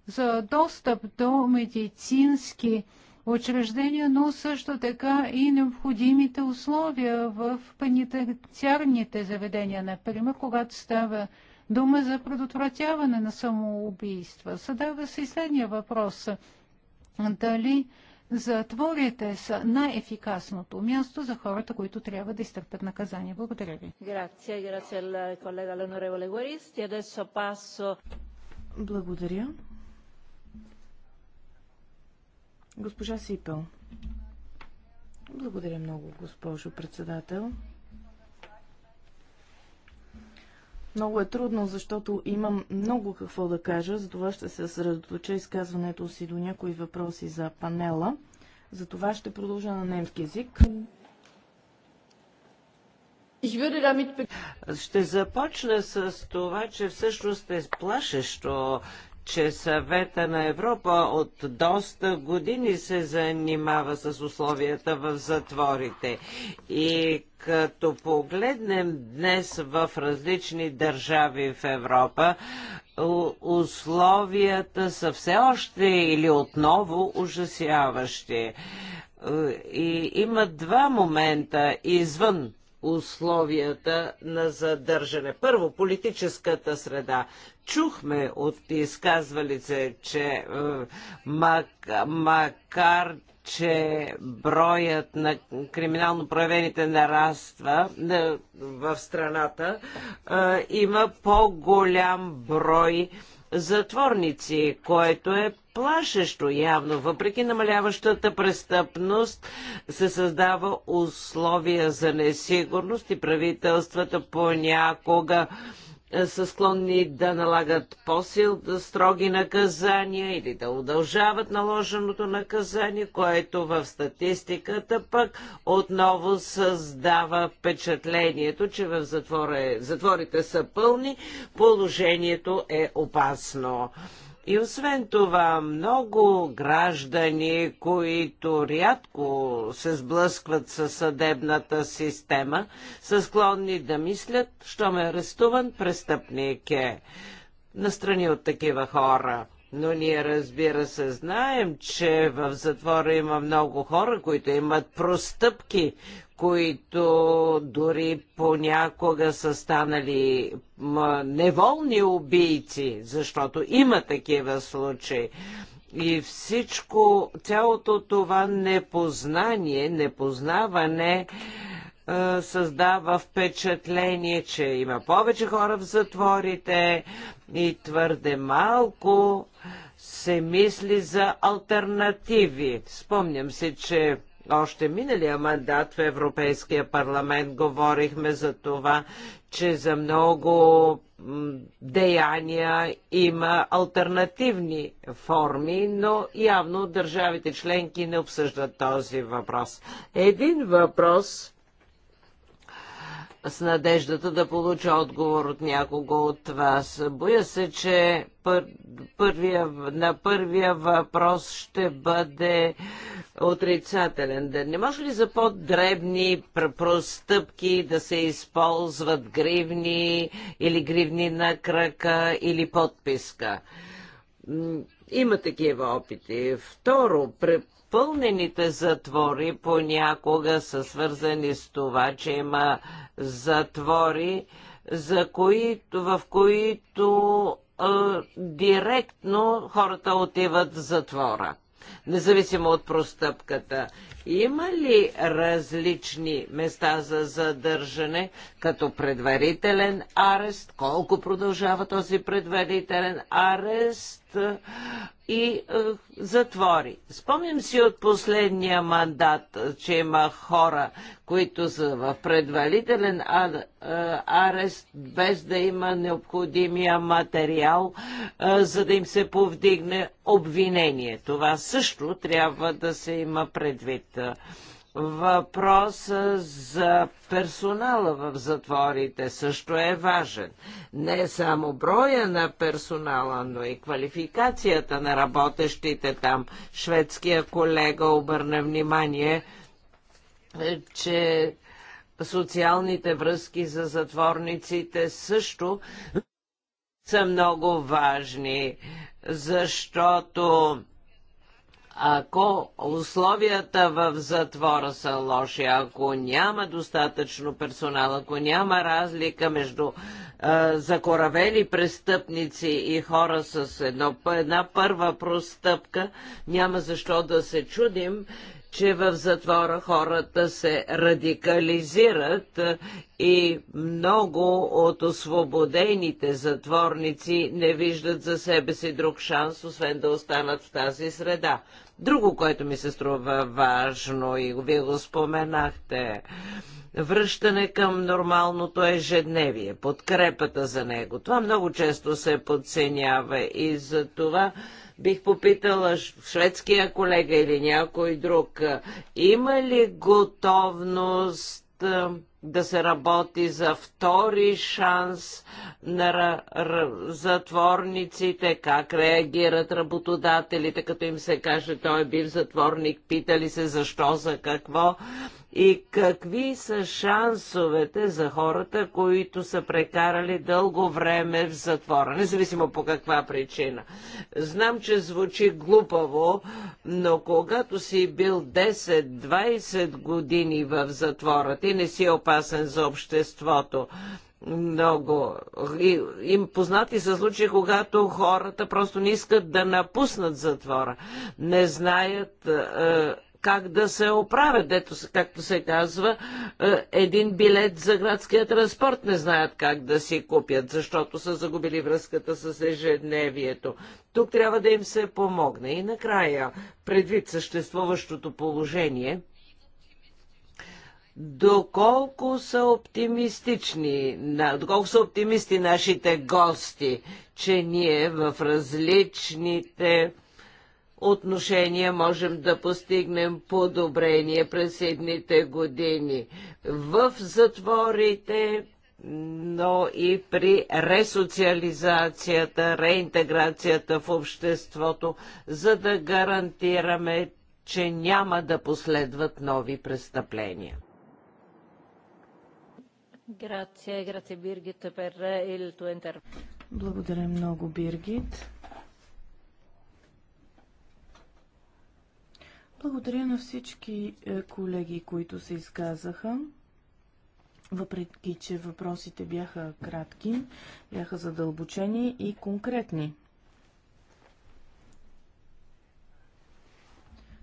за достъп до медицински учреждения, но също така и необходимите условия в пенитенциарните заведения, например, когато става дума за предотвратяване на самоубийства. Задава се и следния въпрос. Дали затворите са най-ефикасното място за хората, които трябва да изтърпят наказание. Благодаря ви. Благодаря. Госпожа Сипел. Благодаря много, госпожо председател. Много е трудно, защото имам много какво да кажа, затова ще се съсредоточа изказването си до някои въпроси за панела. Затова ще продължа на немски язик. Ще започна с това, че всъщност е плашещо, че съвета на Европа от доста години се занимава с условията в затворите. И като погледнем днес в различни държави в Европа, условията са все още или отново ужасяващи. И има два момента извън условията на задържане. Първо, политическата среда чухме от изказвалице, че е, мак, макар че броят на криминално проявените нараства е, в страната, е, има по-голям брой затворници, което е плашещо явно. Въпреки намаляващата престъпност се създава условия за несигурност и правителствата понякога е, са склонни да налагат по-сил, да строги наказания или да удължават наложеното наказание, което в статистиката пък отново създава впечатлението, че в е- затворите са пълни, положението е опасно. И освен това, много граждани, които рядко се сблъскват със съдебната система, са склонни да мислят, що ме арестуван престъпник е настрани от такива хора. Но ние разбира се знаем, че в затвора има много хора, които имат простъпки, които дори понякога са станали неволни убийци, защото има такива случаи. И всичко, цялото това непознание, непознаване е, създава впечатление, че има повече хора в затворите и твърде малко се мисли за альтернативи. Спомням се, че още миналия мандат в Европейския парламент говорихме за това, че за много деяния има альтернативни форми, но явно държавите членки не обсъждат този въпрос. Един въпрос с надеждата да получа отговор от някого от вас. Боя се, че пър, първия, на първия въпрос ще бъде отрицателен. Да не може ли за по-дребни простъпки да се използват гривни или гривни на крака или подписка? Има такива опити. Второ, Пълнените затвори понякога са свързани с това, че има затвори, за които, в които а, директно хората отиват в затвора, независимо от простъпката. Има ли различни места за задържане, като предварителен арест? Колко продължава този предварителен арест? и е, затвори. Спомням си от последния мандат, е, че има хора, които са в предварителен а, е, арест, без да има необходимия материал, е, за да им се повдигне обвинение. Това също трябва да се има предвид. Е, Въпроса за персонала в затворите също е важен. Не само броя на персонала, но и квалификацията на работещите там. Шведския колега обърна внимание, че социалните връзки за затворниците също са много важни, защото ако условията в затвора са лоши, ако няма достатъчно персонал, ако няма разлика между а, закоравели престъпници и хора с едно, една първа простъпка, няма защо да се чудим, че в затвора хората се радикализират и много от освободените затворници не виждат за себе си друг шанс, освен да останат в тази среда. Друго, което ми се струва важно и вие го споменахте, връщане към нормалното ежедневие, подкрепата за него. Това много често се подценява и за това бих попитала шведския колега или някой друг, има ли готовност да се работи за втори шанс на затворниците, как реагират работодателите, като им се каже, той е бив затворник, питали се защо, за какво и какви са шансовете за хората, които са прекарали дълго време в затвора, независимо по каква причина. Знам, че звучи глупаво, но когато си бил 10-20 години в затвора, ти не си опасен за обществото много. И, им познати са случаи, когато хората просто не искат да напуснат затвора. Не знаят е, как да се оправят, дето, както се казва, е, един билет за градския транспорт не знаят как да си купят, защото са загубили връзката с ежедневието. Тук трябва да им се помогне. И накрая, предвид съществуващото положение, доколко са оптимистични, доколко са оптимисти нашите гости, че ние в различните Отношения можем да постигнем подобрение през едните години в затворите, но и при ресоциализацията, реинтеграцията в обществото, за да гарантираме, че няма да последват нови престъпления. Благодаря много, Биргит. Благодаря на всички е, колеги, които се изказаха. Въпреки, че въпросите бяха кратки, бяха задълбочени и конкретни.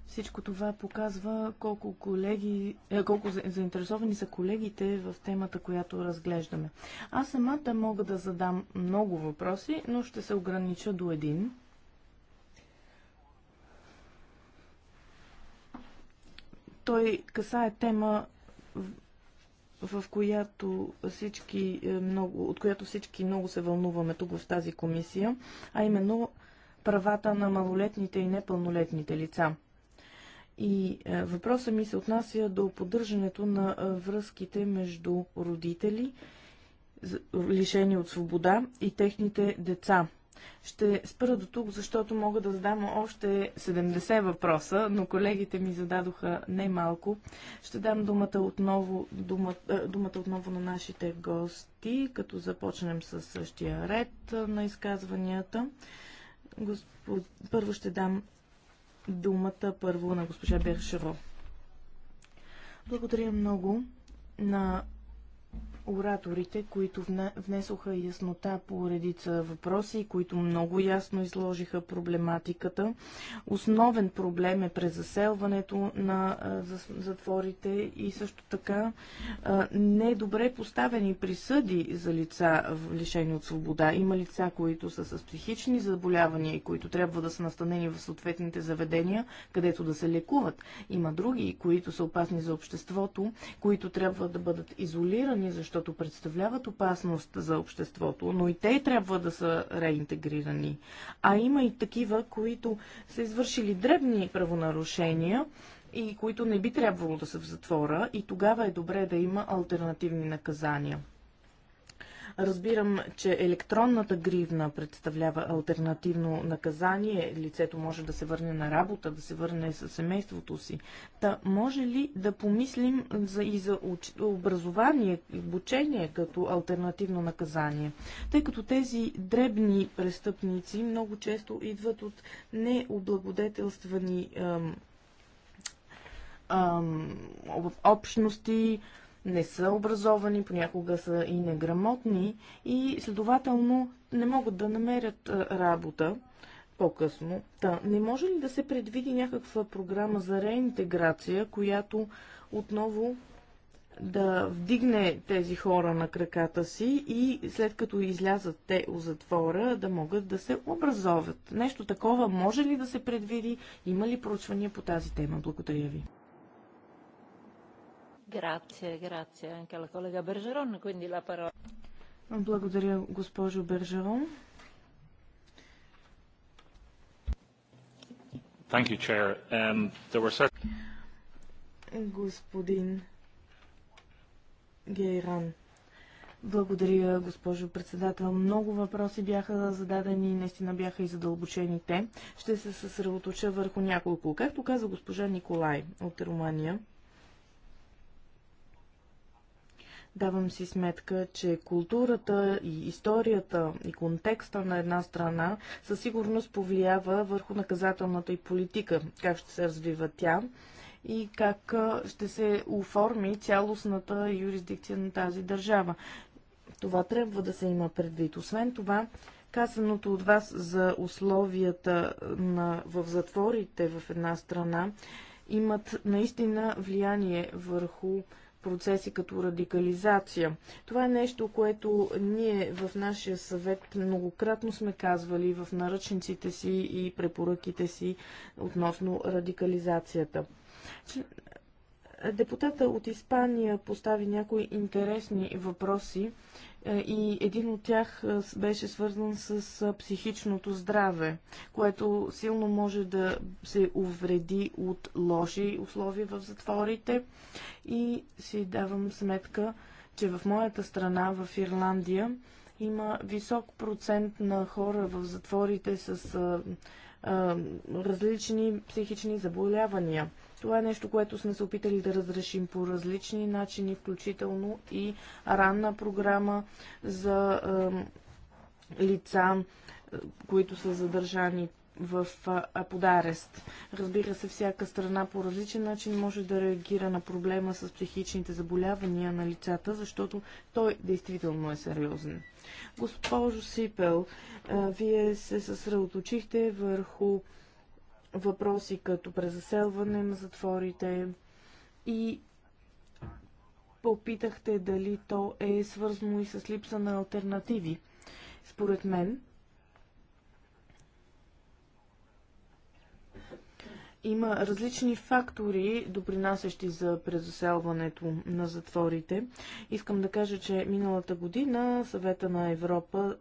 Всичко това показва колко, колеги, е, колко заинтересовани са колегите в темата, която разглеждаме. Аз самата мога да задам много въпроси, но ще се огранича до един. Той касае тема, в която всички е, много, от която всички много се вълнуваме тук в тази комисия, а именно правата на малолетните и непълнолетните лица. И е, въпросът ми се отнася до поддържането на е, връзките между родители, лишени от свобода, и техните деца – ще спра до тук, защото мога да задам още 70 въпроса, но колегите ми зададоха немалко. Ще дам думата отново, думата, е, думата отново на нашите гости, като започнем с същия ред е, на изказванията. Господ... Първо ще дам думата първо на госпожа Бершеро. Благодаря много на ораторите, които внесоха яснота по редица въпроси, които много ясно изложиха проблематиката. Основен проблем е презаселването на затворите и също така недобре поставени присъди за лица в лишени от свобода. Има лица, които са с психични заболявания и които трябва да са настанени в съответните заведения, където да се лекуват. Има други, които са опасни за обществото, които трябва да бъдат изолирани, защото защото представляват опасност за обществото, но и те трябва да са реинтегрирани. А има и такива, които са извършили дребни правонарушения и които не би трябвало да са в затвора и тогава е добре да има альтернативни наказания. Разбирам, че електронната гривна представлява альтернативно наказание. Лицето може да се върне на работа, да се върне с семейството си. Та може ли да помислим за, и за уч... образование, обучение като альтернативно наказание? Тъй като тези дребни престъпници много често идват от необлагодетелствани ам, ам, общности, не са образовани, понякога са и неграмотни и следователно не могат да намерят работа по-късно. Та, не може ли да се предвиди някаква програма за реинтеграция, която отново да вдигне тези хора на краката си и след като излязат те у затвора, да могат да се образоват. Нещо такова може ли да се предвиди? Има ли проучвания по тази тема? Благодаря ви. Благодаря, госпожо Бержерон. Thank you, Chair. Um, there were certain... Господин Гейран. Благодаря, госпожо председател. Много въпроси бяха зададени и наистина бяха и задълбочени те. Ще се съсредоточа върху няколко. Както каза госпожа Николай от Румъния, Давам си сметка, че културата и историята и контекста на една страна със сигурност повлиява върху наказателната и политика, как ще се развива тя и как ще се оформи цялостната юрисдикция на тази държава. Това трябва да се има предвид. Освен това, казаното от вас за условията на, в затворите в една страна имат наистина влияние върху процеси като радикализация. Това е нещо, което ние в нашия съвет многократно сме казвали в наръчниците си и препоръките си относно радикализацията. Депутата от Испания постави някои интересни въпроси е, и един от тях е, беше свързан с е, психичното здраве, което силно може да се увреди от лоши условия в затворите и си давам сметка, че в моята страна, в Ирландия, има висок процент на хора в затворите с а, а, различни психични заболявания. Това е нещо, което сме се опитали да разрешим по различни начини, включително и ранна програма за е, лица, които са задържани в подарест. Разбира се, всяка страна по различен начин може да реагира на проблема с психичните заболявания на лицата, защото той действително е сериозен. Госпожо Сипел, вие се съсредоточихте върху въпроси като презаселване на затворите и попитахте дали то е свързано и с липса на альтернативи. Според мен, Има различни фактори, допринасящи за презаселването на затворите. Искам да кажа, че миналата година съвета на Европа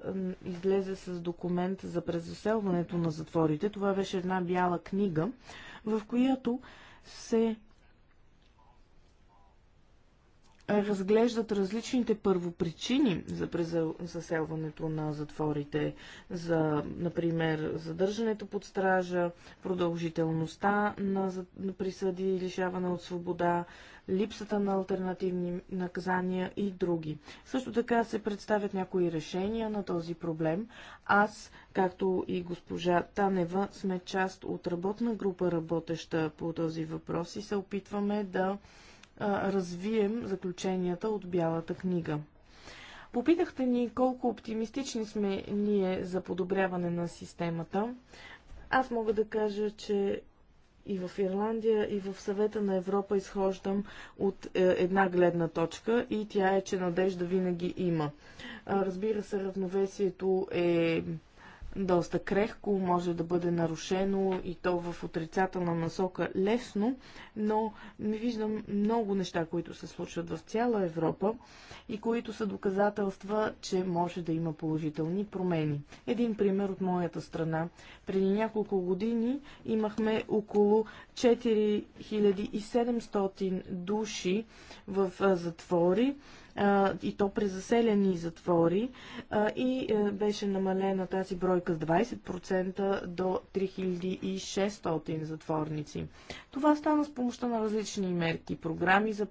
излезе с документ за презаселването на затворите. Това беше една бяла книга, в която се разглеждат различните първопричини за заселването на затворите, за, например, задържането под стража, продължителността на, присъди и лишаване от свобода, липсата на альтернативни наказания и други. Също така се представят някои решения на този проблем. Аз, както и госпожа Танева, сме част от работна група, работеща по този въпрос и се опитваме да развием заключенията от Бялата книга. Попитахте ни колко оптимистични сме ние за подобряване на системата. Аз мога да кажа, че и в Ирландия, и в съвета на Европа изхождам от е, една гледна точка и тя е, че надежда винаги има. разбира се, равновесието е доста крехко, може да бъде нарушено и то в отрицателна насока лесно, но не виждам много неща, които се случват в цяла Европа и които са доказателства, че може да има положителни промени. Един пример от моята страна. Преди няколко години имахме около 4700 души в затвори и то при заселени затвори и е, беше намалена тази бройка с 20% до 3600 затворници. Това стана с помощта на различни мерки, програми за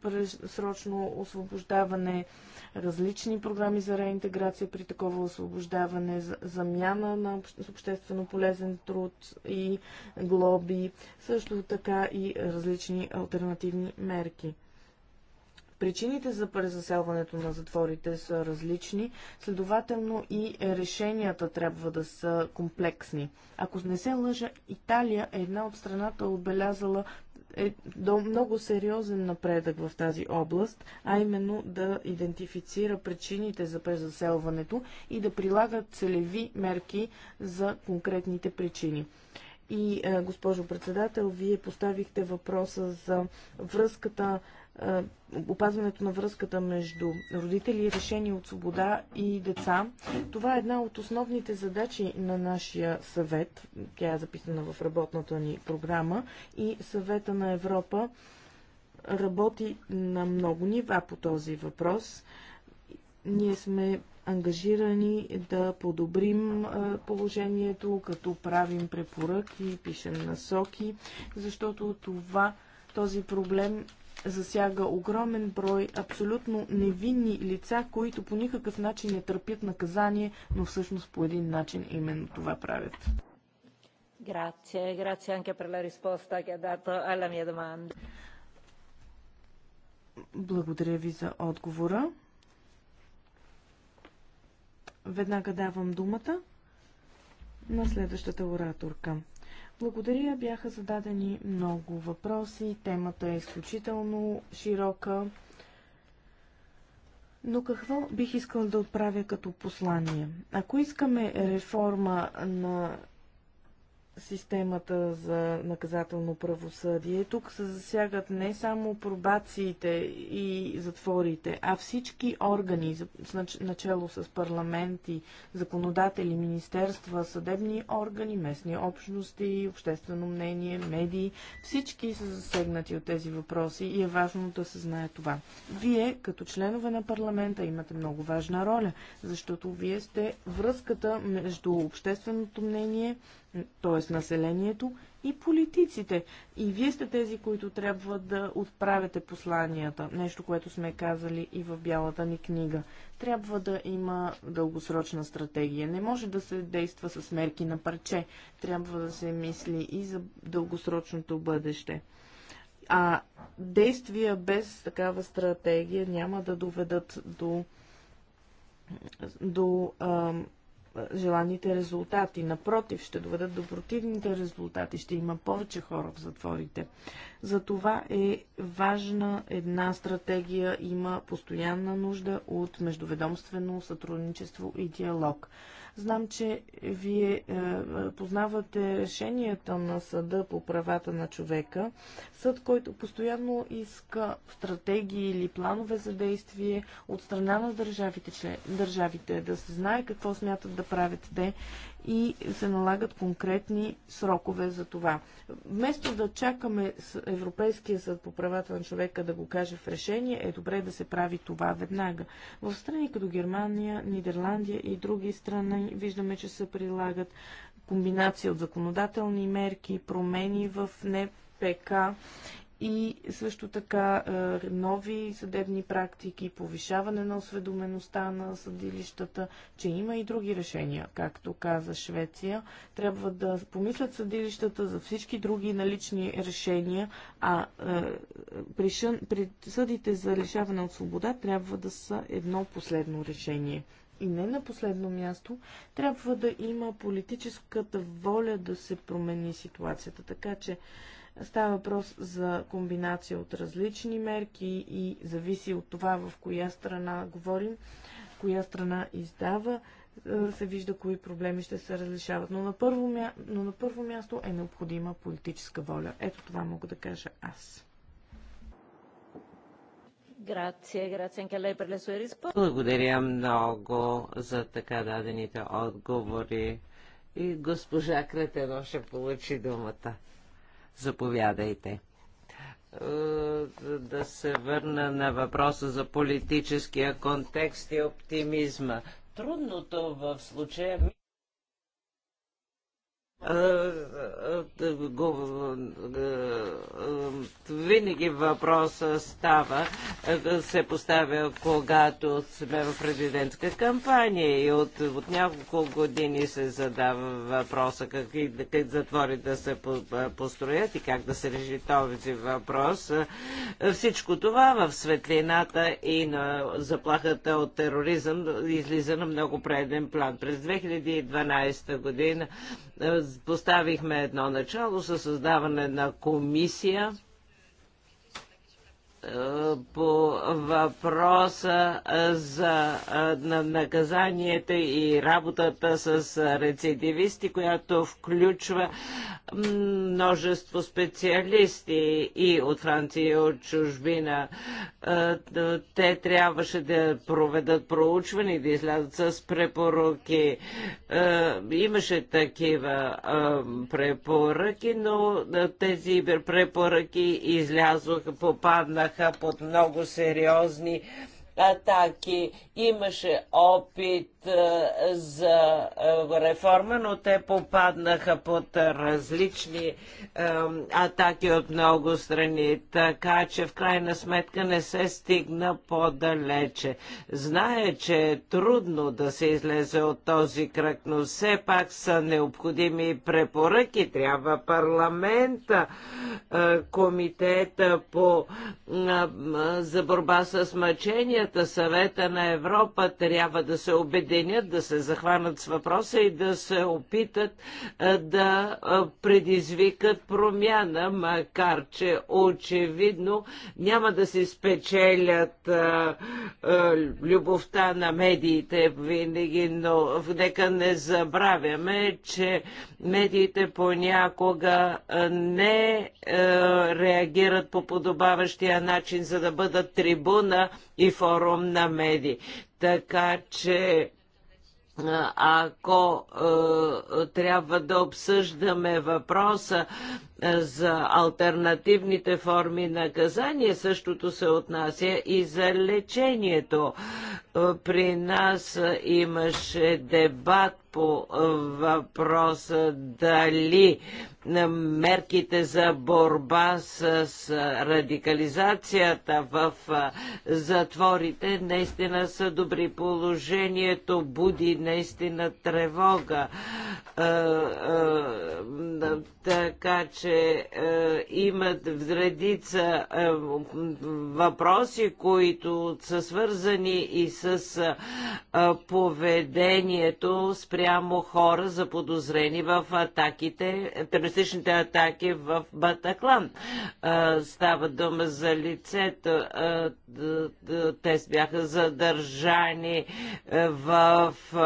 срочно освобождаване, различни програми за реинтеграция при такова освобождаване, замяна на обществено полезен труд и глоби, също така и различни альтернативни мерки. Причините за презаселването на затворите са различни, следователно и решенията трябва да са комплексни. Ако не се лъжа, Италия е една от страната отбелязала е до много сериозен напредък в тази област, а именно да идентифицира причините за презаселването и да прилага целеви мерки за конкретните причини. И, е, госпожо председател, вие поставихте въпроса за връзката опазването на връзката между родители решение от свобода и деца. Това е една от основните задачи на нашия съвет. Тя е записана в работната ни програма и съвета на Европа работи на много нива по този въпрос. Ние сме ангажирани да подобрим положението, като правим препоръки, пишем насоки, защото това този проблем засяга огромен брой абсолютно невинни лица, които по никакъв начин не търпят наказание, но всъщност по един начин именно това правят. Grazie, grazie anche per la risposta che ha dato alla mia domanda. Благодаря ви за отговора. Веднага давам думата на следващата ораторка. Благодаря, бяха зададени много въпроси. Темата е изключително широка. Но какво бих искал да отправя като послание? Ако искаме реформа на системата за наказателно правосъдие. Тук се засягат не само пробациите и затворите, а всички органи, начало с парламенти, законодатели, министерства, съдебни органи, местни общности, обществено мнение, медии. Всички са засегнати от тези въпроси и е важно да се знае това. Вие, като членове на парламента, имате много важна роля, защото вие сте връзката между общественото мнение т.е. населението и политиците. И вие сте тези, които трябва да отправяте посланията, нещо, което сме казали и в бялата ни книга. Трябва да има дългосрочна стратегия. Не може да се действа с мерки на парче. Трябва да се мисли и за дългосрочното бъдеще. А действия без такава стратегия няма да доведат до, до ам, желаните резултати. Напротив, ще доведат до противните резултати. Ще има повече хора в затворите. За това е важна една стратегия, има постоянна нужда от междуведомствено сътрудничество и диалог. Знам, че вие е, познавате решенията на съда по правата на човека, съд, който постоянно иска стратегии или планове за действие от страна на държавите, член, държавите да се знае какво смятат да правят те и се налагат конкретни срокове за това. Вместо да чакаме Европейския съд по правата на човека да го каже в решение, е добре да се прави това веднага. В страни като Германия, Нидерландия и други страни виждаме, че се прилагат комбинация от законодателни мерки, промени в НПК и също така е, нови съдебни практики, повишаване на осведомеността на съдилищата, че има и други решения, както каза Швеция. Трябва да помислят съдилищата за всички други налични решения, а е, присъдите за лишаване от свобода трябва да са едно последно решение. И не на последно място, трябва да има политическата воля да се промени ситуацията. Така че Става въпрос за комбинация от различни мерки и зависи от това в коя страна говорим, коя страна издава, е, се вижда кои проблеми ще се разрешават. Но на първо, мя... Но на първо място е необходима политическа воля. Ето това мога да кажа аз. Благодаря много за така дадените отговори. И госпожа Кретено ще получи думата. Заповядайте е, да се върна на въпроса за политическия контекст и оптимизма. Трудното в случая винаги въпроса става, се поставя, когато сме в президентска кампания и от, от няколко години се задава въпроса какви как затвори да се построят и как да се реши този въпрос. Всичко това в светлината и на заплахата от тероризъм излиза на много преден план. През 2012 година поставихме едно начало със създаване на комисия по въпроса за наказанията и работата с рецидивисти, която включва множество специалисти и от Франция, и от чужбина. Те трябваше да проведат проучване и да излязат с препоръки. Имаше такива препоръки, но тези препоръки излязоха, попаднаха бяха под много сериозни атаки. Имаше опит е, за е, реформа, но те попаднаха под различни е, атаки от много страни, така че в крайна сметка не се стигна по-далече. Знае, че е трудно да се излезе от този кръг, но все пак са необходими препоръки. Трябва парламента, комитета по, за борба с мъченията, съвета на Европа трябва да се убеди обединят, да се захванат с въпроса и да се опитат да предизвикат промяна, макар че очевидно няма да си спечелят любовта на медиите винаги, но нека не забравяме, че медиите понякога не реагират по подобаващия начин, за да бъдат трибуна и форум на медии. Така че ако е, трябва да обсъждаме въпроса е, за альтернативните форми наказание. Същото се отнася и за лечението. Е, при нас имаше дебат по е, въпроса дали мерките за борба с радикализацията в затворите наистина са добри. Положението буди наистина тревога. Така че че е, имат редица е, въпроси, които са свързани и с е, поведението спрямо хора заподозрени в атаките, терористичните атаки в Батаклан. Е, става дума за лицето. Е, те бяха задържани е, в е,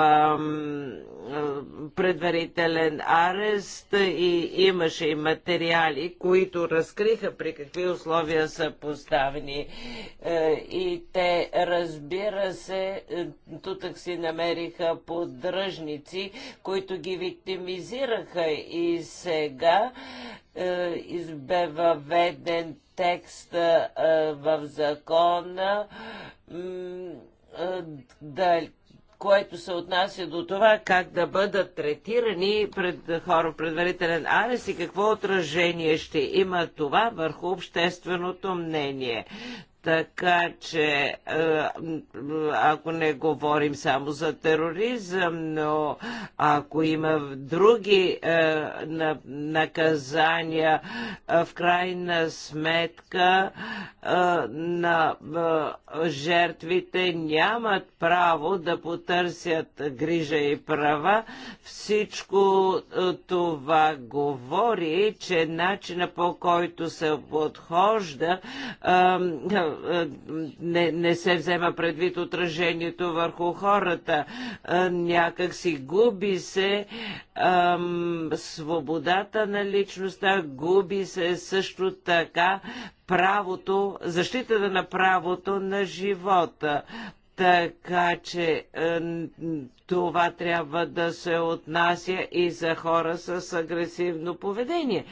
предварителен арест и имаше и материал материали, които разкриха при какви условия са поставени. Е, и те, разбира се, е, тутък си намериха поддръжници, които ги виктимизираха и сега е, избе въведен текст в закона да, което се отнася до това как да бъдат третирани пред хора предварителен арест и какво отражение ще има това върху общественото мнение. Така че, е, ако не говорим само за тероризъм, но ако има други е, наказания, е, в крайна сметка на жертвите нямат право да потърсят грижа и права. Всичко това говори, че начина по който се подхожда е, не, не се взема предвид отражението върху хората. Е, някак си губи се ам, свободата на личността, губи се също така правото, защитата на правото на живота. Така че е, това трябва да се отнася и за хора с агресивно поведение.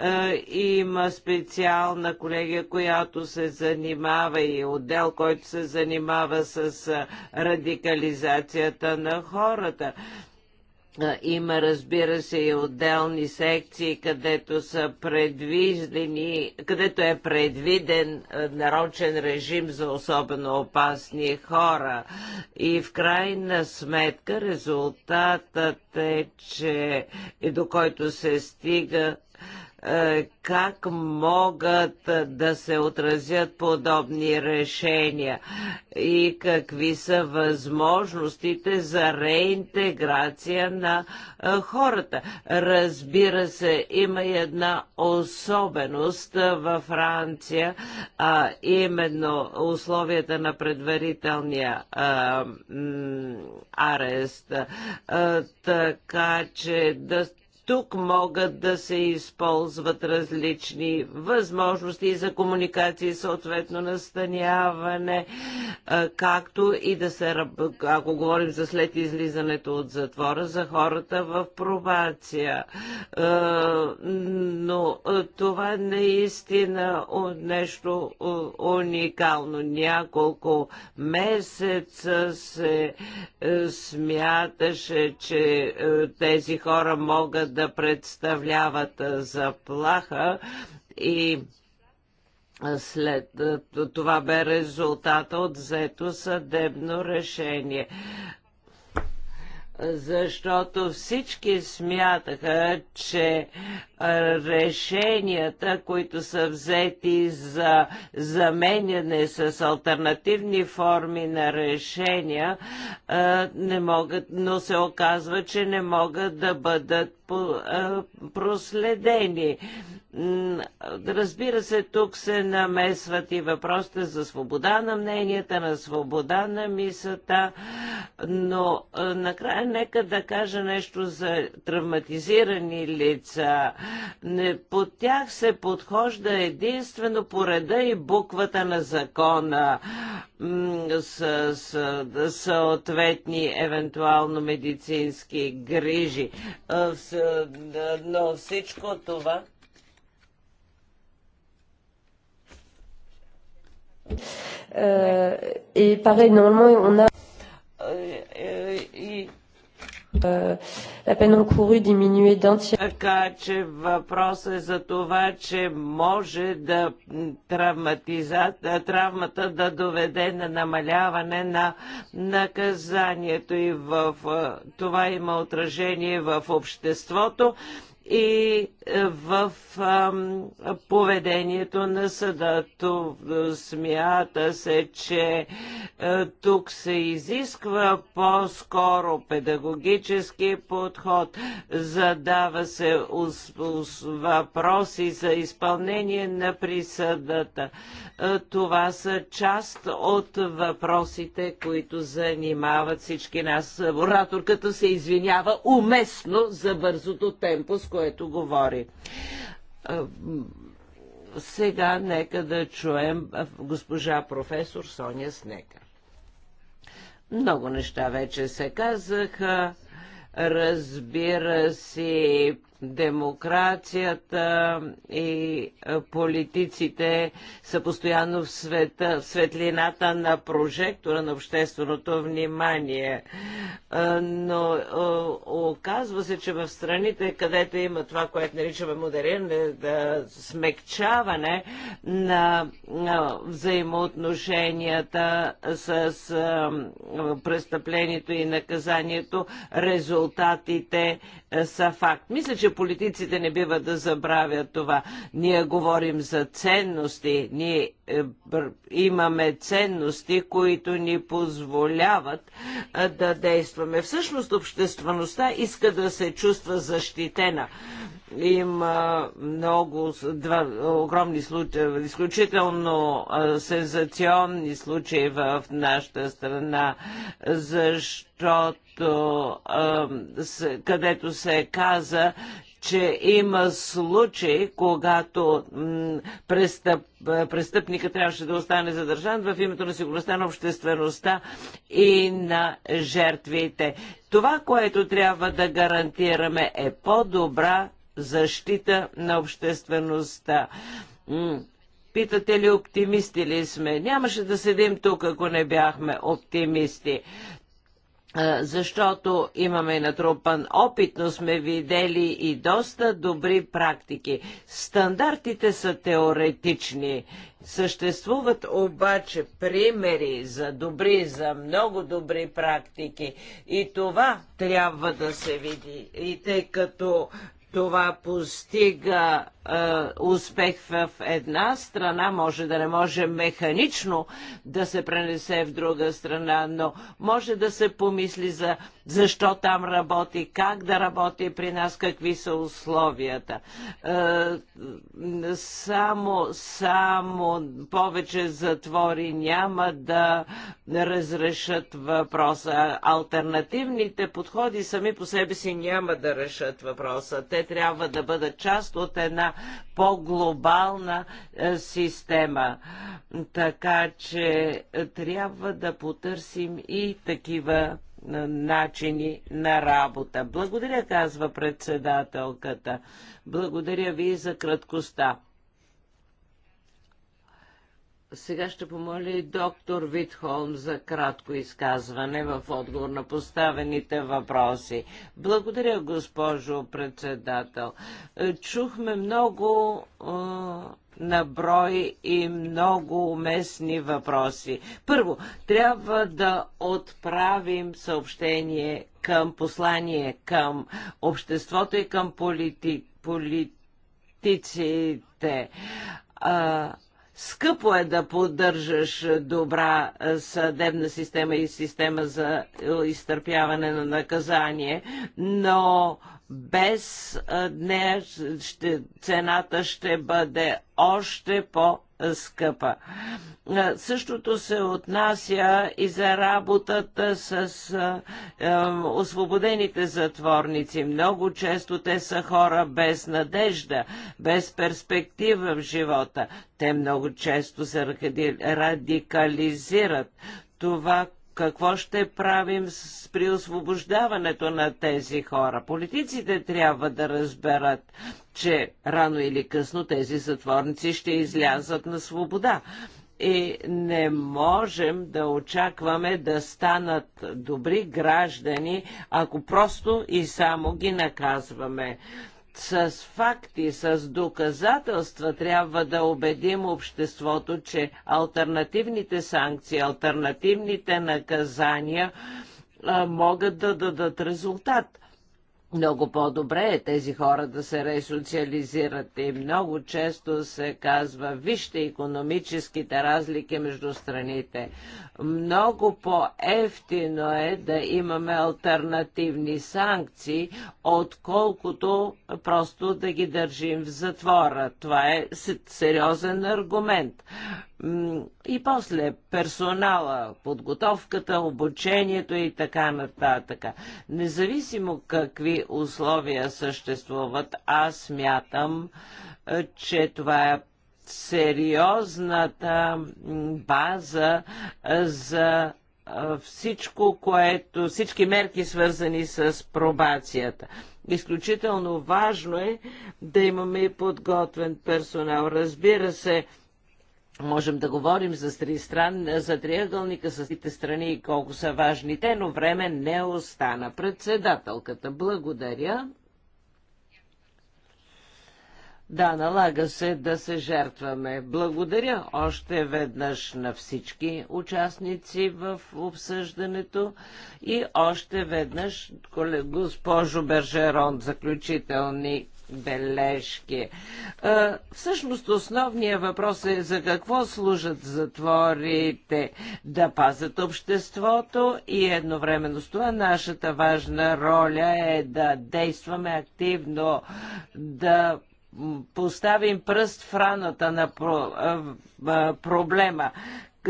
Е, има специална колегия, която се занимава и отдел, който се занимава с е, радикализацията на хората. Има, разбира се, и отделни секции, където са предвиждени, където е предвиден нарочен режим за особено опасни хора. И в крайна сметка резултатът е, че и до който се стига е, как могат е, да се отразят подобни решения и какви са възможностите за реинтеграция на е, хората. Разбира се, има една особеност във Франция, а именно условията на предварителния а, арест. А, така че да тук могат да се използват различни възможности за комуникации, съответно настаняване, както и да се, ако говорим за след излизането от затвора, за хората в пробация. Но това наистина нещо уникално. Няколко месеца се е, смяташе, че е, тези хора могат да представляват заплаха и след това бе резултата от взето съдебно решение защото всички смятаха, че решенията, които са взети за заменяне с альтернативни форми на решения, не могат, но се оказва, че не могат да бъдат проследени. Разбира се, тук се намесват и въпросите за свобода на мненията, на свобода на мисълта, но е, накрая нека да кажа нещо за травматизирани лица. Не, по тях се подхожда единствено по реда и буквата на закона с, с съответни евентуално медицински грижи. Е, но всичко това Euh, et pareil, normalement, on a е, е, euh, la peine encourue diminuée d'un tiers. Така че въпрос е за това, че може да травмата да доведе на намаляване на наказанието и в е, това има отражение в обществото и е, в поведението на съда. смята се, че е, тук се изисква по-скоро педагогически подход, задава се въпроси за изпълнение на присъдата. Е, това са част от въпросите, които занимават всички нас. Ораторката се извинява уместно за бързото темпо, с което говори. Сега нека да чуем госпожа професор Соня Снека. Много неща вече се казаха. Разбира се, Демокрацията и е, политиците са постоянно в, света, в светлината на прожектора на общественото внимание. Е, но е, оказва се, че в страните, където има това, което наричаме модериране, да смекчаване на взаимоотношенията с престъплението и наказанието, резултатите са факт. Мисля, че политиците не бива да забравят това. Ние говорим за ценности, ние е, имаме ценности, които ни позволяват е, да действаме. Всъщност обществеността иска да се чувства защитена. Има много, два, огромни случаи, изключително сензационни случаи в нашата страна, защото където се каза, че има случаи, когато престъп, престъпника трябваше да остане задържан в името на сигурността на обществеността и на жертвите. Това, което трябва да гарантираме е по-добра защита на обществеността. Питате ли оптимисти ли сме? Нямаше да седим тук, ако не бяхме оптимисти защото имаме натрупан опит, но сме видели и доста добри практики. Стандартите са теоретични. Съществуват обаче примери за добри, за много добри практики и това трябва да се види. И тъй като това постига е, успех в една страна, може да не може механично да се пренесе в друга страна, но може да се помисли за защо там работи, как да работи при нас, какви са условията. Е, само, само повече затвори няма да разрешат въпроса. Альтернативните подходи сами по себе си няма да решат въпроса. Те трябва да бъдат част от една по-глобална е, система. Така че е, трябва да потърсим и такива е, начини на работа. Благодаря, казва председателката. Благодаря ви за краткостта. Сега ще помоля доктор Витхолм за кратко изказване в отговор на поставените въпроси. Благодаря, госпожо председател. Е, чухме много е, наброй и много уместни въпроси. Първо, трябва да отправим съобщение към послание към обществото и към политиците. Скъпо е да поддържаш добра съдебна система и система за изтърпяване на наказание, но без нея цената ще бъде още по скъпа. Същото се отнася и за работата с е, освободените затворници. Много често те са хора без надежда, без перспектива в живота. Те много често се радикализират. Това, какво ще правим с, при освобождаването на тези хора. Политиците трябва да разберат, че рано или късно тези затворници ще излязат на свобода. И не можем да очакваме да станат добри граждани, ако просто и само ги наказваме с факти, с доказателства трябва да убедим обществото, че альтернативните санкции, альтернативните наказания могат да дадат резултат много по-добре е тези хора да се ресоциализират и много често се казва, вижте економическите разлики между страните. Много по-ефтино е да имаме альтернативни санкции, отколкото просто да ги държим в затвора. Това е сериозен аргумент. И после персонала, подготовката, обучението и така нататък. Независимо какви условия съществуват, аз смятам, е, че това е сериозната база е, за е, всичко, което, всички мерки свързани с пробацията. Изключително важно е да имаме подготвен персонал. Разбира се, Можем да говорим за, стран, за триъгълника с трите страни и колко са важни те, но време не остана. Председателката, благодаря. Да, налага се да се жертваме. Благодаря още веднъж на всички участници в обсъждането и още веднъж госпожо Бержерон заключителни бележки. А, всъщност основният въпрос е за какво служат затворите да пазят обществото и едновременно с това нашата важна роля е да действаме активно, да поставим пръст в раната на проблема,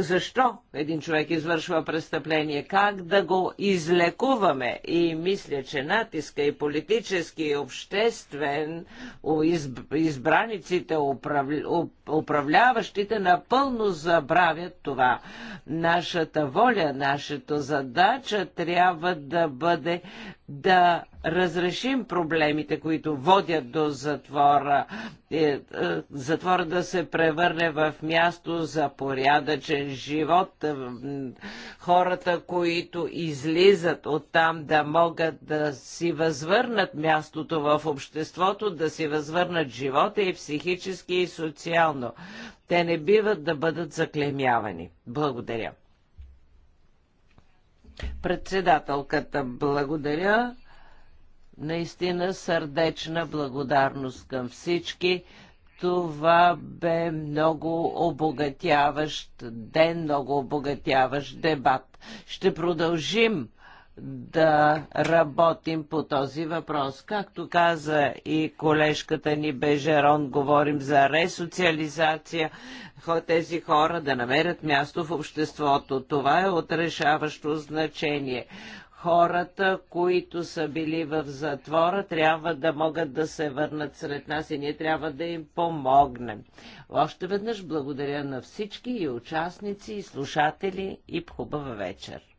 защо един човек извършва престъпление, как да го излекуваме. И мисля, че натиска и политически, и обществен, избраниците, управляващите напълно забравят това. Нашата воля, нашата задача трябва да бъде да разрешим проблемите, които водят до затвора, е, е, затвора да се превърне в място за порядъчен живот, е, хората, които излизат от там да могат да си възвърнат мястото в обществото, да си възвърнат живота и психически и социално. Те не биват да бъдат заклемявани. Благодаря. Председателката, благодаря. Наистина сърдечна благодарност към всички. Това бе много обогатяващ ден, много обогатяващ дебат. Ще продължим да работим по този въпрос. Както каза и колежката ни Бежерон, говорим за ресоциализация, тези хора да намерят място в обществото. Това е отрешаващо значение хората, които са били в затвора, трябва да могат да се върнат сред нас и ние трябва да им помогнем. Още веднъж благодаря на всички и участници, и слушатели, и хубава вечер.